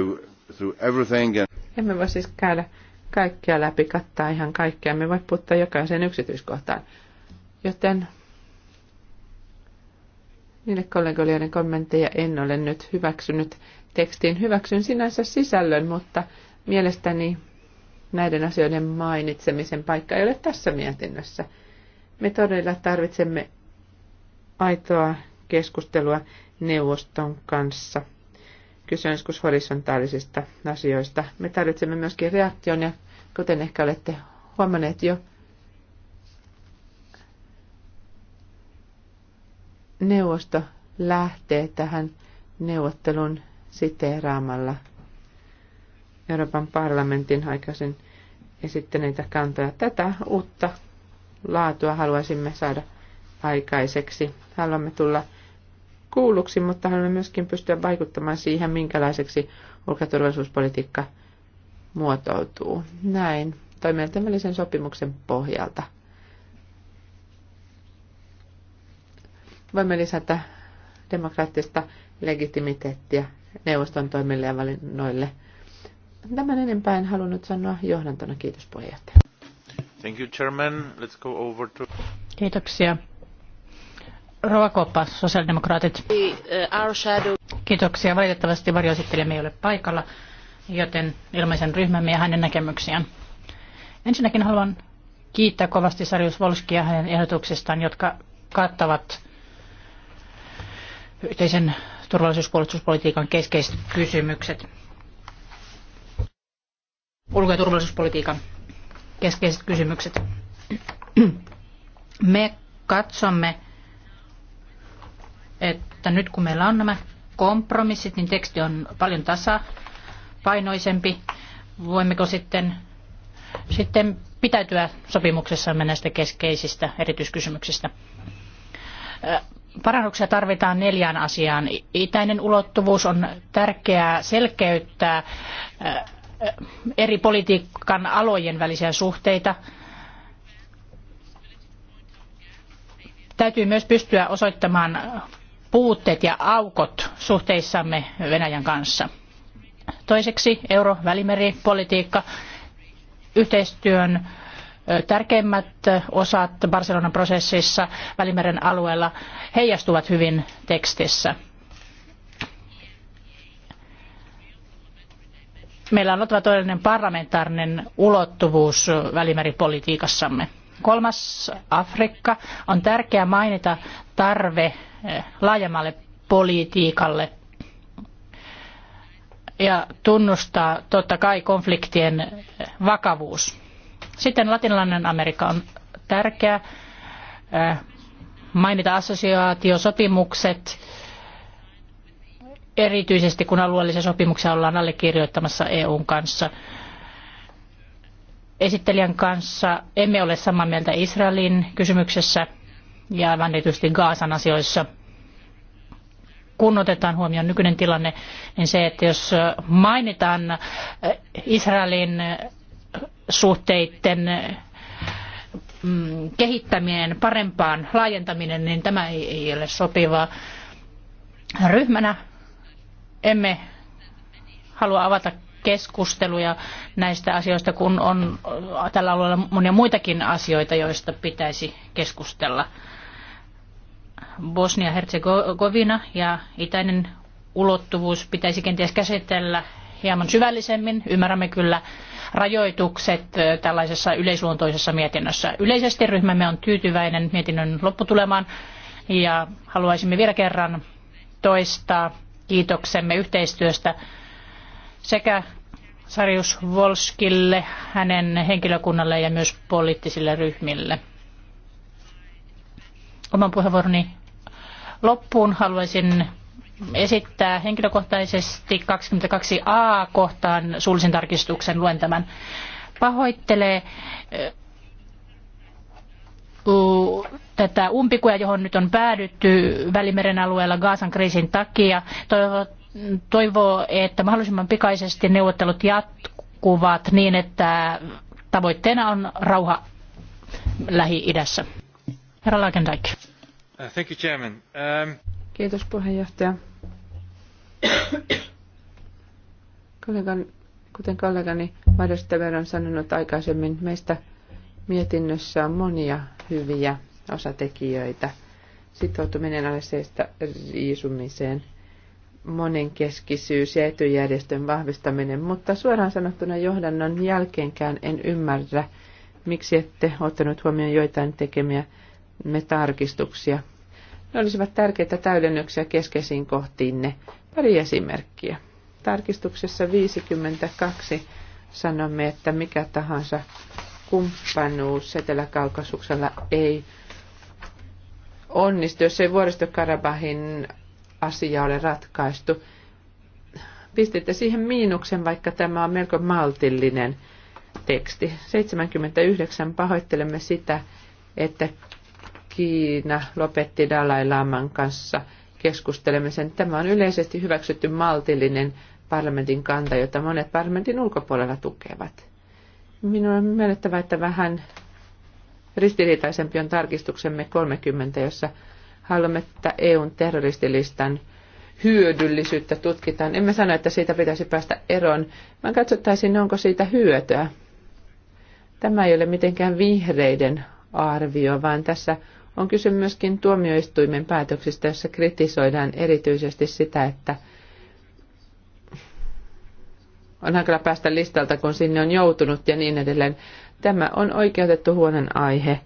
Emme voi siis käydä kaikkea läpi, kattaa ihan kaikkea. Me voi puuttaa jokaiseen yksityiskohtaan. Joten niille kollegoiden kommentteja en ole nyt hyväksynyt tekstiin. Hyväksyn sinänsä sisällön, mutta mielestäni näiden asioiden mainitsemisen paikka ei ole tässä mietinnössä. Me todella tarvitsemme aitoa keskustelua neuvoston kanssa – kyse on joskus horisontaalisista asioista. Me tarvitsemme myöskin reaktion ja kuten ehkä olette huomanneet jo, neuvosto lähtee tähän neuvottelun siteeraamalla Euroopan parlamentin aikaisin esittäneitä kantoja. Tätä uutta laatua haluaisimme saada aikaiseksi. Haluamme tulla kuulluksi, mutta haluamme myöskin pystyä vaikuttamaan siihen, minkälaiseksi ulkoturvallisuuspolitiikka muotoutuu. Näin, toimijoiden sopimuksen pohjalta. Voimme lisätä demokraattista legitimiteettiä neuvoston toimille ja valinnoille. Tämän enempää en halunnut sanoa johdantona. Kiitos puheenjohtaja. Thank you, Chairman. Let's go over to... Kiitoksia. Rova Koppa, sosiaalidemokraatit. Kiitoksia. Valitettavasti varjoesittelijämme ei ole paikalla, joten ilmaisen ryhmämme ja hänen näkemyksiään. Ensinnäkin haluan kiittää kovasti Sarjus Volskia hänen ehdotuksistaan, jotka kattavat yhteisen turvallisuuspuolustuspolitiikan keskeiset kysymykset. Ulko- ja turvallisuuspolitiikan keskeiset kysymykset. Me katsomme että nyt kun meillä on nämä kompromissit, niin teksti on paljon tasapainoisempi. Voimmeko sitten, sitten pitäytyä sopimuksessamme näistä keskeisistä erityiskysymyksistä? Parannuksia tarvitaan neljään asiaan. Itäinen ulottuvuus on tärkeää selkeyttää eri politiikan alojen välisiä suhteita. Täytyy myös pystyä osoittamaan puutteet ja aukot suhteissamme Venäjän kanssa. Toiseksi euro-välimeripolitiikka, yhteistyön tärkeimmät osat Barcelonan prosessissa Välimeren alueella heijastuvat hyvin tekstissä. Meillä on oltava todellinen parlamentaarinen ulottuvuus välimeripolitiikassamme. Kolmas Afrikka on tärkeää mainita tarve eh, laajemmalle politiikalle ja tunnustaa totta kai konfliktien eh, vakavuus. Sitten latinalainen Amerikka on tärkeä eh, mainita assosiaatiosopimukset, erityisesti kun alueellisia sopimuksia ollaan allekirjoittamassa EUn kanssa esittelijän kanssa emme ole samaa mieltä Israelin kysymyksessä ja aivan erityisesti Gaasan asioissa. Kun otetaan huomioon nykyinen tilanne, niin se, että jos mainitaan eh, Israelin eh, suhteiden mm, kehittäminen parempaan laajentaminen, niin tämä ei ole sopivaa. Ryhmänä emme halua avata keskusteluja näistä asioista, kun on tällä alueella monia muitakin asioita, joista pitäisi keskustella. Bosnia-Herzegovina ja itäinen ulottuvuus pitäisi kenties käsitellä hieman syvällisemmin. Ymmärrämme kyllä rajoitukset tällaisessa yleisluontoisessa mietinnössä. Yleisesti ryhmämme on tyytyväinen mietinnön lopputulemaan ja haluaisimme vielä kerran toistaa kiitoksemme yhteistyöstä sekä Sarius Volskille, hänen henkilökunnalle ja myös poliittisille ryhmille. Oman puheenvuoroni loppuun haluaisin esittää henkilökohtaisesti 22a kohtaan suullisen tarkistuksen luen tämän. Pahoittelee tätä umpikuja, johon nyt on päädytty Välimeren alueella Gaasan kriisin takia toivoo, että mahdollisimman pikaisesti neuvottelut jatkuvat niin, että tavoitteena on rauha Lähi-idässä. Herra Lagendijk. Uh, thank you, Chairman. Um... Kiitos puheenjohtaja. Kollegan, kuten kollegani Madostever on sanonut aikaisemmin, meistä mietinnössä on monia hyviä osatekijöitä. Sitoutuminen aliseista riisumiseen – monenkeskisyys ja etujärjestön vahvistaminen, mutta suoraan sanottuna johdannon jälkeenkään en ymmärrä, miksi ette ottanut huomioon joitain tekemiä me tarkistuksia. Ne olisivat tärkeitä täydennyksiä keskeisiin kohtiinne. Pari esimerkkiä. Tarkistuksessa 52 sanomme, että mikä tahansa kumppanuus setelä kaukasuksella ei onnistu, jos ei vuoristokarabahin asia ole ratkaistu. Pistitte siihen miinuksen, vaikka tämä on melko maltillinen teksti. 79 pahoittelemme sitä, että Kiina lopetti Dalai Laman kanssa keskustelemisen. Tämä on yleisesti hyväksytty maltillinen parlamentin kanta, jota monet parlamentin ulkopuolella tukevat. Minun on myönnettävä, että vähän ristiriitaisempi on tarkistuksemme 30, jossa haluamme, että EUn terroristilistan hyödyllisyyttä tutkitaan. Emme sano, että siitä pitäisi päästä eroon, vaan katsottaisiin, onko siitä hyötyä. Tämä ei ole mitenkään vihreiden arvio, vaan tässä on kyse myöskin tuomioistuimen päätöksistä, jossa kritisoidaan erityisesti sitä, että on hankala päästä listalta, kun sinne on joutunut ja niin edelleen. Tämä on oikeutettu huonon aihe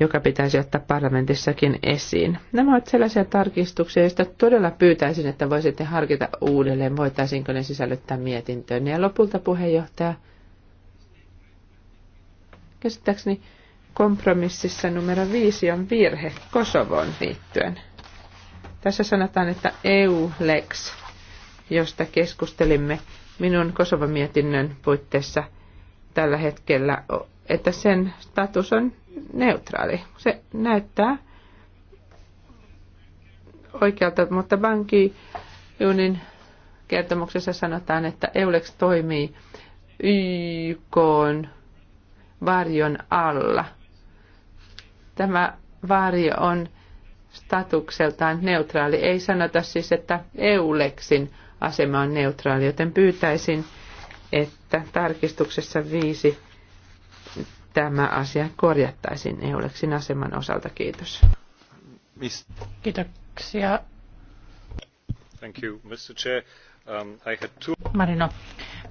joka pitäisi ottaa parlamentissakin esiin. Nämä ovat sellaisia tarkistuksia, joista todella pyytäisin, että voisitte harkita uudelleen, voitaisiinko ne sisällyttää mietintöön. Ja lopulta puheenjohtaja, käsittääkseni kompromississa numero viisi on virhe Kosovoon liittyen. Tässä sanotaan, että EU-lex, josta keskustelimme minun Kosovo-mietinnön puitteissa tällä hetkellä, että sen status on neutraali. Se näyttää oikealta, mutta Banki Junin kertomuksessa sanotaan, että EULEX toimii YK varjon alla. Tämä varjo on statukseltaan neutraali. Ei sanota siis, että EULEXin asema on neutraali, joten pyytäisin, että tarkistuksessa viisi tämä asia korjattaisiin Euleksin aseman osalta. Kiitos. Kiitoksia. Thank you, Mr. Chair. Um, I had two... Marino,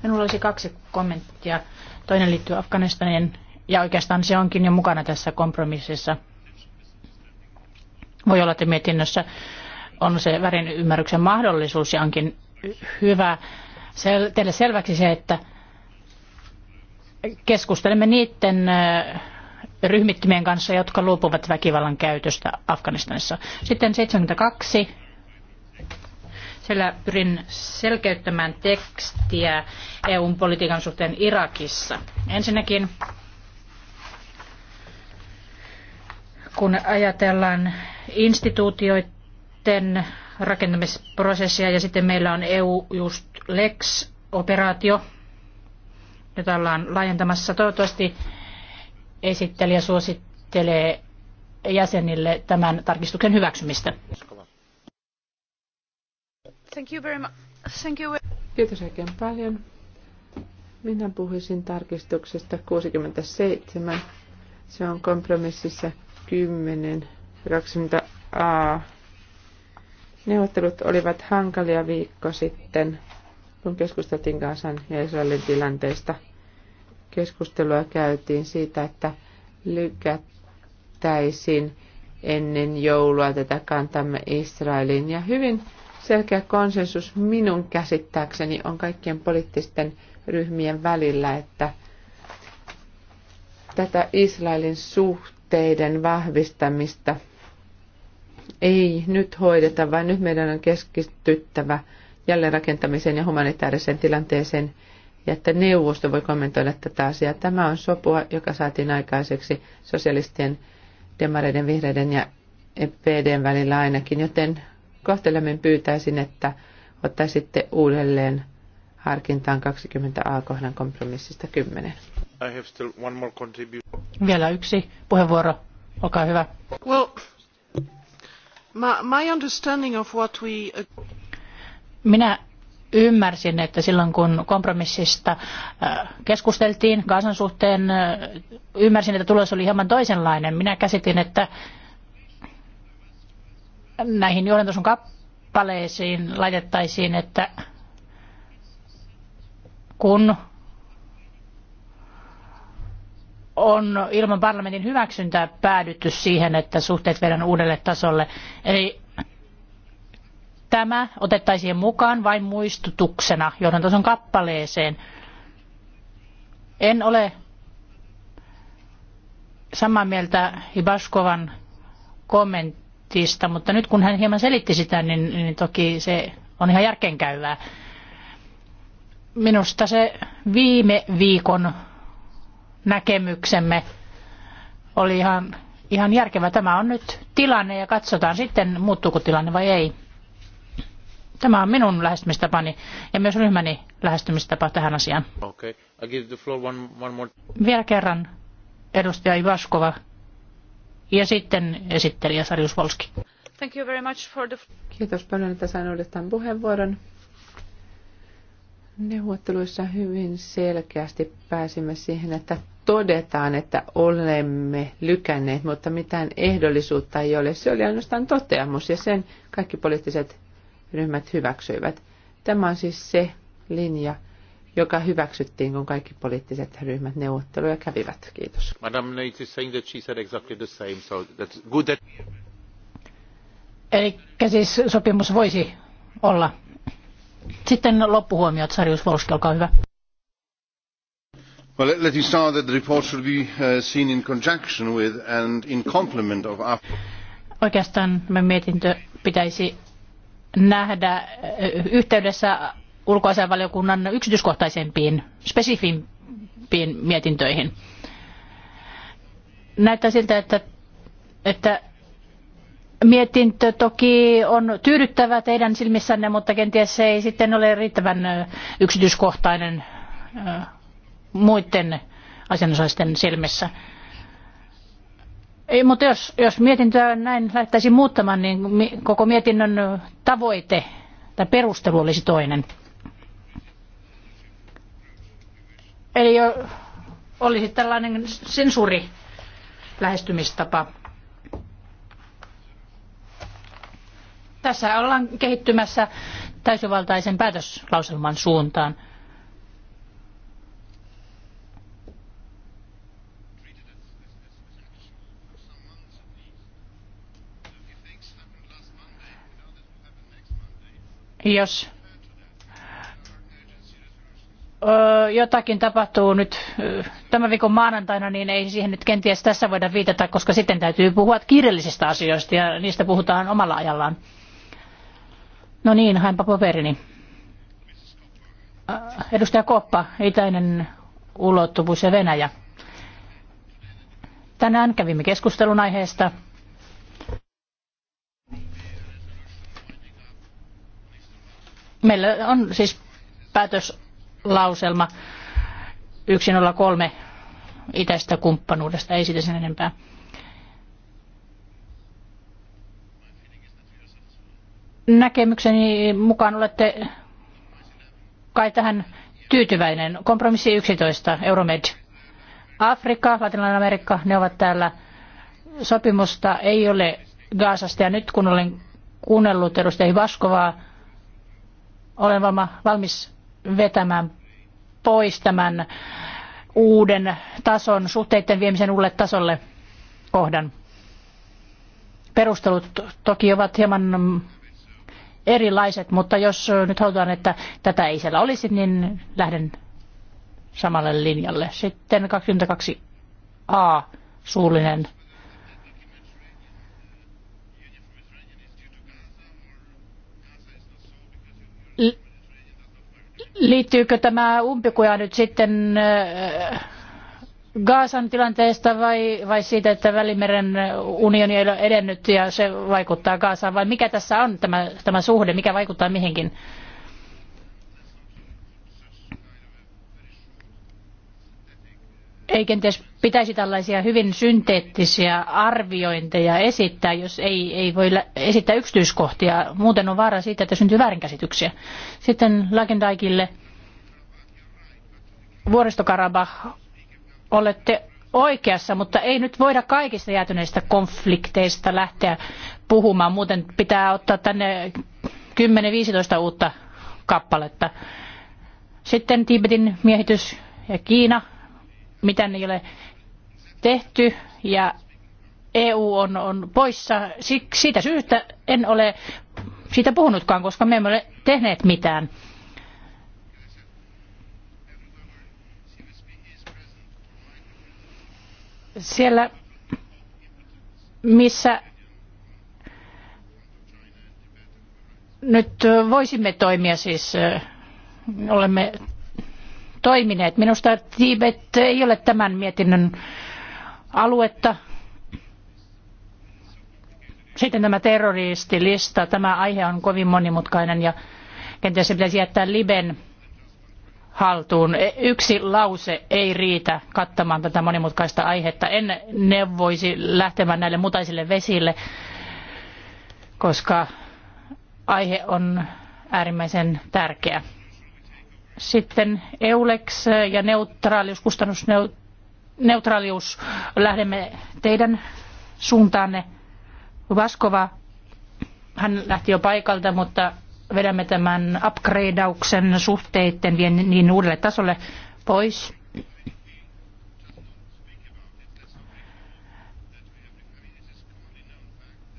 minulla olisi kaksi kommenttia. Toinen liittyy Afganistaniin ja oikeastaan se onkin jo mukana tässä kompromississa. Voi olla, että mietinnössä on se värin ymmärryksen mahdollisuus ja onkin hyvä sel- teille selväksi se, että – keskustelemme niiden ryhmittymien kanssa, jotka luopuvat väkivallan käytöstä Afganistanissa. Sitten 72. Siellä pyrin selkeyttämään tekstiä EUn politiikan suhteen Irakissa. Ensinnäkin kun ajatellaan instituutioiden rakentamisprosessia ja sitten meillä on EU Just Lex-operaatio, nyt ollaan laajentamassa. Toivottavasti esittelijä suosittelee jäsenille tämän tarkistuksen hyväksymistä. Thank you very much. Thank you. Kiitos oikein paljon. Minä puhuisin tarkistuksesta 67. Se on kompromississa 10 20a. Neuvottelut olivat hankalia viikko sitten kun keskusteltiin kansan ja Israelin tilanteesta, keskustelua käytiin siitä, että lykättäisiin ennen joulua tätä kantamme Israeliin. Ja hyvin selkeä konsensus minun käsittääkseni on kaikkien poliittisten ryhmien välillä, että tätä Israelin suhteiden vahvistamista ei nyt hoideta, vaan nyt meidän on keskityttävä – jälleenrakentamiseen ja humanitaariseen tilanteeseen, ja että neuvosto voi kommentoida tätä asiaa. Tämä on sopua, joka saatiin aikaiseksi sosialistien, demareiden, vihreiden ja e PDn välillä ainakin, joten kohtelemin pyytäisin, että ottaisitte uudelleen harkintaan 20a kohdan kompromissista 10. Vielä yksi puheenvuoro. Olkaa hyvä. Well, my, my understanding of what we... Minä ymmärsin, että silloin kun kompromissista keskusteltiin Gaasan suhteen, ymmärsin, että tulos oli hieman toisenlainen. Minä käsitin, että näihin johdantosun kappaleisiin laitettaisiin, että kun on ilman parlamentin hyväksyntää päädytty siihen, että suhteet vedän uudelle tasolle. Eli tämä otettaisiin mukaan vain muistutuksena johdantason kappaleeseen. En ole samaa mieltä ibaskovan kommentista, mutta nyt kun hän hieman selitti sitä, niin, niin toki se on ihan järkeenkäyvää. Minusta se viime viikon näkemyksemme oli ihan, ihan järkevä. Tämä on nyt tilanne ja katsotaan sitten, muuttuuko tilanne vai ei. Tämä on minun lähestymistapani ja myös ryhmäni lähestymistapa tähän asiaan. Okay. One, one Vielä kerran edustaja Ivaskova ja sitten esittelijä Sarius Volski. Thank you very much for the... Kiitos paljon, että sain uudestaan puheenvuoron. Neuvotteluissa hyvin selkeästi pääsimme siihen, että todetaan, että olemme lykänneet, mutta mitään ehdollisuutta ei ole. Se oli ainoastaan toteamus ja sen kaikki poliittiset ryhmät hyväksyivät. Tämä on siis se linja, joka hyväksyttiin, kun kaikki poliittiset ryhmät neuvotteluja kävivät. Kiitos. No, Eli siis sopimus voisi olla. Sitten loppuhuomiot, Sarjus Volski, olkaa hyvä. Well, let me start that the report should be uh, seen in conjunction with and in complement of our... Oikeastaan me mietintö pitäisi nähdä eh, yhteydessä ulkoasianvaliokunnan yksityiskohtaisempiin, spesifimpiin mietintöihin. Näyttää siltä, että, että mietintö toki on tyydyttävä teidän silmissänne, mutta kenties se ei sitten ole riittävän eh, yksityiskohtainen eh, muiden asianosaisten silmissä. Ei, mutta jos, jos mietintöä näin lähtäisi muuttamaan, niin koko mietinnön tavoite tai perustelu olisi toinen. Eli jo, olisi tällainen sensuuri lähestymistapa. Tässä ollaan kehittymässä täysivaltaisen päätöslauselman suuntaan. Jos jotakin tapahtuu nyt tämän viikon maanantaina, niin ei siihen nyt kenties tässä voida viitata, koska sitten täytyy puhua kiireellisistä asioista ja niistä puhutaan omalla ajallaan. No niin, hainpa paperini. Edustaja Koppa, itäinen ulottuvuus ja Venäjä. Tänään kävimme keskustelun aiheesta. Meillä on siis päätöslauselma 103 itäistä kumppanuudesta, ei sitä sen enempää. Näkemykseni mukaan olette kai tähän tyytyväinen. Kompromissi 11, Euromed. Afrikka, Latinalainen Amerikka, ne ovat täällä. Sopimusta ei ole Gaasasta ja nyt kun olen kuunnellut edustaja Vaskovaa, olen valmis vetämään pois tämän uuden tason, suhteiden viemisen uudelle tasolle kohdan. Perustelut toki ovat hieman erilaiset, mutta jos nyt halutaan, että tätä ei siellä olisi, niin lähden samalle linjalle. Sitten 22a, suullinen liittyykö tämä umpikuja nyt sitten äh, Gaasan tilanteesta vai, vai siitä, että Välimeren unioni ei ole edennyt ja se vaikuttaa Gaasaan, vai mikä tässä on tämä, tämä suhde, mikä vaikuttaa mihinkin? Ei kenties pitäisi tällaisia hyvin synteettisiä arviointeja esittää, jos ei, ei voi esittää yksityiskohtia. Muuten on vaara siitä, että syntyy väärinkäsityksiä. Sitten vuoristo vuoristokarabah olette oikeassa, mutta ei nyt voida kaikista jäätyneistä konflikteista lähteä puhumaan. Muuten pitää ottaa tänne 10-15 uutta kappaletta. Sitten Tibetin miehitys ja Kiina. Mitään ei ole tehty ja EU on, on poissa. Siitä syystä en ole siitä puhunutkaan, koska me emme ole tehneet mitään. Siellä, missä nyt voisimme toimia siis, olemme toimineet. Minusta Tiibet ei ole tämän mietinnön aluetta. Sitten tämä terroristilista. Tämä aihe on kovin monimutkainen ja kenties se pitäisi jättää Liben haltuun. E, yksi lause ei riitä kattamaan tätä monimutkaista aihetta. En neuvoisi lähtemään näille mutaisille vesille, koska aihe on äärimmäisen tärkeä. Sitten EULEX ja neutraalius, kustannusneutraalius neutraalius lähdemme teidän suuntaanne. Vaskova, hän lähti jo paikalta, mutta vedämme tämän upgradeauksen suhteiden vien niin uudelle tasolle pois.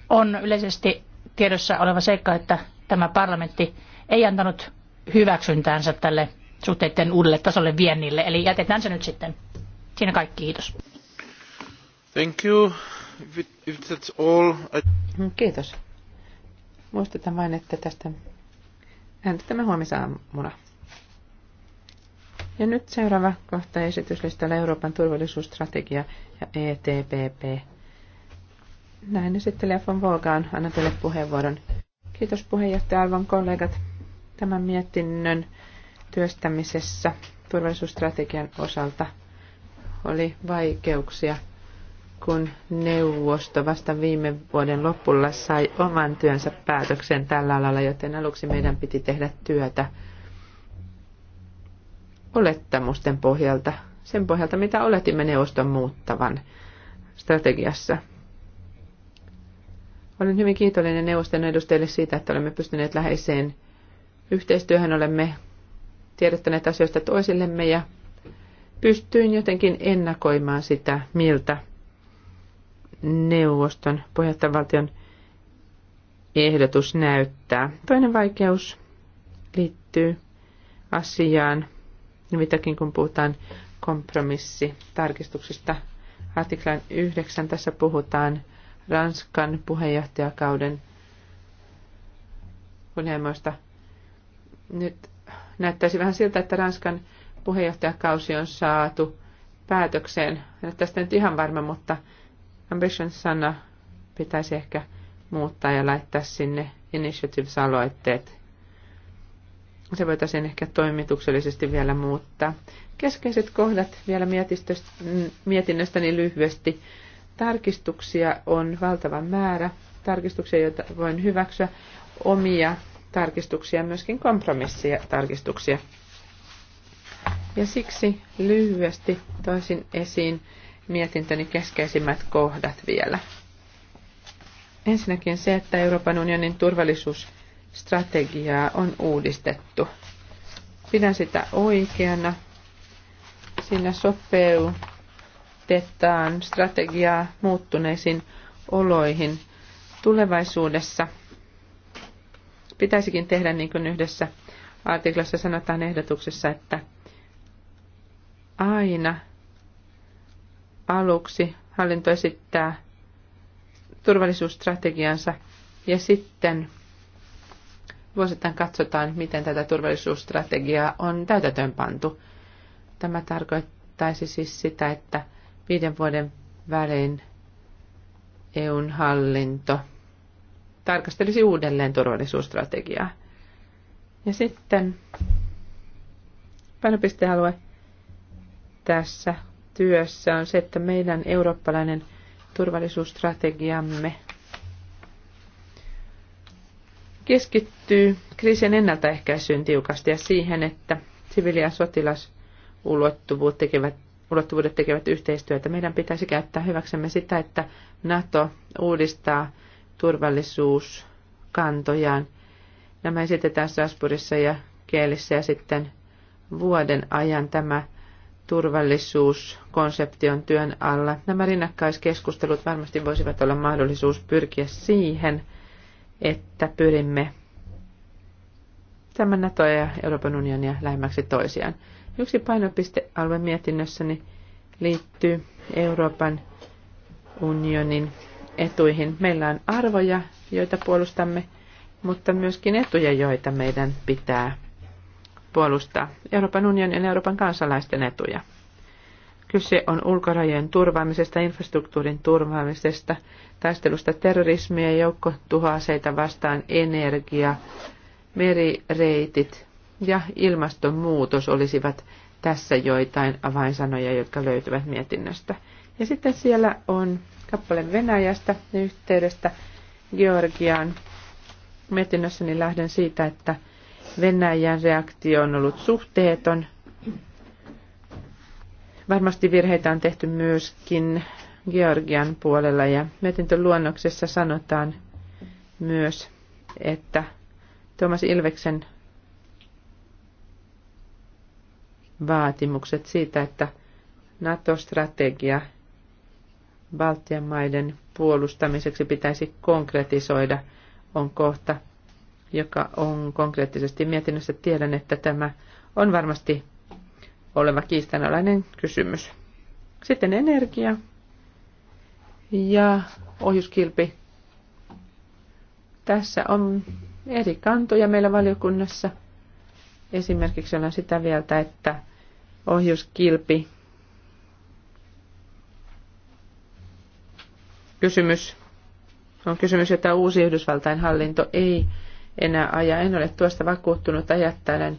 On yleisesti tiedossa oleva seikka, että tämä parlamentti ei antanut hyväksyntäänsä tälle suhteiden uudelle tasolle viennille, eli jätetään se nyt sitten. Siinä kaikki, kiitos. Thank you. If it, if that's all, I... Mm, kiitos. Muistetaan vain, että tästä äänestämme huomisaamuna. Ja nyt seuraava kohta esityslistalla Euroopan turvallisuusstrategia ja ETPP. Näin esittelee von Volkaan. Anna teille puheenvuoron. Kiitos puheenjohtaja Alvon kollegat tämän mietinnön työstämisessä turvallisuusstrategian osalta – oli vaikeuksia, kun neuvosto vasta viime vuoden lopulla sai oman työnsä päätöksen tällä alalla, joten aluksi meidän piti tehdä työtä olettamusten pohjalta, sen pohjalta mitä oletimme neuvoston muuttavan strategiassa. Olen hyvin kiitollinen neuvoston edustajille siitä, että olemme pystyneet läheiseen yhteistyöhön, olemme tiedottaneet asioista toisillemme ja pystyin jotenkin ennakoimaan sitä, miltä neuvoston puheenjohtajavaltion ehdotus näyttää. Toinen vaikeus liittyy asiaan, nimittäin kun puhutaan kompromissitarkistuksesta. Artiklan 9 tässä puhutaan Ranskan puheenjohtajakauden kunnianhimoista. Nyt näyttäisi vähän siltä, että Ranskan puheenjohtajakausi on saatu päätökseen. En tästä nyt ihan varma, mutta ambition-sana pitäisi ehkä muuttaa ja laittaa sinne initiatives-aloitteet. Se voitaisiin ehkä toimituksellisesti vielä muuttaa. Keskeiset kohdat vielä mietinnöstäni lyhyesti. Tarkistuksia on valtava määrä. Tarkistuksia, joita voin hyväksyä. Omia tarkistuksia, myöskin kompromissia tarkistuksia. Ja siksi lyhyesti toisin esiin mietintöni keskeisimmät kohdat vielä. Ensinnäkin se, että Euroopan unionin turvallisuusstrategiaa on uudistettu. Pidän sitä oikeana. Siinä sopeutetaan strategiaa muuttuneisiin oloihin. Tulevaisuudessa pitäisikin tehdä niin kuin yhdessä artiklassa sanotaan ehdotuksessa, että aina aluksi hallinto esittää turvallisuusstrategiansa ja sitten vuosittain katsotaan, miten tätä turvallisuusstrategiaa on täytäntöön pantu. Tämä tarkoittaisi siis sitä, että viiden vuoden välein EUn hallinto tarkastelisi uudelleen turvallisuusstrategiaa. Ja sitten painopistealue tässä työssä on se, että meidän eurooppalainen turvallisuusstrategiamme keskittyy kriisin ennaltaehkäisyyn tiukasti ja siihen, että siviili- ja sotilasulottuvuudet tekevät, ulottuvuudet tekevät yhteistyötä. Meidän pitäisi käyttää hyväksemme sitä, että NATO uudistaa turvallisuuskantojaan. Nämä esitetään Strasbourgissa ja Keelissä ja sitten vuoden ajan tämä turvallisuuskonsepti on työn alla. Nämä rinnakkaiskeskustelut varmasti voisivat olla mahdollisuus pyrkiä siihen, että pyrimme tämän NATO ja Euroopan unionia lähemmäksi toisiaan. Yksi painopistealue mietinnössäni liittyy Euroopan unionin etuihin. Meillä on arvoja, joita puolustamme, mutta myöskin etuja, joita meidän pitää puolustaa Euroopan unionin ja Euroopan kansalaisten etuja. Kyse on ulkorajojen turvaamisesta, infrastruktuurin turvaamisesta, taistelusta terrorismia, joukkotuhoaseita vastaan, energia, merireitit ja ilmastonmuutos olisivat tässä joitain avainsanoja, jotka löytyvät mietinnöstä. Ja sitten siellä on kappale Venäjästä yhteydestä Georgiaan. Mietinnössäni lähden siitä, että Venäjän reaktio on ollut suhteeton. Varmasti virheitä on tehty myöskin Georgian puolella ja mietintöluonnoksessa sanotaan myös, että Thomas Ilveksen vaatimukset siitä, että NATO-strategia Baltian maiden puolustamiseksi pitäisi konkretisoida, on kohta – joka on konkreettisesti mietinnössä. Tiedän, että tämä on varmasti oleva kiistanalainen kysymys. Sitten energia ja ohjuskilpi. Tässä on eri kantoja meillä valiokunnassa. Esimerkiksi ollaan sitä vielä että ohjuskilpi kysymys on kysymys, jota uusi Yhdysvaltain hallinto ei enää ajaa. En ole tuosta vakuuttunut ajattelen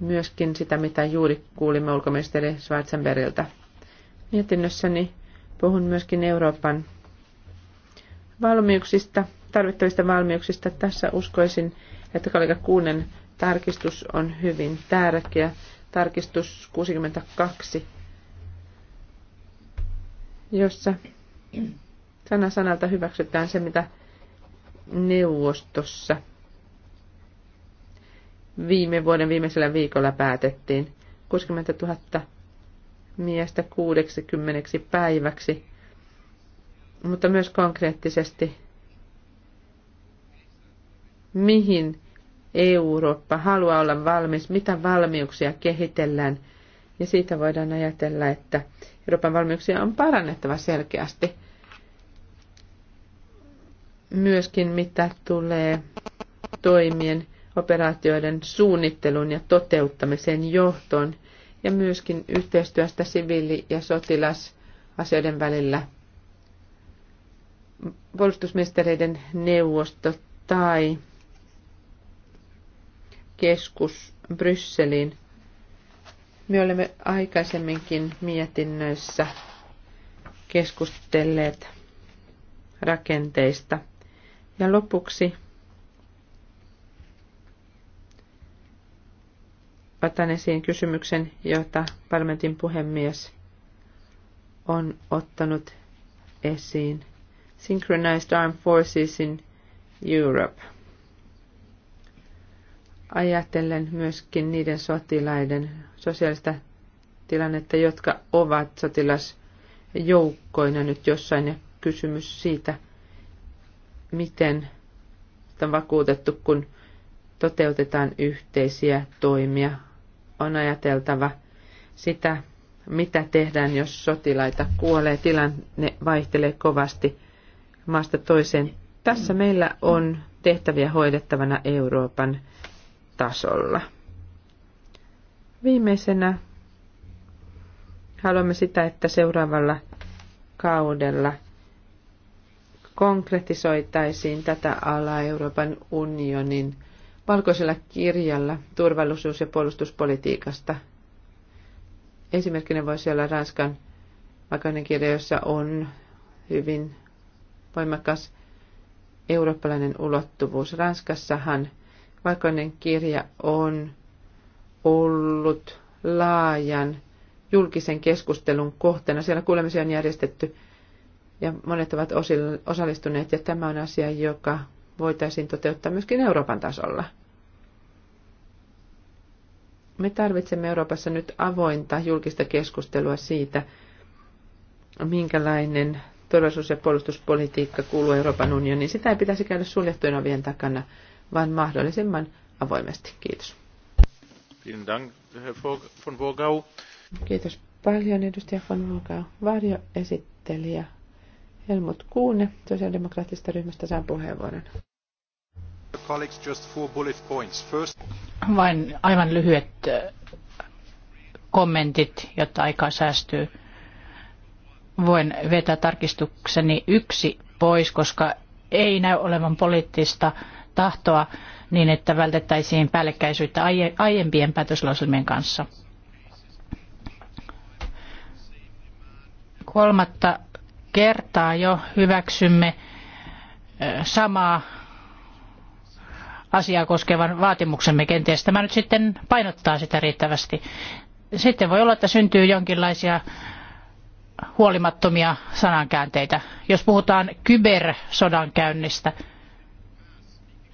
myöskin sitä, mitä juuri kuulimme ulkoministeri Schwarzenbergiltä. Mietinnössäni puhun myöskin Euroopan valmiuksista, tarvittavista valmiuksista. Tässä uskoisin, että kollega Kuunen tarkistus on hyvin tärkeä. Tarkistus 62, jossa sana sanalta hyväksytään se, mitä neuvostossa viime vuoden viimeisellä viikolla päätettiin. 60 000 miestä 60 päiväksi, mutta myös konkreettisesti, mihin Eurooppa haluaa olla valmis, mitä valmiuksia kehitellään, ja siitä voidaan ajatella, että Euroopan valmiuksia on parannettava selkeästi. Myöskin mitä tulee toimien operaatioiden suunnittelun ja toteuttamisen johtoon ja myöskin yhteistyöstä siviili- ja sotilasasioiden välillä Puolustusministeriöiden neuvosto tai keskus Brysseliin. Me olemme aikaisemminkin mietinnöissä keskustelleet rakenteista. Ja lopuksi otan esiin kysymyksen, jota parlamentin puhemies on ottanut esiin. Synchronized Armed Forces in Europe. Ajatellen myöskin niiden sotilaiden sosiaalista tilannetta, jotka ovat sotilasjoukkoina nyt jossain ja kysymys siitä, miten on vakuutettu, kun toteutetaan yhteisiä toimia on ajateltava sitä, mitä tehdään, jos sotilaita kuolee. Tilanne vaihtelee kovasti maasta toiseen. Tässä meillä on tehtäviä hoidettavana Euroopan tasolla. Viimeisenä haluamme sitä, että seuraavalla kaudella konkretisoitaisiin tätä alaa Euroopan unionin – valkoisella kirjalla turvallisuus- ja puolustuspolitiikasta. Esimerkkinä voisi olla Ranskan vakainen kirja, jossa on hyvin voimakas eurooppalainen ulottuvuus. Ranskassahan vakainen kirja on ollut laajan julkisen keskustelun kohtana. Siellä kuulemisia on järjestetty ja monet ovat osallistuneet ja tämä on asia, joka voitaisiin toteuttaa myöskin Euroopan tasolla – me tarvitsemme Euroopassa nyt avointa julkista keskustelua siitä, minkälainen turvallisuus- ja puolustuspolitiikka kuuluu Euroopan unioniin. Sitä ei pitäisi käydä suljettujen ovien takana, vaan mahdollisimman avoimesti. Kiitos. Kiitos paljon edustaja von Vogau. Varjoesittelijä Helmut Kuune sosiaalidemokraattisesta ryhmästä saa puheenvuoron colleagues, just four bullet points. First... Vain aivan lyhyet kommentit, jotta aikaa säästyy. Voin vetää tarkistukseni yksi pois, koska ei näy olevan poliittista tahtoa niin, että vältettäisiin päällekkäisyyttä aiempien päätöslauselmien kanssa. Kolmatta kertaa jo hyväksymme samaa asiaa koskevan vaatimuksemme kenties. Tämä nyt sitten painottaa sitä riittävästi. Sitten voi olla, että syntyy jonkinlaisia huolimattomia sanankäänteitä. Jos puhutaan kybersodankäynnistä,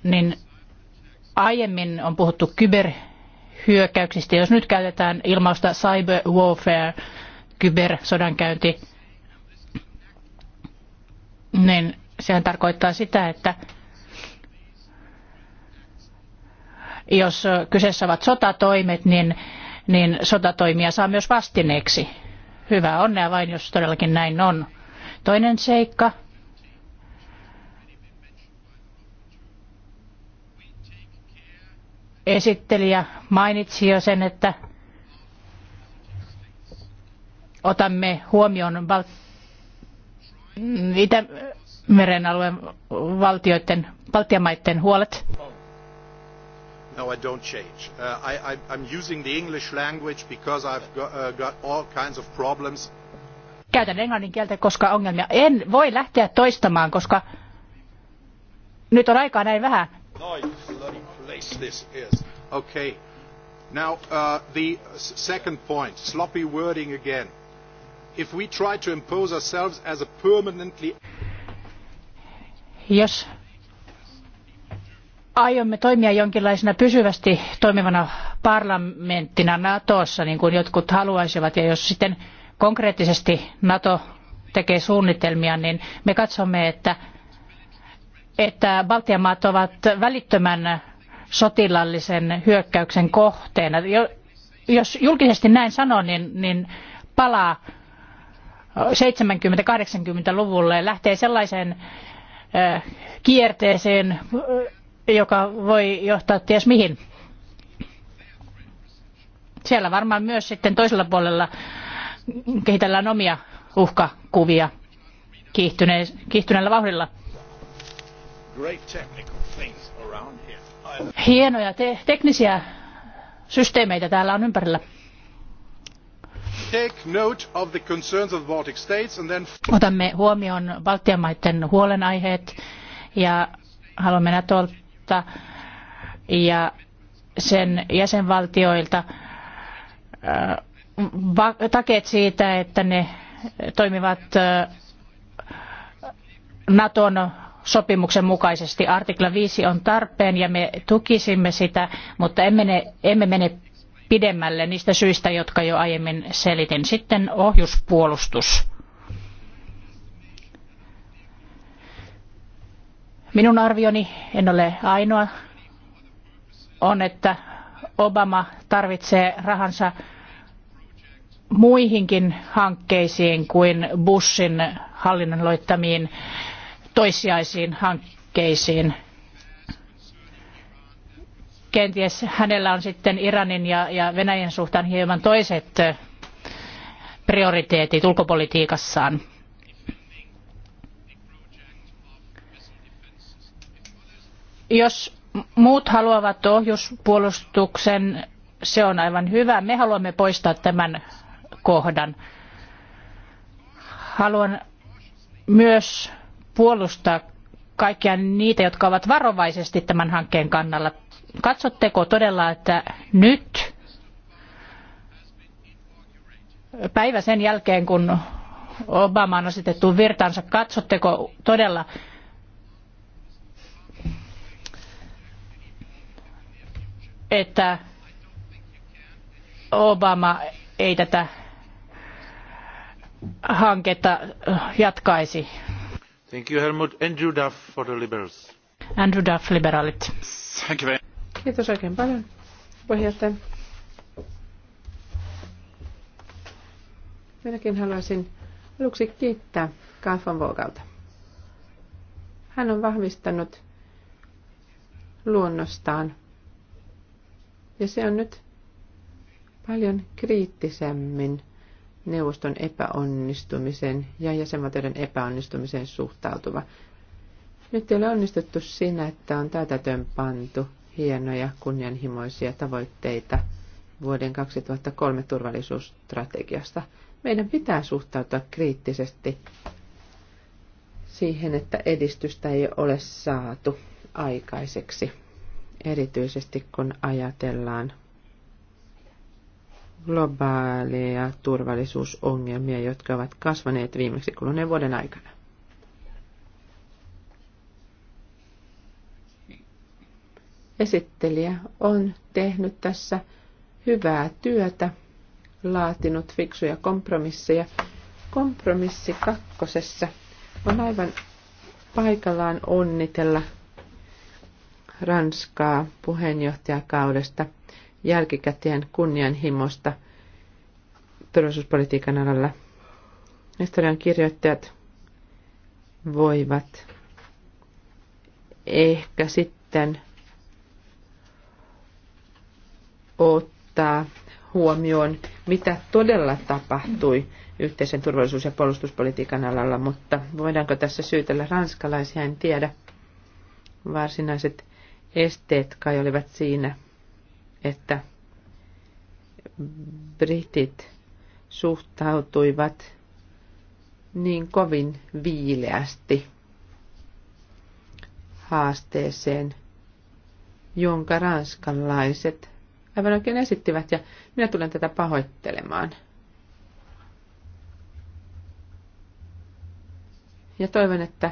niin aiemmin on puhuttu kyberhyökkäyksistä. Jos nyt käytetään ilmausta cyber warfare, kybersodankäynti, niin sehän tarkoittaa sitä, että Jos kyseessä ovat sotatoimet, niin, niin sotatoimia saa myös vastineeksi. Hyvää onnea vain, jos todellakin näin on. Toinen seikka, esittelijä mainitsi jo sen, että otamme huomioon val- Itämeren alueen valtioiden, Baltian huolet. No, I don't change. Uh, I, I, I'm using the English language because I've got, uh, got all kinds of problems. Käytän englannin kieltä, koska ongelmia. En voi lähteä toistamaan, koska nyt on aikaa näin vähän. Okay. Now, uh, the second point, sloppy wording again. If we try to impose ourselves as a permanently... Jos aiomme toimia jonkinlaisena pysyvästi toimivana parlamenttina NATOssa, niin kuin jotkut haluaisivat, ja jos sitten konkreettisesti NATO tekee suunnitelmia, niin me katsomme, että, että Baltian maat ovat välittömän sotilallisen hyökkäyksen kohteena. Jos julkisesti näin sanon, niin, niin palaa 70-80-luvulle lähtee sellaiseen kierteeseen joka voi johtaa ties mihin. Siellä varmaan myös sitten toisella puolella kehitellään omia uhkakuvia kiihtyneellä vauhdilla. Hienoja te- teknisiä systeemeitä täällä on ympärillä. Otamme huomioon Baltian maiden huolenaiheet ja haluamme näitä kautta ja sen jäsenvaltioilta äh, takeet siitä, että ne toimivat äh, Naton sopimuksen mukaisesti. Artikla 5 on tarpeen ja me tukisimme sitä, mutta emme, ne, emme mene pidemmälle niistä syistä, jotka jo aiemmin selitin. Sitten ohjuspuolustus. Minun arvioni, en ole ainoa, on, että Obama tarvitsee rahansa muihinkin hankkeisiin kuin Bushin hallinnon loittamiin toissijaisiin hankkeisiin. Kenties hänellä on sitten Iranin ja, Venäjän suhtaan hieman toiset prioriteetit ulkopolitiikassaan. Jos muut haluavat ohjuspuolustuksen, se on aivan hyvä. Me haluamme poistaa tämän kohdan. Haluan myös puolustaa kaikkia niitä, jotka ovat varovaisesti tämän hankkeen kannalla. Katsotteko todella, että nyt päivä sen jälkeen, kun Obama on asetettu virtaansa, katsotteko todella, että Obama ei tätä hanketta jatkaisi. Thank you, Helmut. Andrew Duff for the Liberals. Andrew Duff, liberaalit. Thank you very Kiitos oikein paljon, puheenjohtaja. Minäkin haluaisin aluksi kiittää Kaafan Vogalta. Hän on vahvistanut luonnostaan ja se on nyt paljon kriittisemmin neuvoston epäonnistumisen ja jäsenvaltioiden epäonnistumisen suhtautuva. Nyt ei ole onnistuttu siinä, että on täytätön pantu hienoja kunnianhimoisia tavoitteita vuoden 2003 turvallisuusstrategiasta. Meidän pitää suhtautua kriittisesti siihen, että edistystä ei ole saatu aikaiseksi erityisesti kun ajatellaan globaaleja turvallisuusongelmia, jotka ovat kasvaneet viimeksi kuluneen vuoden aikana. Esittelijä on tehnyt tässä hyvää työtä, laatinut fiksuja kompromisseja. Kompromissi kakkosessa on aivan paikallaan onnitella Ranskaa puheenjohtajakaudesta, jälkikäteen kunnianhimosta turvallisuuspolitiikan alalla. Historian kirjoittajat voivat ehkä sitten ottaa huomioon, mitä todella tapahtui yhteisen turvallisuus- ja puolustuspolitiikan alalla, mutta voidaanko tässä syytellä ranskalaisia, en tiedä. Varsinaiset esteet kai olivat siinä, että britit suhtautuivat niin kovin viileästi haasteeseen, jonka ranskalaiset aivan oikein esittivät, ja minä tulen tätä pahoittelemaan. Ja toivon, että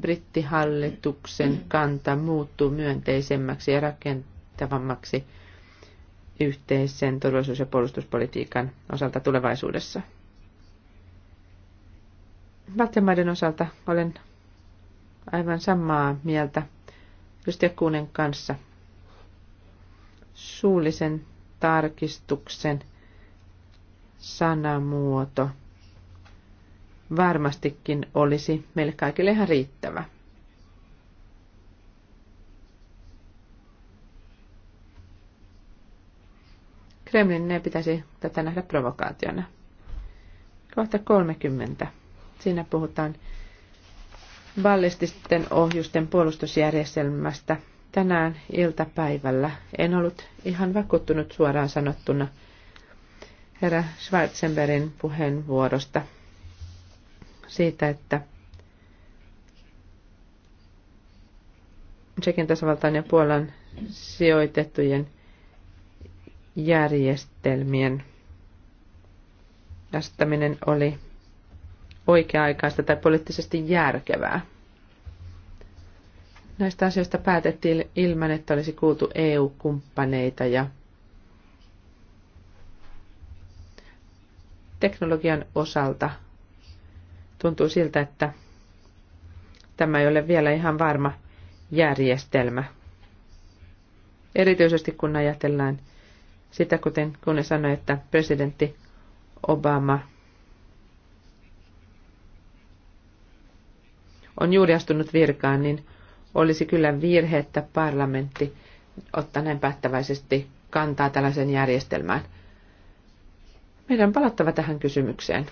brittihallituksen kanta muuttuu myönteisemmäksi ja rakentavammaksi yhteisen turvallisuus- ja puolustuspolitiikan osalta tulevaisuudessa. Valtionmaiden osalta olen aivan samaa mieltä Kristian Kuunen kanssa. Suullisen tarkistuksen sanamuoto – varmastikin olisi meille kaikille ihan riittävä. Kremlin ei pitäisi tätä nähdä provokaationa. Kohta 30. Siinä puhutaan ballististen ohjusten puolustusjärjestelmästä tänään iltapäivällä. En ollut ihan vakuuttunut suoraan sanottuna herra Schwarzenbergin puheenvuorosta – siitä, että Tsekin tasavaltaan ja Puolan sijoitettujen järjestelmien asettaminen oli oikea-aikaista tai poliittisesti järkevää. Näistä asioista päätettiin ilman, että olisi kuultu EU-kumppaneita ja teknologian osalta – tuntuu siltä, että tämä ei ole vielä ihan varma järjestelmä. Erityisesti kun ajatellaan sitä, kuten kun sanoi, että presidentti Obama on juuri astunut virkaan, niin olisi kyllä virhe, että parlamentti ottaa näin päättäväisesti kantaa tällaisen järjestelmään. Meidän on palattava tähän kysymykseen.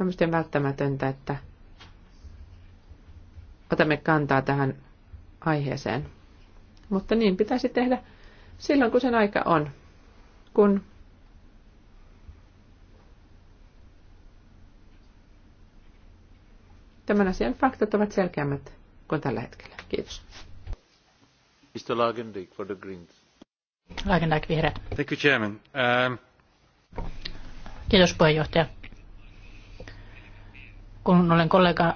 On mielestäni välttämätöntä, että otamme kantaa tähän aiheeseen. Mutta niin pitäisi tehdä silloin, kun sen aika on. Kun tämän asian faktat ovat selkeämmät kuin tällä hetkellä. Kiitos. Mr. Lagendijk for the Greens. Lagendijk, vihreät. Thank you, Chairman. Um... Kiitos puheenjohtaja kun olen kollega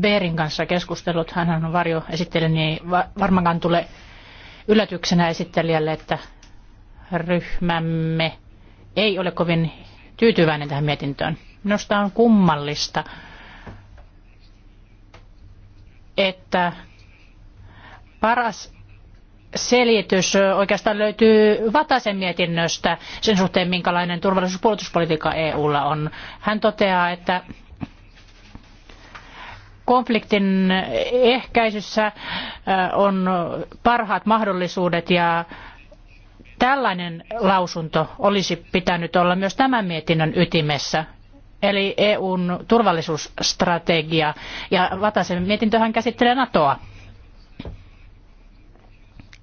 Beerin kanssa keskustellut, hän on varjo esittely, niin varmaankaan tule yllätyksenä esittelijälle, että ryhmämme ei ole kovin tyytyväinen tähän mietintöön. Minusta on kummallista, että paras selitys oikeastaan löytyy Vataisen mietinnöstä sen suhteen, minkälainen turvallisuus- ja EUlla on. Hän toteaa, että konfliktin ehkäisyssä äh, on parhaat mahdollisuudet ja tällainen lausunto olisi pitänyt olla myös tämän mietinnön ytimessä eli EUn turvallisuusstrategia. Ja Vataisen mietintöhän käsittelee NATOa.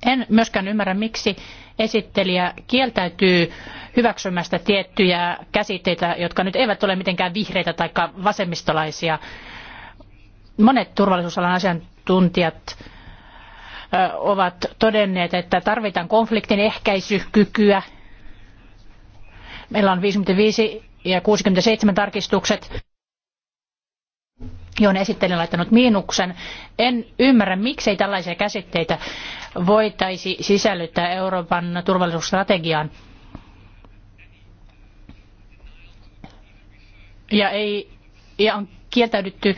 En myöskään ymmärrä, miksi esittelijä kieltäytyy hyväksymästä tiettyjä käsitteitä, jotka nyt eivät ole mitenkään vihreitä tai vasemmistolaisia monet turvallisuusalan asiantuntijat ovat todenneet, että tarvitaan konfliktin ehkäisykykyä. Meillä on 55 ja 67 tarkistukset, johon on laittanut miinuksen. En ymmärrä, miksei tällaisia käsitteitä voitaisi sisällyttää Euroopan turvallisuusstrategiaan. Ja, ei, ja on kieltäydytty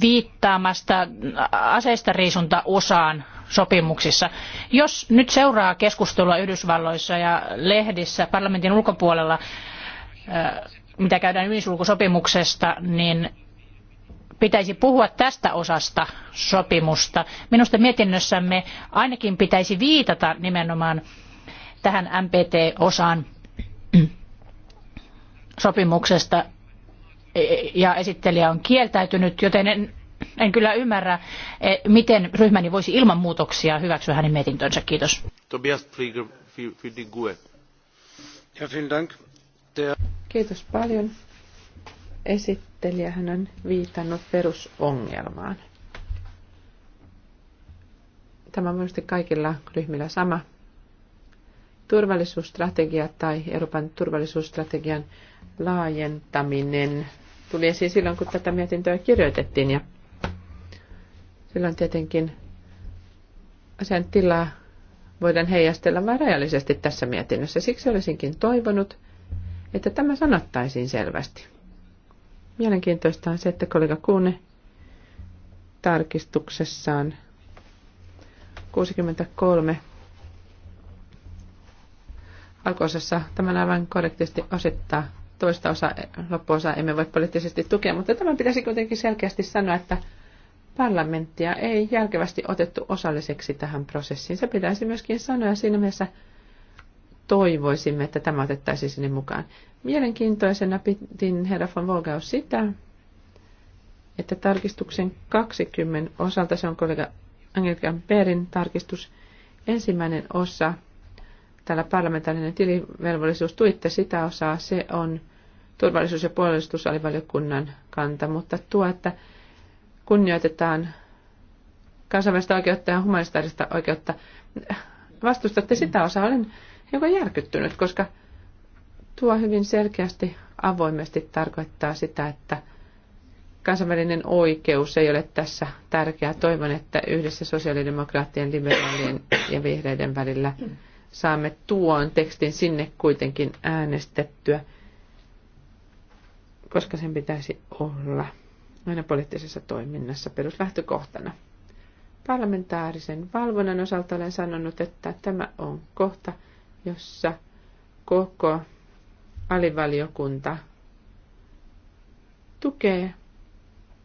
viittaamasta aseista riisunta osaan sopimuksissa. Jos nyt seuraa keskustelua Yhdysvalloissa ja lehdissä parlamentin ulkopuolella, äh, mitä käydään ydinsulkusopimuksesta, niin pitäisi puhua tästä osasta sopimusta. Minusta mietinnössämme ainakin pitäisi viitata nimenomaan tähän MPT-osaan sopimuksesta, ja esittelijä on kieltäytynyt, joten en, en kyllä ymmärrä, eh, miten ryhmäni voisi ilman muutoksia hyväksyä hänen mietintönsä. Kiitos. Tobias Flieger, für die GUE. Ja, vielen Dank. Der... Kiitos paljon. esittelijähän on viitannut perusongelmaan. Tämä on minusta kaikilla ryhmillä sama. Turvallisuusstrategia tai Euroopan turvallisuusstrategian laajentaminen tuli esiin silloin, kun tätä mietintöä kirjoitettiin. Ja silloin tietenkin sen tilaa voidaan heijastella vain rajallisesti tässä mietinnössä. Siksi olisinkin toivonut, että tämä sanottaisiin selvästi. Mielenkiintoista on se, että kollega Kuune tarkistuksessaan 63 alkuosassa tämän aivan korrektisti osittaa toista osa, loppuosaa emme voi poliittisesti tukea, mutta tämän pitäisi kuitenkin selkeästi sanoa, että parlamenttia ei järkevästi otettu osalliseksi tähän prosessiin. Se pitäisi myöskin sanoa ja siinä mielessä toivoisimme, että tämä otettaisiin sinne mukaan. Mielenkiintoisena pitin herra von Volgaus sitä, että tarkistuksen 20 osalta, se on kollega Angelika Perin tarkistus, ensimmäinen osa, tällä parlamentaarinen tilivelvollisuus, tuitte sitä osaa, se on turvallisuus- ja puolustusalivaliokunnan kanta, mutta tuo, että kunnioitetaan kansainvälistä oikeutta ja humanitaarista oikeutta, vastustatte sitä osaa, olen hiukan järkyttynyt, koska tuo hyvin selkeästi avoimesti tarkoittaa sitä, että kansainvälinen oikeus ei ole tässä tärkeää. Toivon, että yhdessä sosiaalidemokraattien, liberaalien ja vihreiden välillä saamme tuon tekstin sinne kuitenkin äänestettyä koska sen pitäisi olla aina poliittisessa toiminnassa peruslähtökohtana. Parlamentaarisen valvonnan osalta olen sanonut, että tämä on kohta, jossa koko alivaliokunta tukee.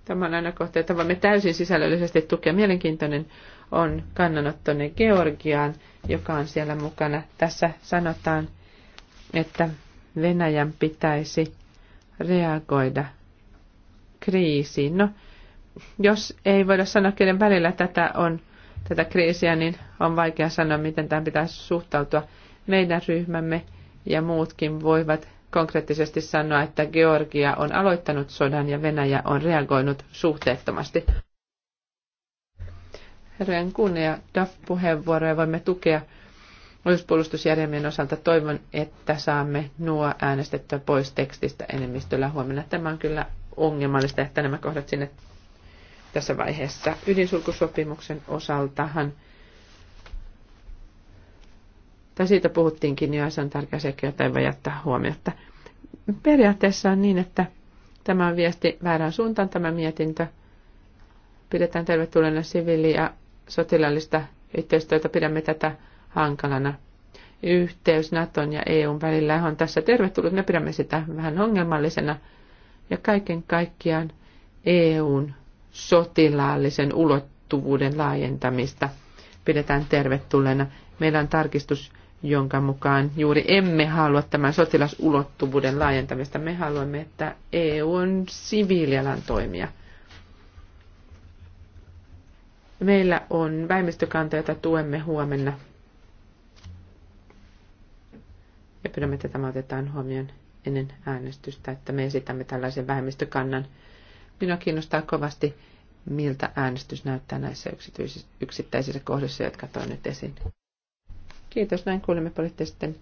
Tämä on aina kohta, jota voimme täysin sisällöllisesti tukea. Mielenkiintoinen on kannanottoinen Georgiaan, joka on siellä mukana. Tässä sanotaan, että Venäjän pitäisi reagoida kriisiin. No, jos ei voida sanoa, kenen välillä tätä on, tätä kriisiä, niin on vaikea sanoa, miten tämä pitäisi suhtautua. Meidän ryhmämme ja muutkin voivat konkreettisesti sanoa, että Georgia on aloittanut sodan ja Venäjä on reagoinut suhteettomasti. Herran kunnia DAF-puheenvuoroja voimme tukea Ohjuspuolustusjärjelmien osalta toivon, että saamme nuo äänestettyä pois tekstistä enemmistöllä huomenna. Tämä on kyllä ongelmallista, että nämä kohdat sinne tässä vaiheessa. Ydinsulkusopimuksen osaltahan, tai siitä puhuttiinkin jo, se on tärkeä sekin, jota ei voi jättää huomiota. Periaatteessa on niin, että tämä on viesti väärään suuntaan tämä mietintö. Pidetään tervetulleena siviili- ja sotilaallista yhteistyötä. Pidämme tätä hankalana. Yhteys Naton ja EUn välillä on tässä tervetullut. Me pidämme sitä vähän ongelmallisena. Ja kaiken kaikkiaan EUn sotilaallisen ulottuvuuden laajentamista pidetään tervetulleena. Meillä on tarkistus, jonka mukaan juuri emme halua tämän sotilasulottuvuuden laajentamista. Me haluamme, että EU on siviilialan toimija. Meillä on väimistökanta, jota tuemme huomenna Me pyydämme, että tämä otetaan huomioon ennen äänestystä, että me esitämme tällaisen vähemmistökannan. Minua kiinnostaa kovasti, miltä äänestys näyttää näissä yksittäisissä kohdissa, jotka toin nyt esiin. Kiitos, näin kuulemme poliittisten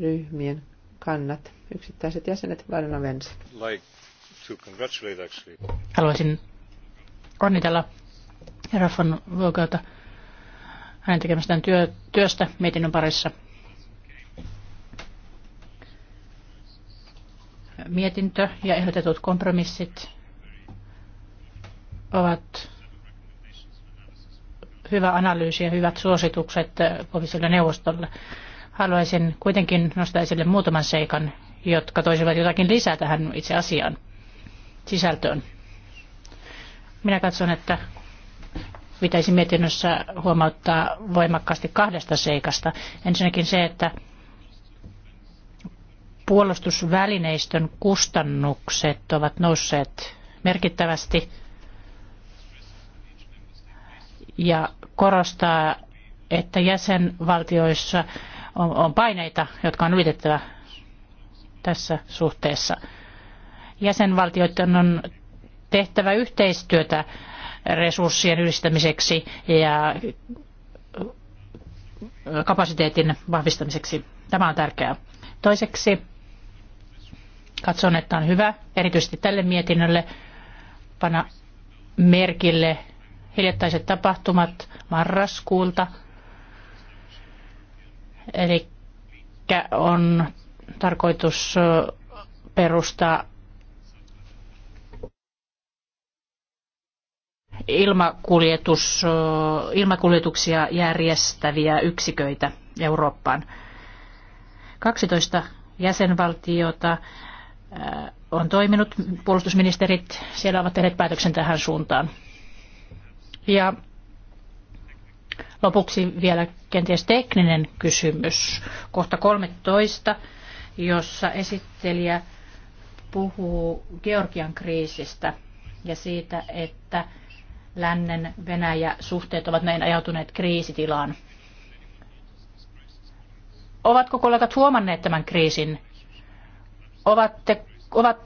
ryhmien kannat. Yksittäiset jäsenet, Varna Vens. Like Haluaisin onnitella Raffon Vogelta hänen tekemästään työ, työstä mietinnön parissa – mietintö ja ehdotetut kompromissit ovat hyvä analyysi ja hyvät suositukset komissiolle neuvostolle. Haluaisin kuitenkin nostaa esille muutaman seikan, jotka toisivat jotakin lisää tähän itse asiaan sisältöön. Minä katson, että pitäisi mietinnössä huomauttaa voimakkaasti kahdesta seikasta. Ensinnäkin se, että puolustusvälineistön kustannukset ovat nousseet merkittävästi ja korostaa, että jäsenvaltioissa on paineita, jotka on ylitettävä tässä suhteessa. Jäsenvaltioiden on tehtävä yhteistyötä resurssien yhdistämiseksi ja kapasiteetin vahvistamiseksi. Tämä on tärkeää. Toiseksi Katson, että on hyvä erityisesti tälle mietinnölle panna merkille hiljattaiset tapahtumat marraskuulta. Eli on tarkoitus perustaa ilmakuljetus, ilmakuljetuksia järjestäviä yksiköitä Eurooppaan. 12 jäsenvaltiota on toiminut. Puolustusministerit siellä ovat tehneet päätöksen tähän suuntaan. Ja lopuksi vielä kenties tekninen kysymys. Kohta 13, jossa esittelijä puhuu Georgian kriisistä ja siitä, että lännen Venäjä suhteet ovat näin ajautuneet kriisitilaan. Ovatko kollegat huomanneet tämän kriisin Ovatte, ovat,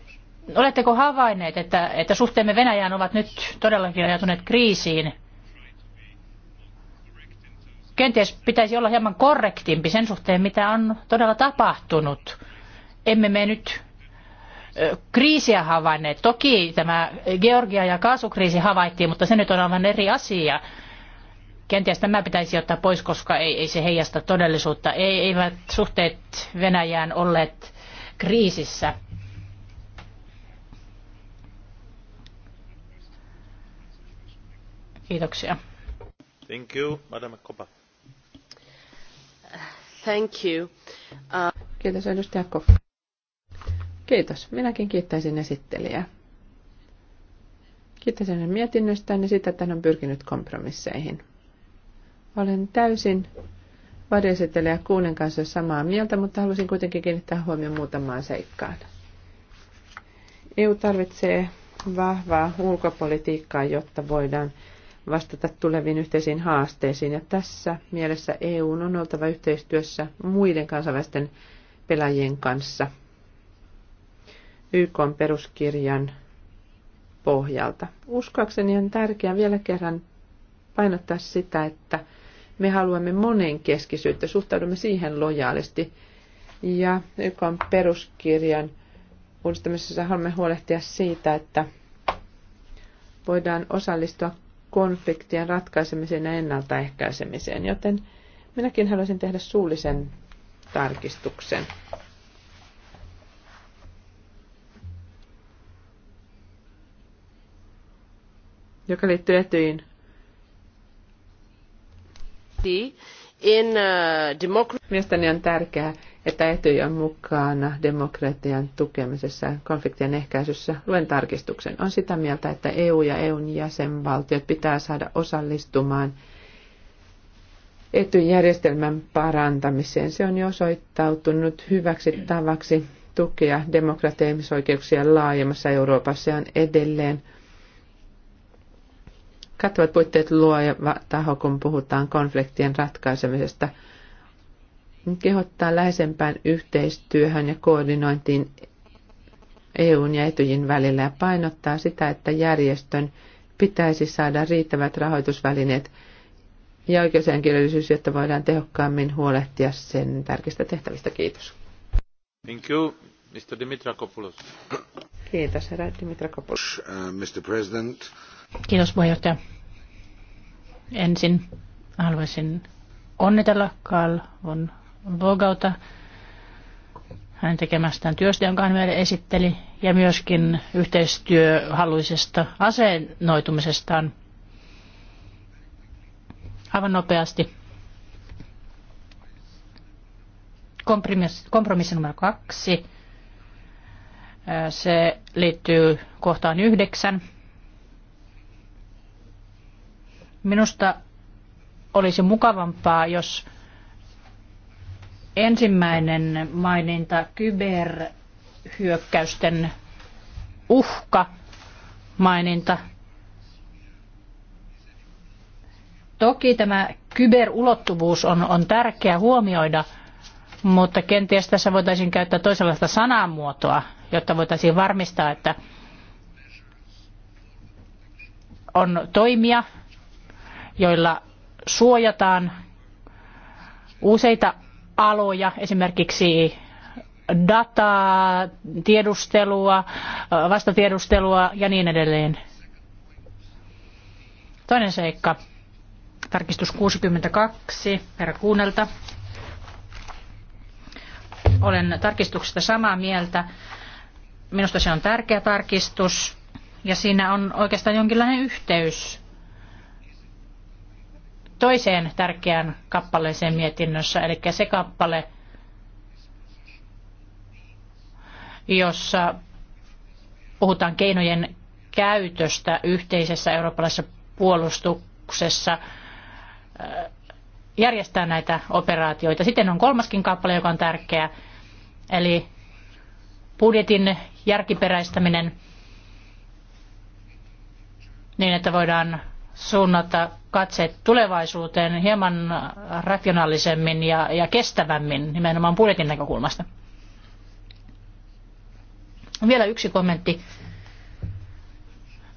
oletteko havainneet, että, että suhteemme Venäjään ovat nyt todellakin ajatuneet kriisiin? Kenties pitäisi olla hieman korrektimpi sen suhteen, mitä on todella tapahtunut. Emme me nyt kriisiä havainneet. Toki tämä Georgia- ja kaasukriisi havaittiin, mutta se nyt on aivan eri asia. Kenties tämä pitäisi ottaa pois, koska ei, ei se heijasta todellisuutta. Ei, eivät suhteet Venäjään olleet kriisissä. Kiitoksia. Thank you, Madame Koppa. Thank you. Uh... Kiitos edustaja Koppa. Kiitos. Minäkin kiittäisin esittelijää. Kiitos hänen mietinnöstään ja sitä, että hän on pyrkinyt kompromisseihin. Olen täysin ja Kuunen kanssa samaa mieltä, mutta halusin kuitenkin kiinnittää huomioon muutamaan seikkaan. EU tarvitsee vahvaa ulkopolitiikkaa, jotta voidaan vastata tuleviin yhteisiin haasteisiin. Ja tässä mielessä EU on oltava yhteistyössä muiden kansainvälisten pelaajien kanssa YK peruskirjan pohjalta. Uskoakseni on tärkeää vielä kerran painottaa sitä, että me haluamme monenkeskisyyttä, suhtaudumme siihen lojaalisti. Ja YK on peruskirjan uudistamisessa haluamme huolehtia siitä, että voidaan osallistua konfliktien ratkaisemiseen ja ennaltaehkäisemiseen, joten minäkin haluaisin tehdä suullisen tarkistuksen. joka liittyy etyin Uh, Mielestäni on tärkeää, että etyj on mukana demokratian tukemisessa konfliktien ehkäisyssä. Luen tarkistuksen. On sitä mieltä, että EU ja EUn jäsenvaltiot pitää saada osallistumaan etujärjestelmän parantamiseen. Se on jo osoittautunut hyväksi tavaksi tukea demokratia- ja ihmisoikeuksia laajemmassa Euroopassa ja on edelleen – kattavat puitteet luova taho, kun puhutaan konfliktien ratkaisemisesta, kehottaa läheisempään yhteistyöhön ja koordinointiin EUn ja etujin välillä ja painottaa sitä, että järjestön pitäisi saada riittävät rahoitusvälineet ja oikeushenkilöllisyys, jotta voidaan tehokkaammin huolehtia sen tärkeistä tehtävistä. Kiitos. Thank you, Mr. Dimitrakopoulos. Kiitos, herra Dimitrakopoulos. Uh, Mr. President, Kiitos puheenjohtaja. Ensin haluaisin onnitella Karl von Vogauta hänen tekemästään työstä, jonka hän meille esitteli, ja myöskin yhteistyöhaluisesta asennoitumisestaan aivan nopeasti. Kompromissi, kompromissi numero kaksi. Äh, se liittyy kohtaan yhdeksän. Minusta olisi mukavampaa, jos ensimmäinen maininta kyberhyökkäysten uhka maininta. Toki tämä kyberulottuvuus on, on tärkeä huomioida, mutta kenties tässä voitaisiin käyttää toisenlaista sanamuotoa, jotta voitaisiin varmistaa, että on toimia, joilla suojataan useita aloja, esimerkiksi dataa, tiedustelua, vastatiedustelua ja niin edelleen. Toinen seikka, tarkistus 62, herra kuunnelta. Olen tarkistuksesta samaa mieltä. Minusta se on tärkeä tarkistus ja siinä on oikeastaan jonkinlainen yhteys toiseen tärkeään kappaleeseen mietinnössä, eli se kappale, jossa puhutaan keinojen käytöstä yhteisessä eurooppalaisessa puolustuksessa äh, järjestää näitä operaatioita. Sitten on kolmaskin kappale, joka on tärkeä, eli budjetin järkiperäistäminen niin, että voidaan suunnata katseet tulevaisuuteen hieman rationaalisemmin ja, ja kestävämmin nimenomaan budjetin näkökulmasta. Vielä yksi kommentti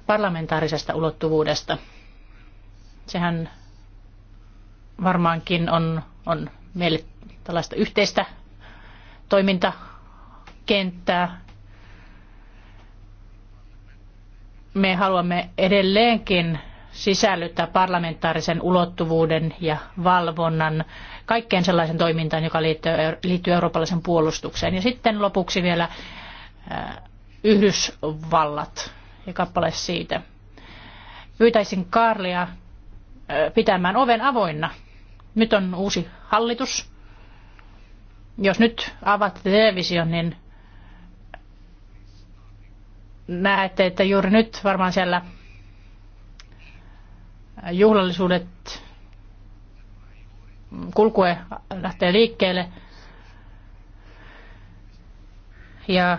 parlamentaarisesta ulottuvuudesta. Sehän varmaankin on, on meille tällaista yhteistä toimintakenttää. Me haluamme edelleenkin sisällyttää parlamentaarisen ulottuvuuden ja valvonnan kaikkeen sellaisen toimintaan, joka liittyy, liittyy eurooppalaisen puolustukseen. Ja sitten lopuksi vielä äh, Yhdysvallat ja kappale siitä. Pyytäisin Karlia äh, pitämään oven avoinna. Nyt on uusi hallitus. Jos nyt avaatte television, niin näette, että juuri nyt varmaan siellä juhlallisuudet, kulkue lähtee liikkeelle. Ja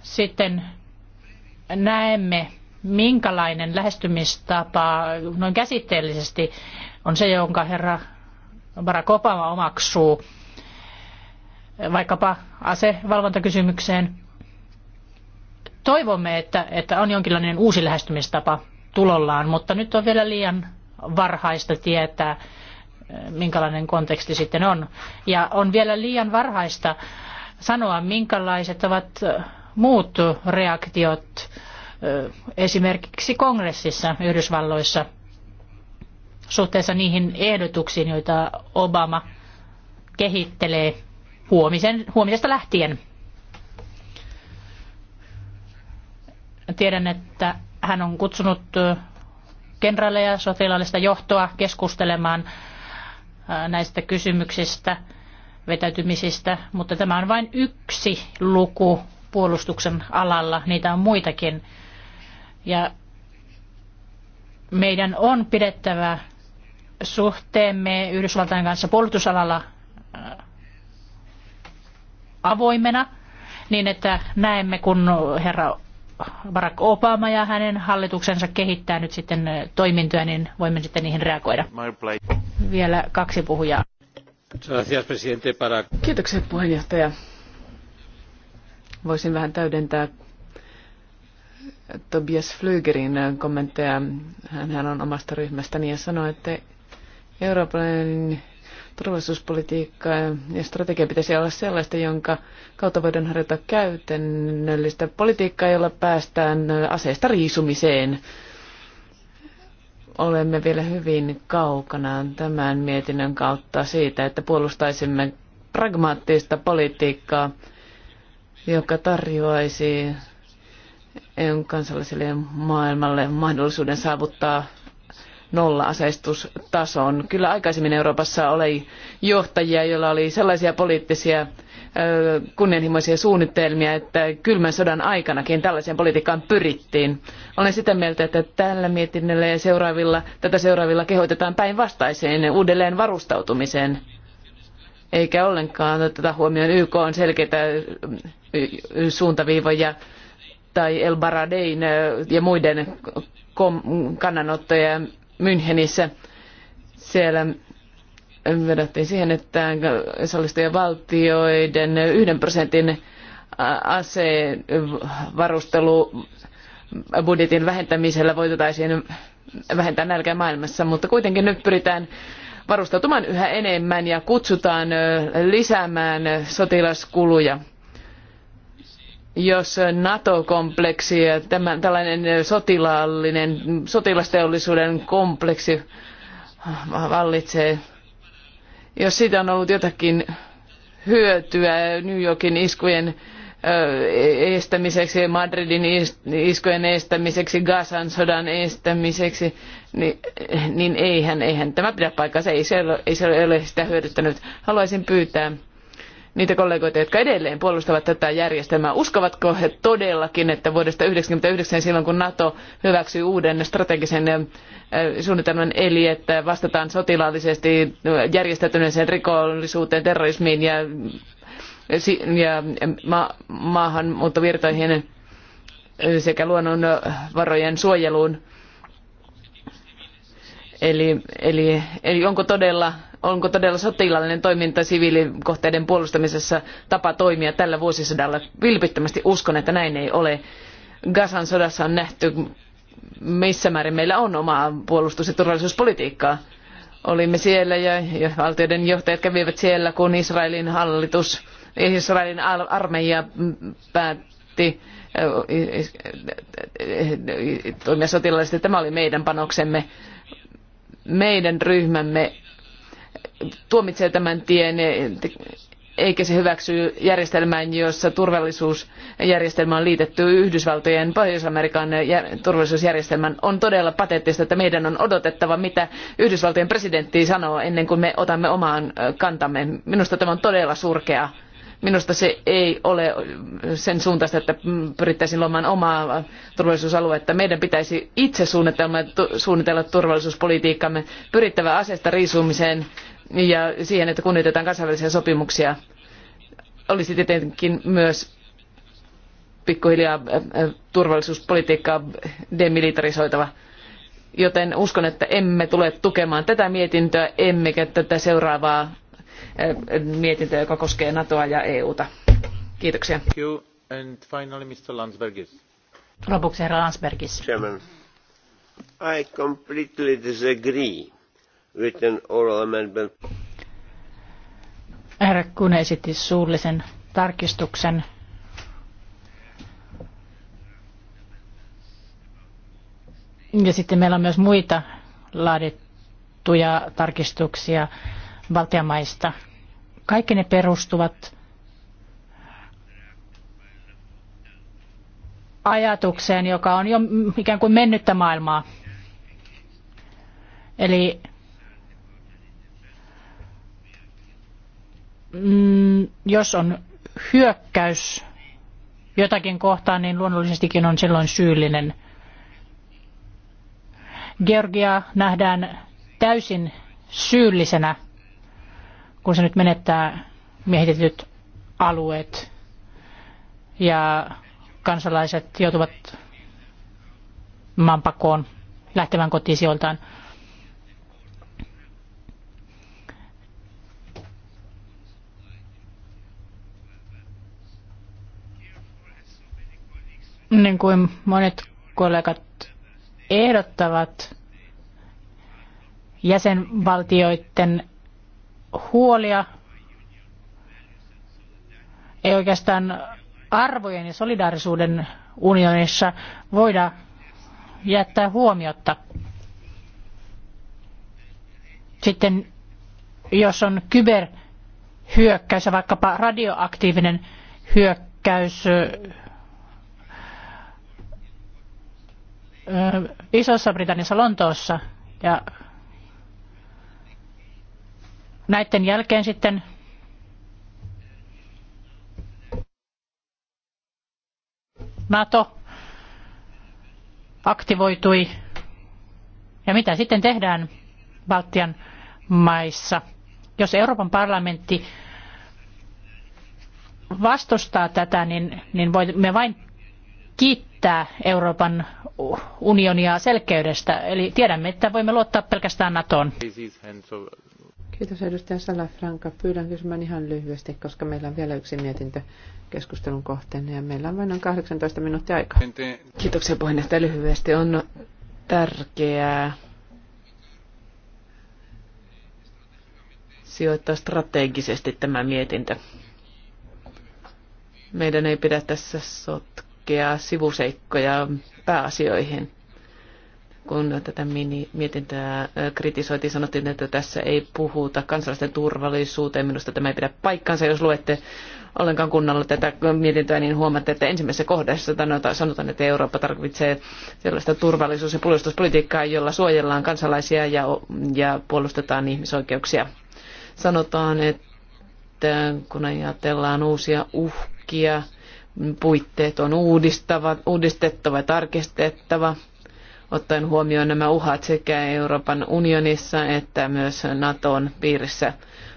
sitten näemme, minkälainen lähestymistapa noin käsitteellisesti on se, jonka herra Barack Obama omaksuu vaikkapa asevalvontakysymykseen. Toivomme, että, että on jonkinlainen uusi lähestymistapa tulollaan, mutta nyt on vielä liian varhaista tietää, eh, minkälainen konteksti sitten on. Ja on vielä liian varhaista sanoa, minkälaiset ovat eh, muut reaktiot eh, esimerkiksi kongressissa Yhdysvalloissa suhteessa niihin ehdotuksiin, joita Obama kehittelee huomisen, huomisesta lähtien. Tiedän, että hän on kutsunut kenraaleja, sotilaallista johtoa keskustelemaan näistä kysymyksistä, vetäytymisistä, mutta tämä on vain yksi luku puolustuksen alalla, niitä on muitakin. Ja meidän on pidettävä suhteemme Yhdysvaltain kanssa puolustusalalla avoimena, niin että näemme, kun herra Barack Obama ja hänen hallituksensa kehittää nyt sitten eh, toimintoja, niin voimme sitten niihin reagoida. Vielä kaksi puhujaa. Kiitoksia puheenjohtaja. Voisin vähän täydentää Tobias Flügerin kommentteja. Hän on omasta ryhmästäni ja sanoi, että Euroopan Turvallisuuspolitiikka ja strategia pitäisi olla sellaista, jonka kautta voidaan harjoittaa käytännöllistä politiikkaa, jolla päästään aseista riisumiseen. Olemme vielä hyvin kaukana tämän mietinnön kautta siitä, että puolustaisimme pragmaattista politiikkaa, joka tarjoaisi EUn kansalliselle maailmalle mahdollisuuden saavuttaa nolla aseistustasoon Kyllä aikaisemmin Euroopassa oli johtajia, joilla oli sellaisia poliittisia kunnianhimoisia suunnitelmia, että kylmän sodan aikanakin tällaiseen politiikkaan pyrittiin. Olen sitä mieltä, että tällä mietinnöllä ja seuraavilla, tätä seuraavilla kehotetaan päinvastaiseen uudelleen varustautumiseen, eikä ollenkaan tätä huomioon YK on selkeitä suuntaviivoja tai El Baradein ja muiden kannanottoja Münchenissä. Siellä vedettiin siihen, että osallistujavaltioiden yhden prosentin asevarustelu budjetin vähentämisellä voitaisiin vähentää nälkää maailmassa, mutta kuitenkin nyt pyritään varustautumaan yhä enemmän ja kutsutaan lisäämään sotilaskuluja jos NATO-kompleksi ja tämä tällainen sotilaallinen, sotilasteollisuuden kompleksi vallitsee, jos siitä on ollut jotakin hyötyä New Yorkin iskujen estämiseksi, Madridin iskujen estämiseksi, Gazan sodan estämiseksi, niin, niin eihän, eihän tämä pidä paikkaansa. Ei se, ole, ei se ole sitä hyödyttänyt. Haluaisin pyytää niitä kollegoita, jotka edelleen puolustavat tätä järjestelmää. Uskovatko he todellakin, että vuodesta 1999 silloin kun NATO hyväksyi uuden strategisen suunnitelman, eli että vastataan sotilaallisesti järjestäytyneeseen rikollisuuteen, terrorismiin ja, ja ma- maahanmuuttovirtoihin sekä luonnonvarojen suojeluun. Eli, eli, eli onko todella onko todella sotilaallinen toiminta siviilikohteiden puolustamisessa tapa toimia tällä vuosisadalla. Vilpittömästi uskon, että näin ei ole. Gazan sodassa on nähty, missä määrin meillä on omaa puolustus- ja turvallisuuspolitiikkaa. Olimme siellä ja, valtioiden johtajat kävivät siellä, kun Israelin hallitus, Israelin armeija päätti toimia sotilaallisesti. Tämä oli meidän panoksemme meidän ryhmämme tuomitsee tämän tien eikä se hyväksy järjestelmää, jossa turvallisuusjärjestelmä on liitetty Yhdysvaltojen Pohjois-Amerikan turvallisuusjärjestelmän. On todella pateettista, että meidän on odotettava, mitä Yhdysvaltojen presidentti sanoo ennen kuin me otamme omaan kantamme. Minusta tämä on todella surkea. Minusta se ei ole sen suuntaista, että pyrittäisiin luomaan omaa turvallisuusaluetta. Meidän pitäisi itse suunnitella turvallisuuspolitiikkamme, pyrittävä aseista riisumiseen ja siihen, että kunnioitetaan kansainvälisiä sopimuksia. Olisi tietenkin myös pikkuhiljaa äh, äh, turvallisuuspolitiikkaa demilitarisoitava. Joten uskon, että emme tule tukemaan tätä mietintöä, emmekä tätä seuraavaa äh, mietintöä, joka koskee NATOa ja EUta. Kiitoksia. And finally, Mr. Landsbergis. Lopuksi herra Landsbergis. Chairman, I completely disagree written oral amendment. Herra kun esitti suullisen tarkistuksen Ja sitten meillä on myös muita laadittuja tarkistuksia valtiamaista. maista. Kaikki ne perustuvat ajatukseen, joka on jo ikään kuin mennyttä maailmaa. Eli Mm, jos on hyökkäys jotakin kohtaan, niin luonnollisestikin on silloin syyllinen. Georgia nähdään täysin syyllisenä, kun se nyt menettää miehitetyt alueet ja kansalaiset joutuvat maanpakoon lähtevän kotisijoiltaan. niin kuin monet kollegat ehdottavat, jäsenvaltioiden huolia ei oikeastaan arvojen ja solidaarisuuden unionissa voida jättää huomiotta. Sitten jos on kyberhyökkäys ja vaikkapa radioaktiivinen hyökkäys Isossa Britanniassa Lontoossa ja näiden jälkeen sitten NATO aktivoitui. Ja mitä sitten tehdään Baltian maissa? Jos Euroopan parlamentti vastustaa tätä, niin, niin voimme vain kiittää Euroopan unionia selkeydestä. Eli tiedämme, että voimme luottaa pelkästään NATOon. Kiitos edustaja Salafranka. Pyydän kysymään ihan lyhyesti, koska meillä on vielä yksi mietintö keskustelun kohteena ja meillä on vain noin 18 minuuttia aikaa. Kiitoksia puheenjohtaja lyhyesti. On tärkeää sijoittaa strategisesti tämä mietintö. Meidän ei pidä tässä sotkea kaikkea sivuseikkoja pääasioihin. Kun tätä mini mietintää äh, kritisoitiin, sanottiin, että tässä ei puhuta kansalaisten turvallisuuteen. Minusta tämä ei pidä paikkaansa. Jos luette ollenkaan kunnalla tätä mietintöä, niin huomaatte, että ensimmäisessä kohdassa sanotaan, että Eurooppa tarvitsee sellaista turvallisuus- ja puolustuspolitiikkaa, jolla suojellaan kansalaisia ja, ja puolustetaan ihmisoikeuksia. Sanotaan, että kun ajatellaan uusia uhkia, puitteet on uudistava, uudistettava ja tarkistettava, ottaen huomioon nämä uhat sekä Euroopan unionissa että myös NATOn piirissä.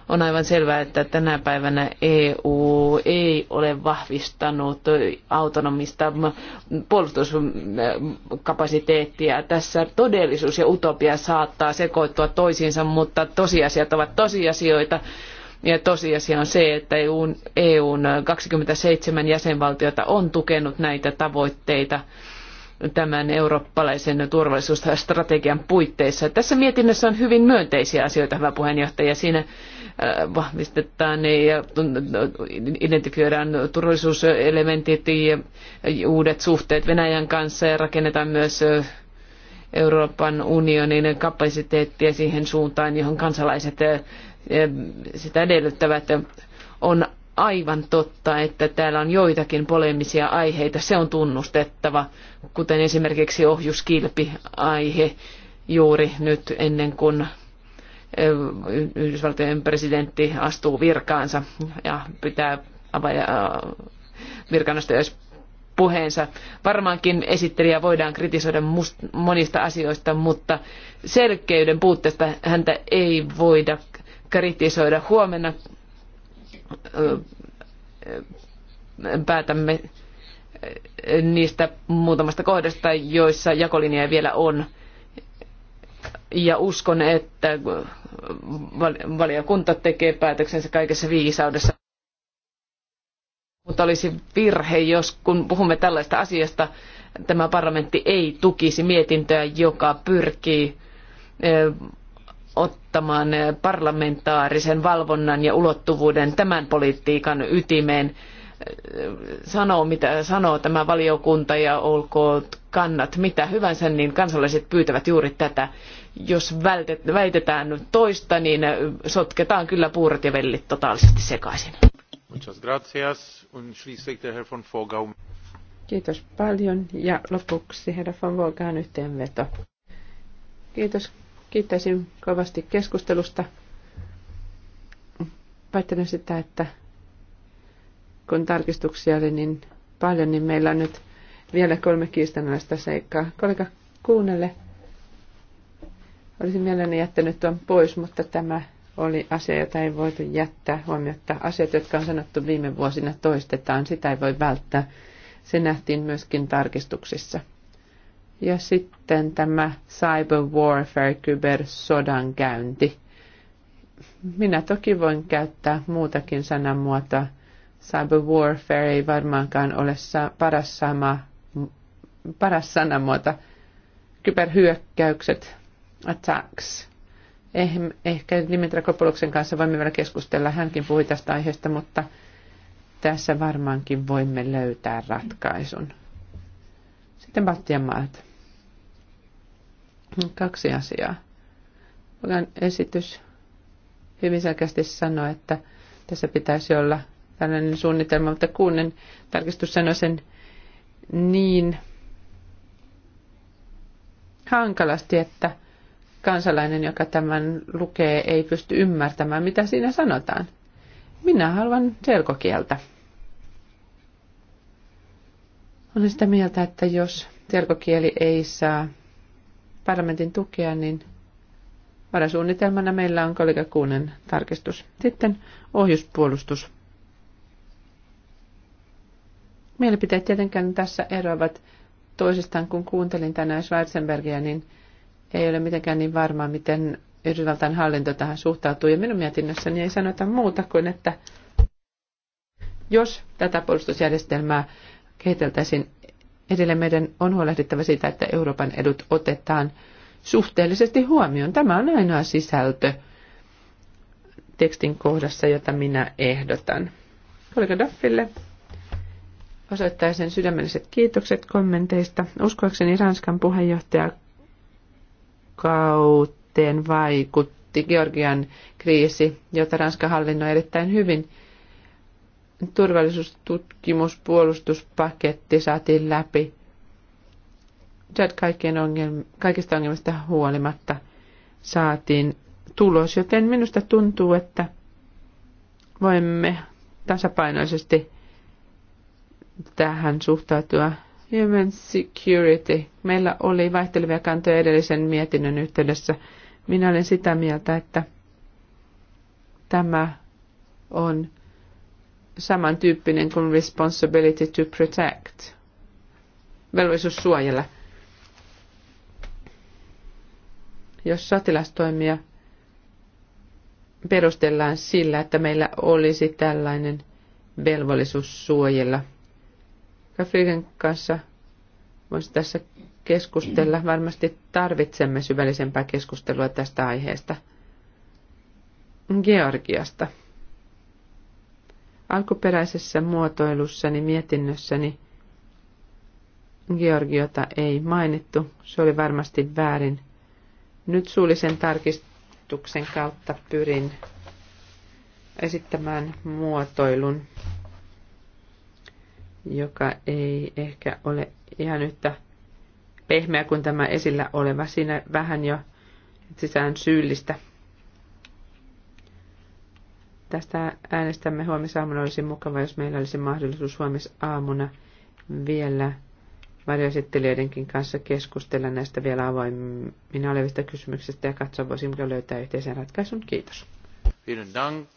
On aivan selvää, että tänä päivänä EU ei ole vahvistanut autonomista puolustuskapasiteettia. Tässä todellisuus ja utopia saattaa sekoittua toisiinsa, mutta tosiasiat ovat tosiasioita ja tosiasia on se, että EUn, EUn 27 jäsenvaltiota on tukenut näitä tavoitteita tämän eurooppalaisen turvallisuusstrategian puitteissa. Tässä mietinnössä on hyvin myönteisiä asioita, hyvä puheenjohtaja. Siinä äh, vahvistetaan ja identifioidaan turvallisuuselementit ja uudet suhteet Venäjän kanssa ja rakennetaan myös äh, Euroopan unionin kapasiteettia siihen suuntaan, johon kansalaiset äh, sitä edellyttävät. On aivan totta, että täällä on joitakin polemisia aiheita, se on tunnustettava, kuten esimerkiksi ohjuskilpi-aihe juuri nyt ennen kuin Yhdysvaltojen presidentti astuu virkaansa ja pitää jos puheensa. Varmaankin esittelijä voidaan kritisoida monista asioista, mutta selkeyden puutteesta häntä ei voida kritisoida huomenna. Päätämme niistä muutamasta kohdasta, joissa jakolinja vielä on. Ja uskon, että valiokunta tekee päätöksensä kaikessa viisaudessa. Mutta olisi virhe, jos kun puhumme tällaista asiasta, tämä parlamentti ei tukisi mietintöä, joka pyrkii ottamaan parlamentaarisen valvonnan ja ulottuvuuden tämän politiikan ytimeen. Sanoo mitä sanoo tämä valiokunta ja olkoon kannat mitä hyvänsä, niin kansalaiset pyytävät juuri tätä. Jos väitetään toista, niin sotketaan kyllä puurot ja vellit totaalisesti sekaisin. Kiitos paljon ja lopuksi herra von Vogan yhteenveto. Kiitos Kiittäisin kovasti keskustelusta. Päättelen sitä, että kun tarkistuksia oli niin paljon, niin meillä on nyt vielä kolme kiistanalaista seikkaa. Kolika kuunnelle. Olisin mielelläni jättänyt tuon pois, mutta tämä oli asia, jota ei voitu jättää huomiota. Asiat, jotka on sanottu viime vuosina, toistetaan. Sitä ei voi välttää. Se nähtiin myöskin tarkistuksissa. Ja sitten tämä cyber warfare, kybersodan käynti. Minä toki voin käyttää muutakin sanamuotoa. Cyber warfare ei varmaankaan ole paras, sama, paras sanamuoto. Kyberhyökkäykset, attacks. Eh, ehkä Dimitra Kopuluksen kanssa voimme vielä keskustella. Hänkin puhui tästä aiheesta, mutta tässä varmaankin voimme löytää ratkaisun. Sitten Baltian maat. Kaksi asiaa. Voidaan esitys hyvin selkeästi sanoa, että tässä pitäisi olla tällainen suunnitelma, mutta kuunnen tarkistus sanoi sen niin hankalasti, että kansalainen, joka tämän lukee, ei pysty ymmärtämään, mitä siinä sanotaan. Minä haluan selkokieltä. Olen sitä mieltä, että jos selkokieli ei saa parlamentin tukea, niin varasuunnitelmana meillä on kollega Kuunen tarkistus. Sitten ohjuspuolustus. Mielipiteet tietenkään tässä eroavat toisistaan, kun kuuntelin tänään Schwarzenbergia, niin ei ole mitenkään niin varmaa, miten Yhdysvaltain hallinto tähän suhtautuu. Ja minun mietinnössäni ei sanota muuta kuin, että jos tätä puolustusjärjestelmää kehiteltäisiin edelleen, meidän on huolehdittava siitä, että Euroopan edut otetaan suhteellisesti huomioon. Tämä on ainoa sisältö tekstin kohdassa, jota minä ehdotan. Kollega Daffille osoittaisin sydämelliset kiitokset kommenteista. Uskoakseni Ranskan kauteen vaikutti Georgian kriisi, jota Ranska hallinnoi erittäin hyvin – turvallisuustutkimuspuolustuspaketti saatiin läpi. Chad kaikkien ongelm- kaikista ongelmista huolimatta saatiin tulos, joten minusta tuntuu, että voimme tasapainoisesti tähän suhtautua. Human security. Meillä oli vaihtelevia kantoja edellisen mietinnön yhteydessä. Minä olen sitä mieltä, että tämä on samantyyppinen kuin responsibility to protect, velvollisuus suojella. Jos sotilastoimia perustellaan sillä, että meillä olisi tällainen velvollisuus suojella. Kafriken kanssa voisi tässä keskustella. Varmasti tarvitsemme syvällisempää keskustelua tästä aiheesta. Georgiasta. Alkuperäisessä muotoilussani mietinnössäni Georgiota ei mainittu, se oli varmasti väärin. Nyt suullisen tarkistuksen kautta pyrin esittämään muotoilun, joka ei ehkä ole ihan yhtä pehmeä kuin tämä esillä oleva. Siinä vähän jo sisään syyllistä Tästä äänestämme huomisaamuna. Olisi mukava, jos meillä olisi mahdollisuus huomisaamuna vielä varjoesittelijöidenkin kanssa keskustella näistä vielä avoimina olevista kysymyksistä ja katsoa, voisimmeko löytää yhteisen ratkaisun. Kiitos. Dank.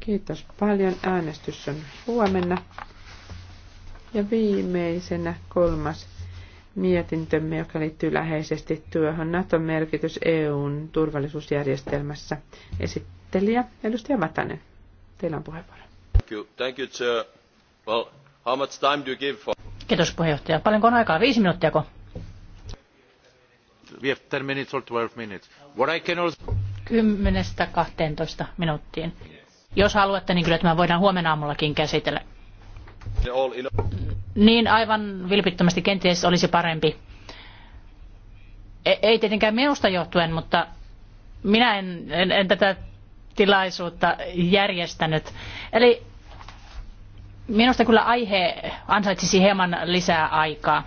Kiitos paljon. Äänestys on huomenna. Ja viimeisenä kolmas mietintömme, joka liittyy läheisesti työhön. Naton merkitys EUn turvallisuusjärjestelmässä esittää esittelijä, edustaja Vatanen. Teillä on puheenvuoro. Thank you, thank you chair. Well, how much time do you give for... Kiitos puheenjohtaja. Paljonko on aikaa? Viisi minuuttiako? We have 10 minutes or 12 minutes. What I can also... 10-12 minuuttiin. Jos haluatte, niin kyllä tämä voidaan huomenna aamullakin käsitellä. Niin aivan vilpittömästi kenties olisi parempi. E- ei tietenkään minusta johtuen, mutta minä en, en, en tätä tilaisuutta järjestänyt. Eli minusta kyllä aihe ansaitsisi hieman lisää aikaa.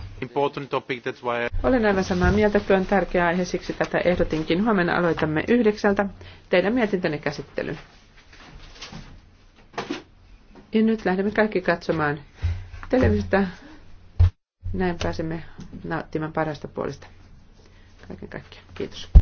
Topic, why... Olen aivan samaa mieltä, tuo on tärkeä aihe, siksi tätä ehdotinkin. Huomenna aloitamme yhdeksältä teidän mietintönne käsittely. Ja nyt lähdemme kaikki katsomaan televisiota. Näin pääsemme nauttimaan parasta puolesta. Kaiken kaikkiaan. Kiitos.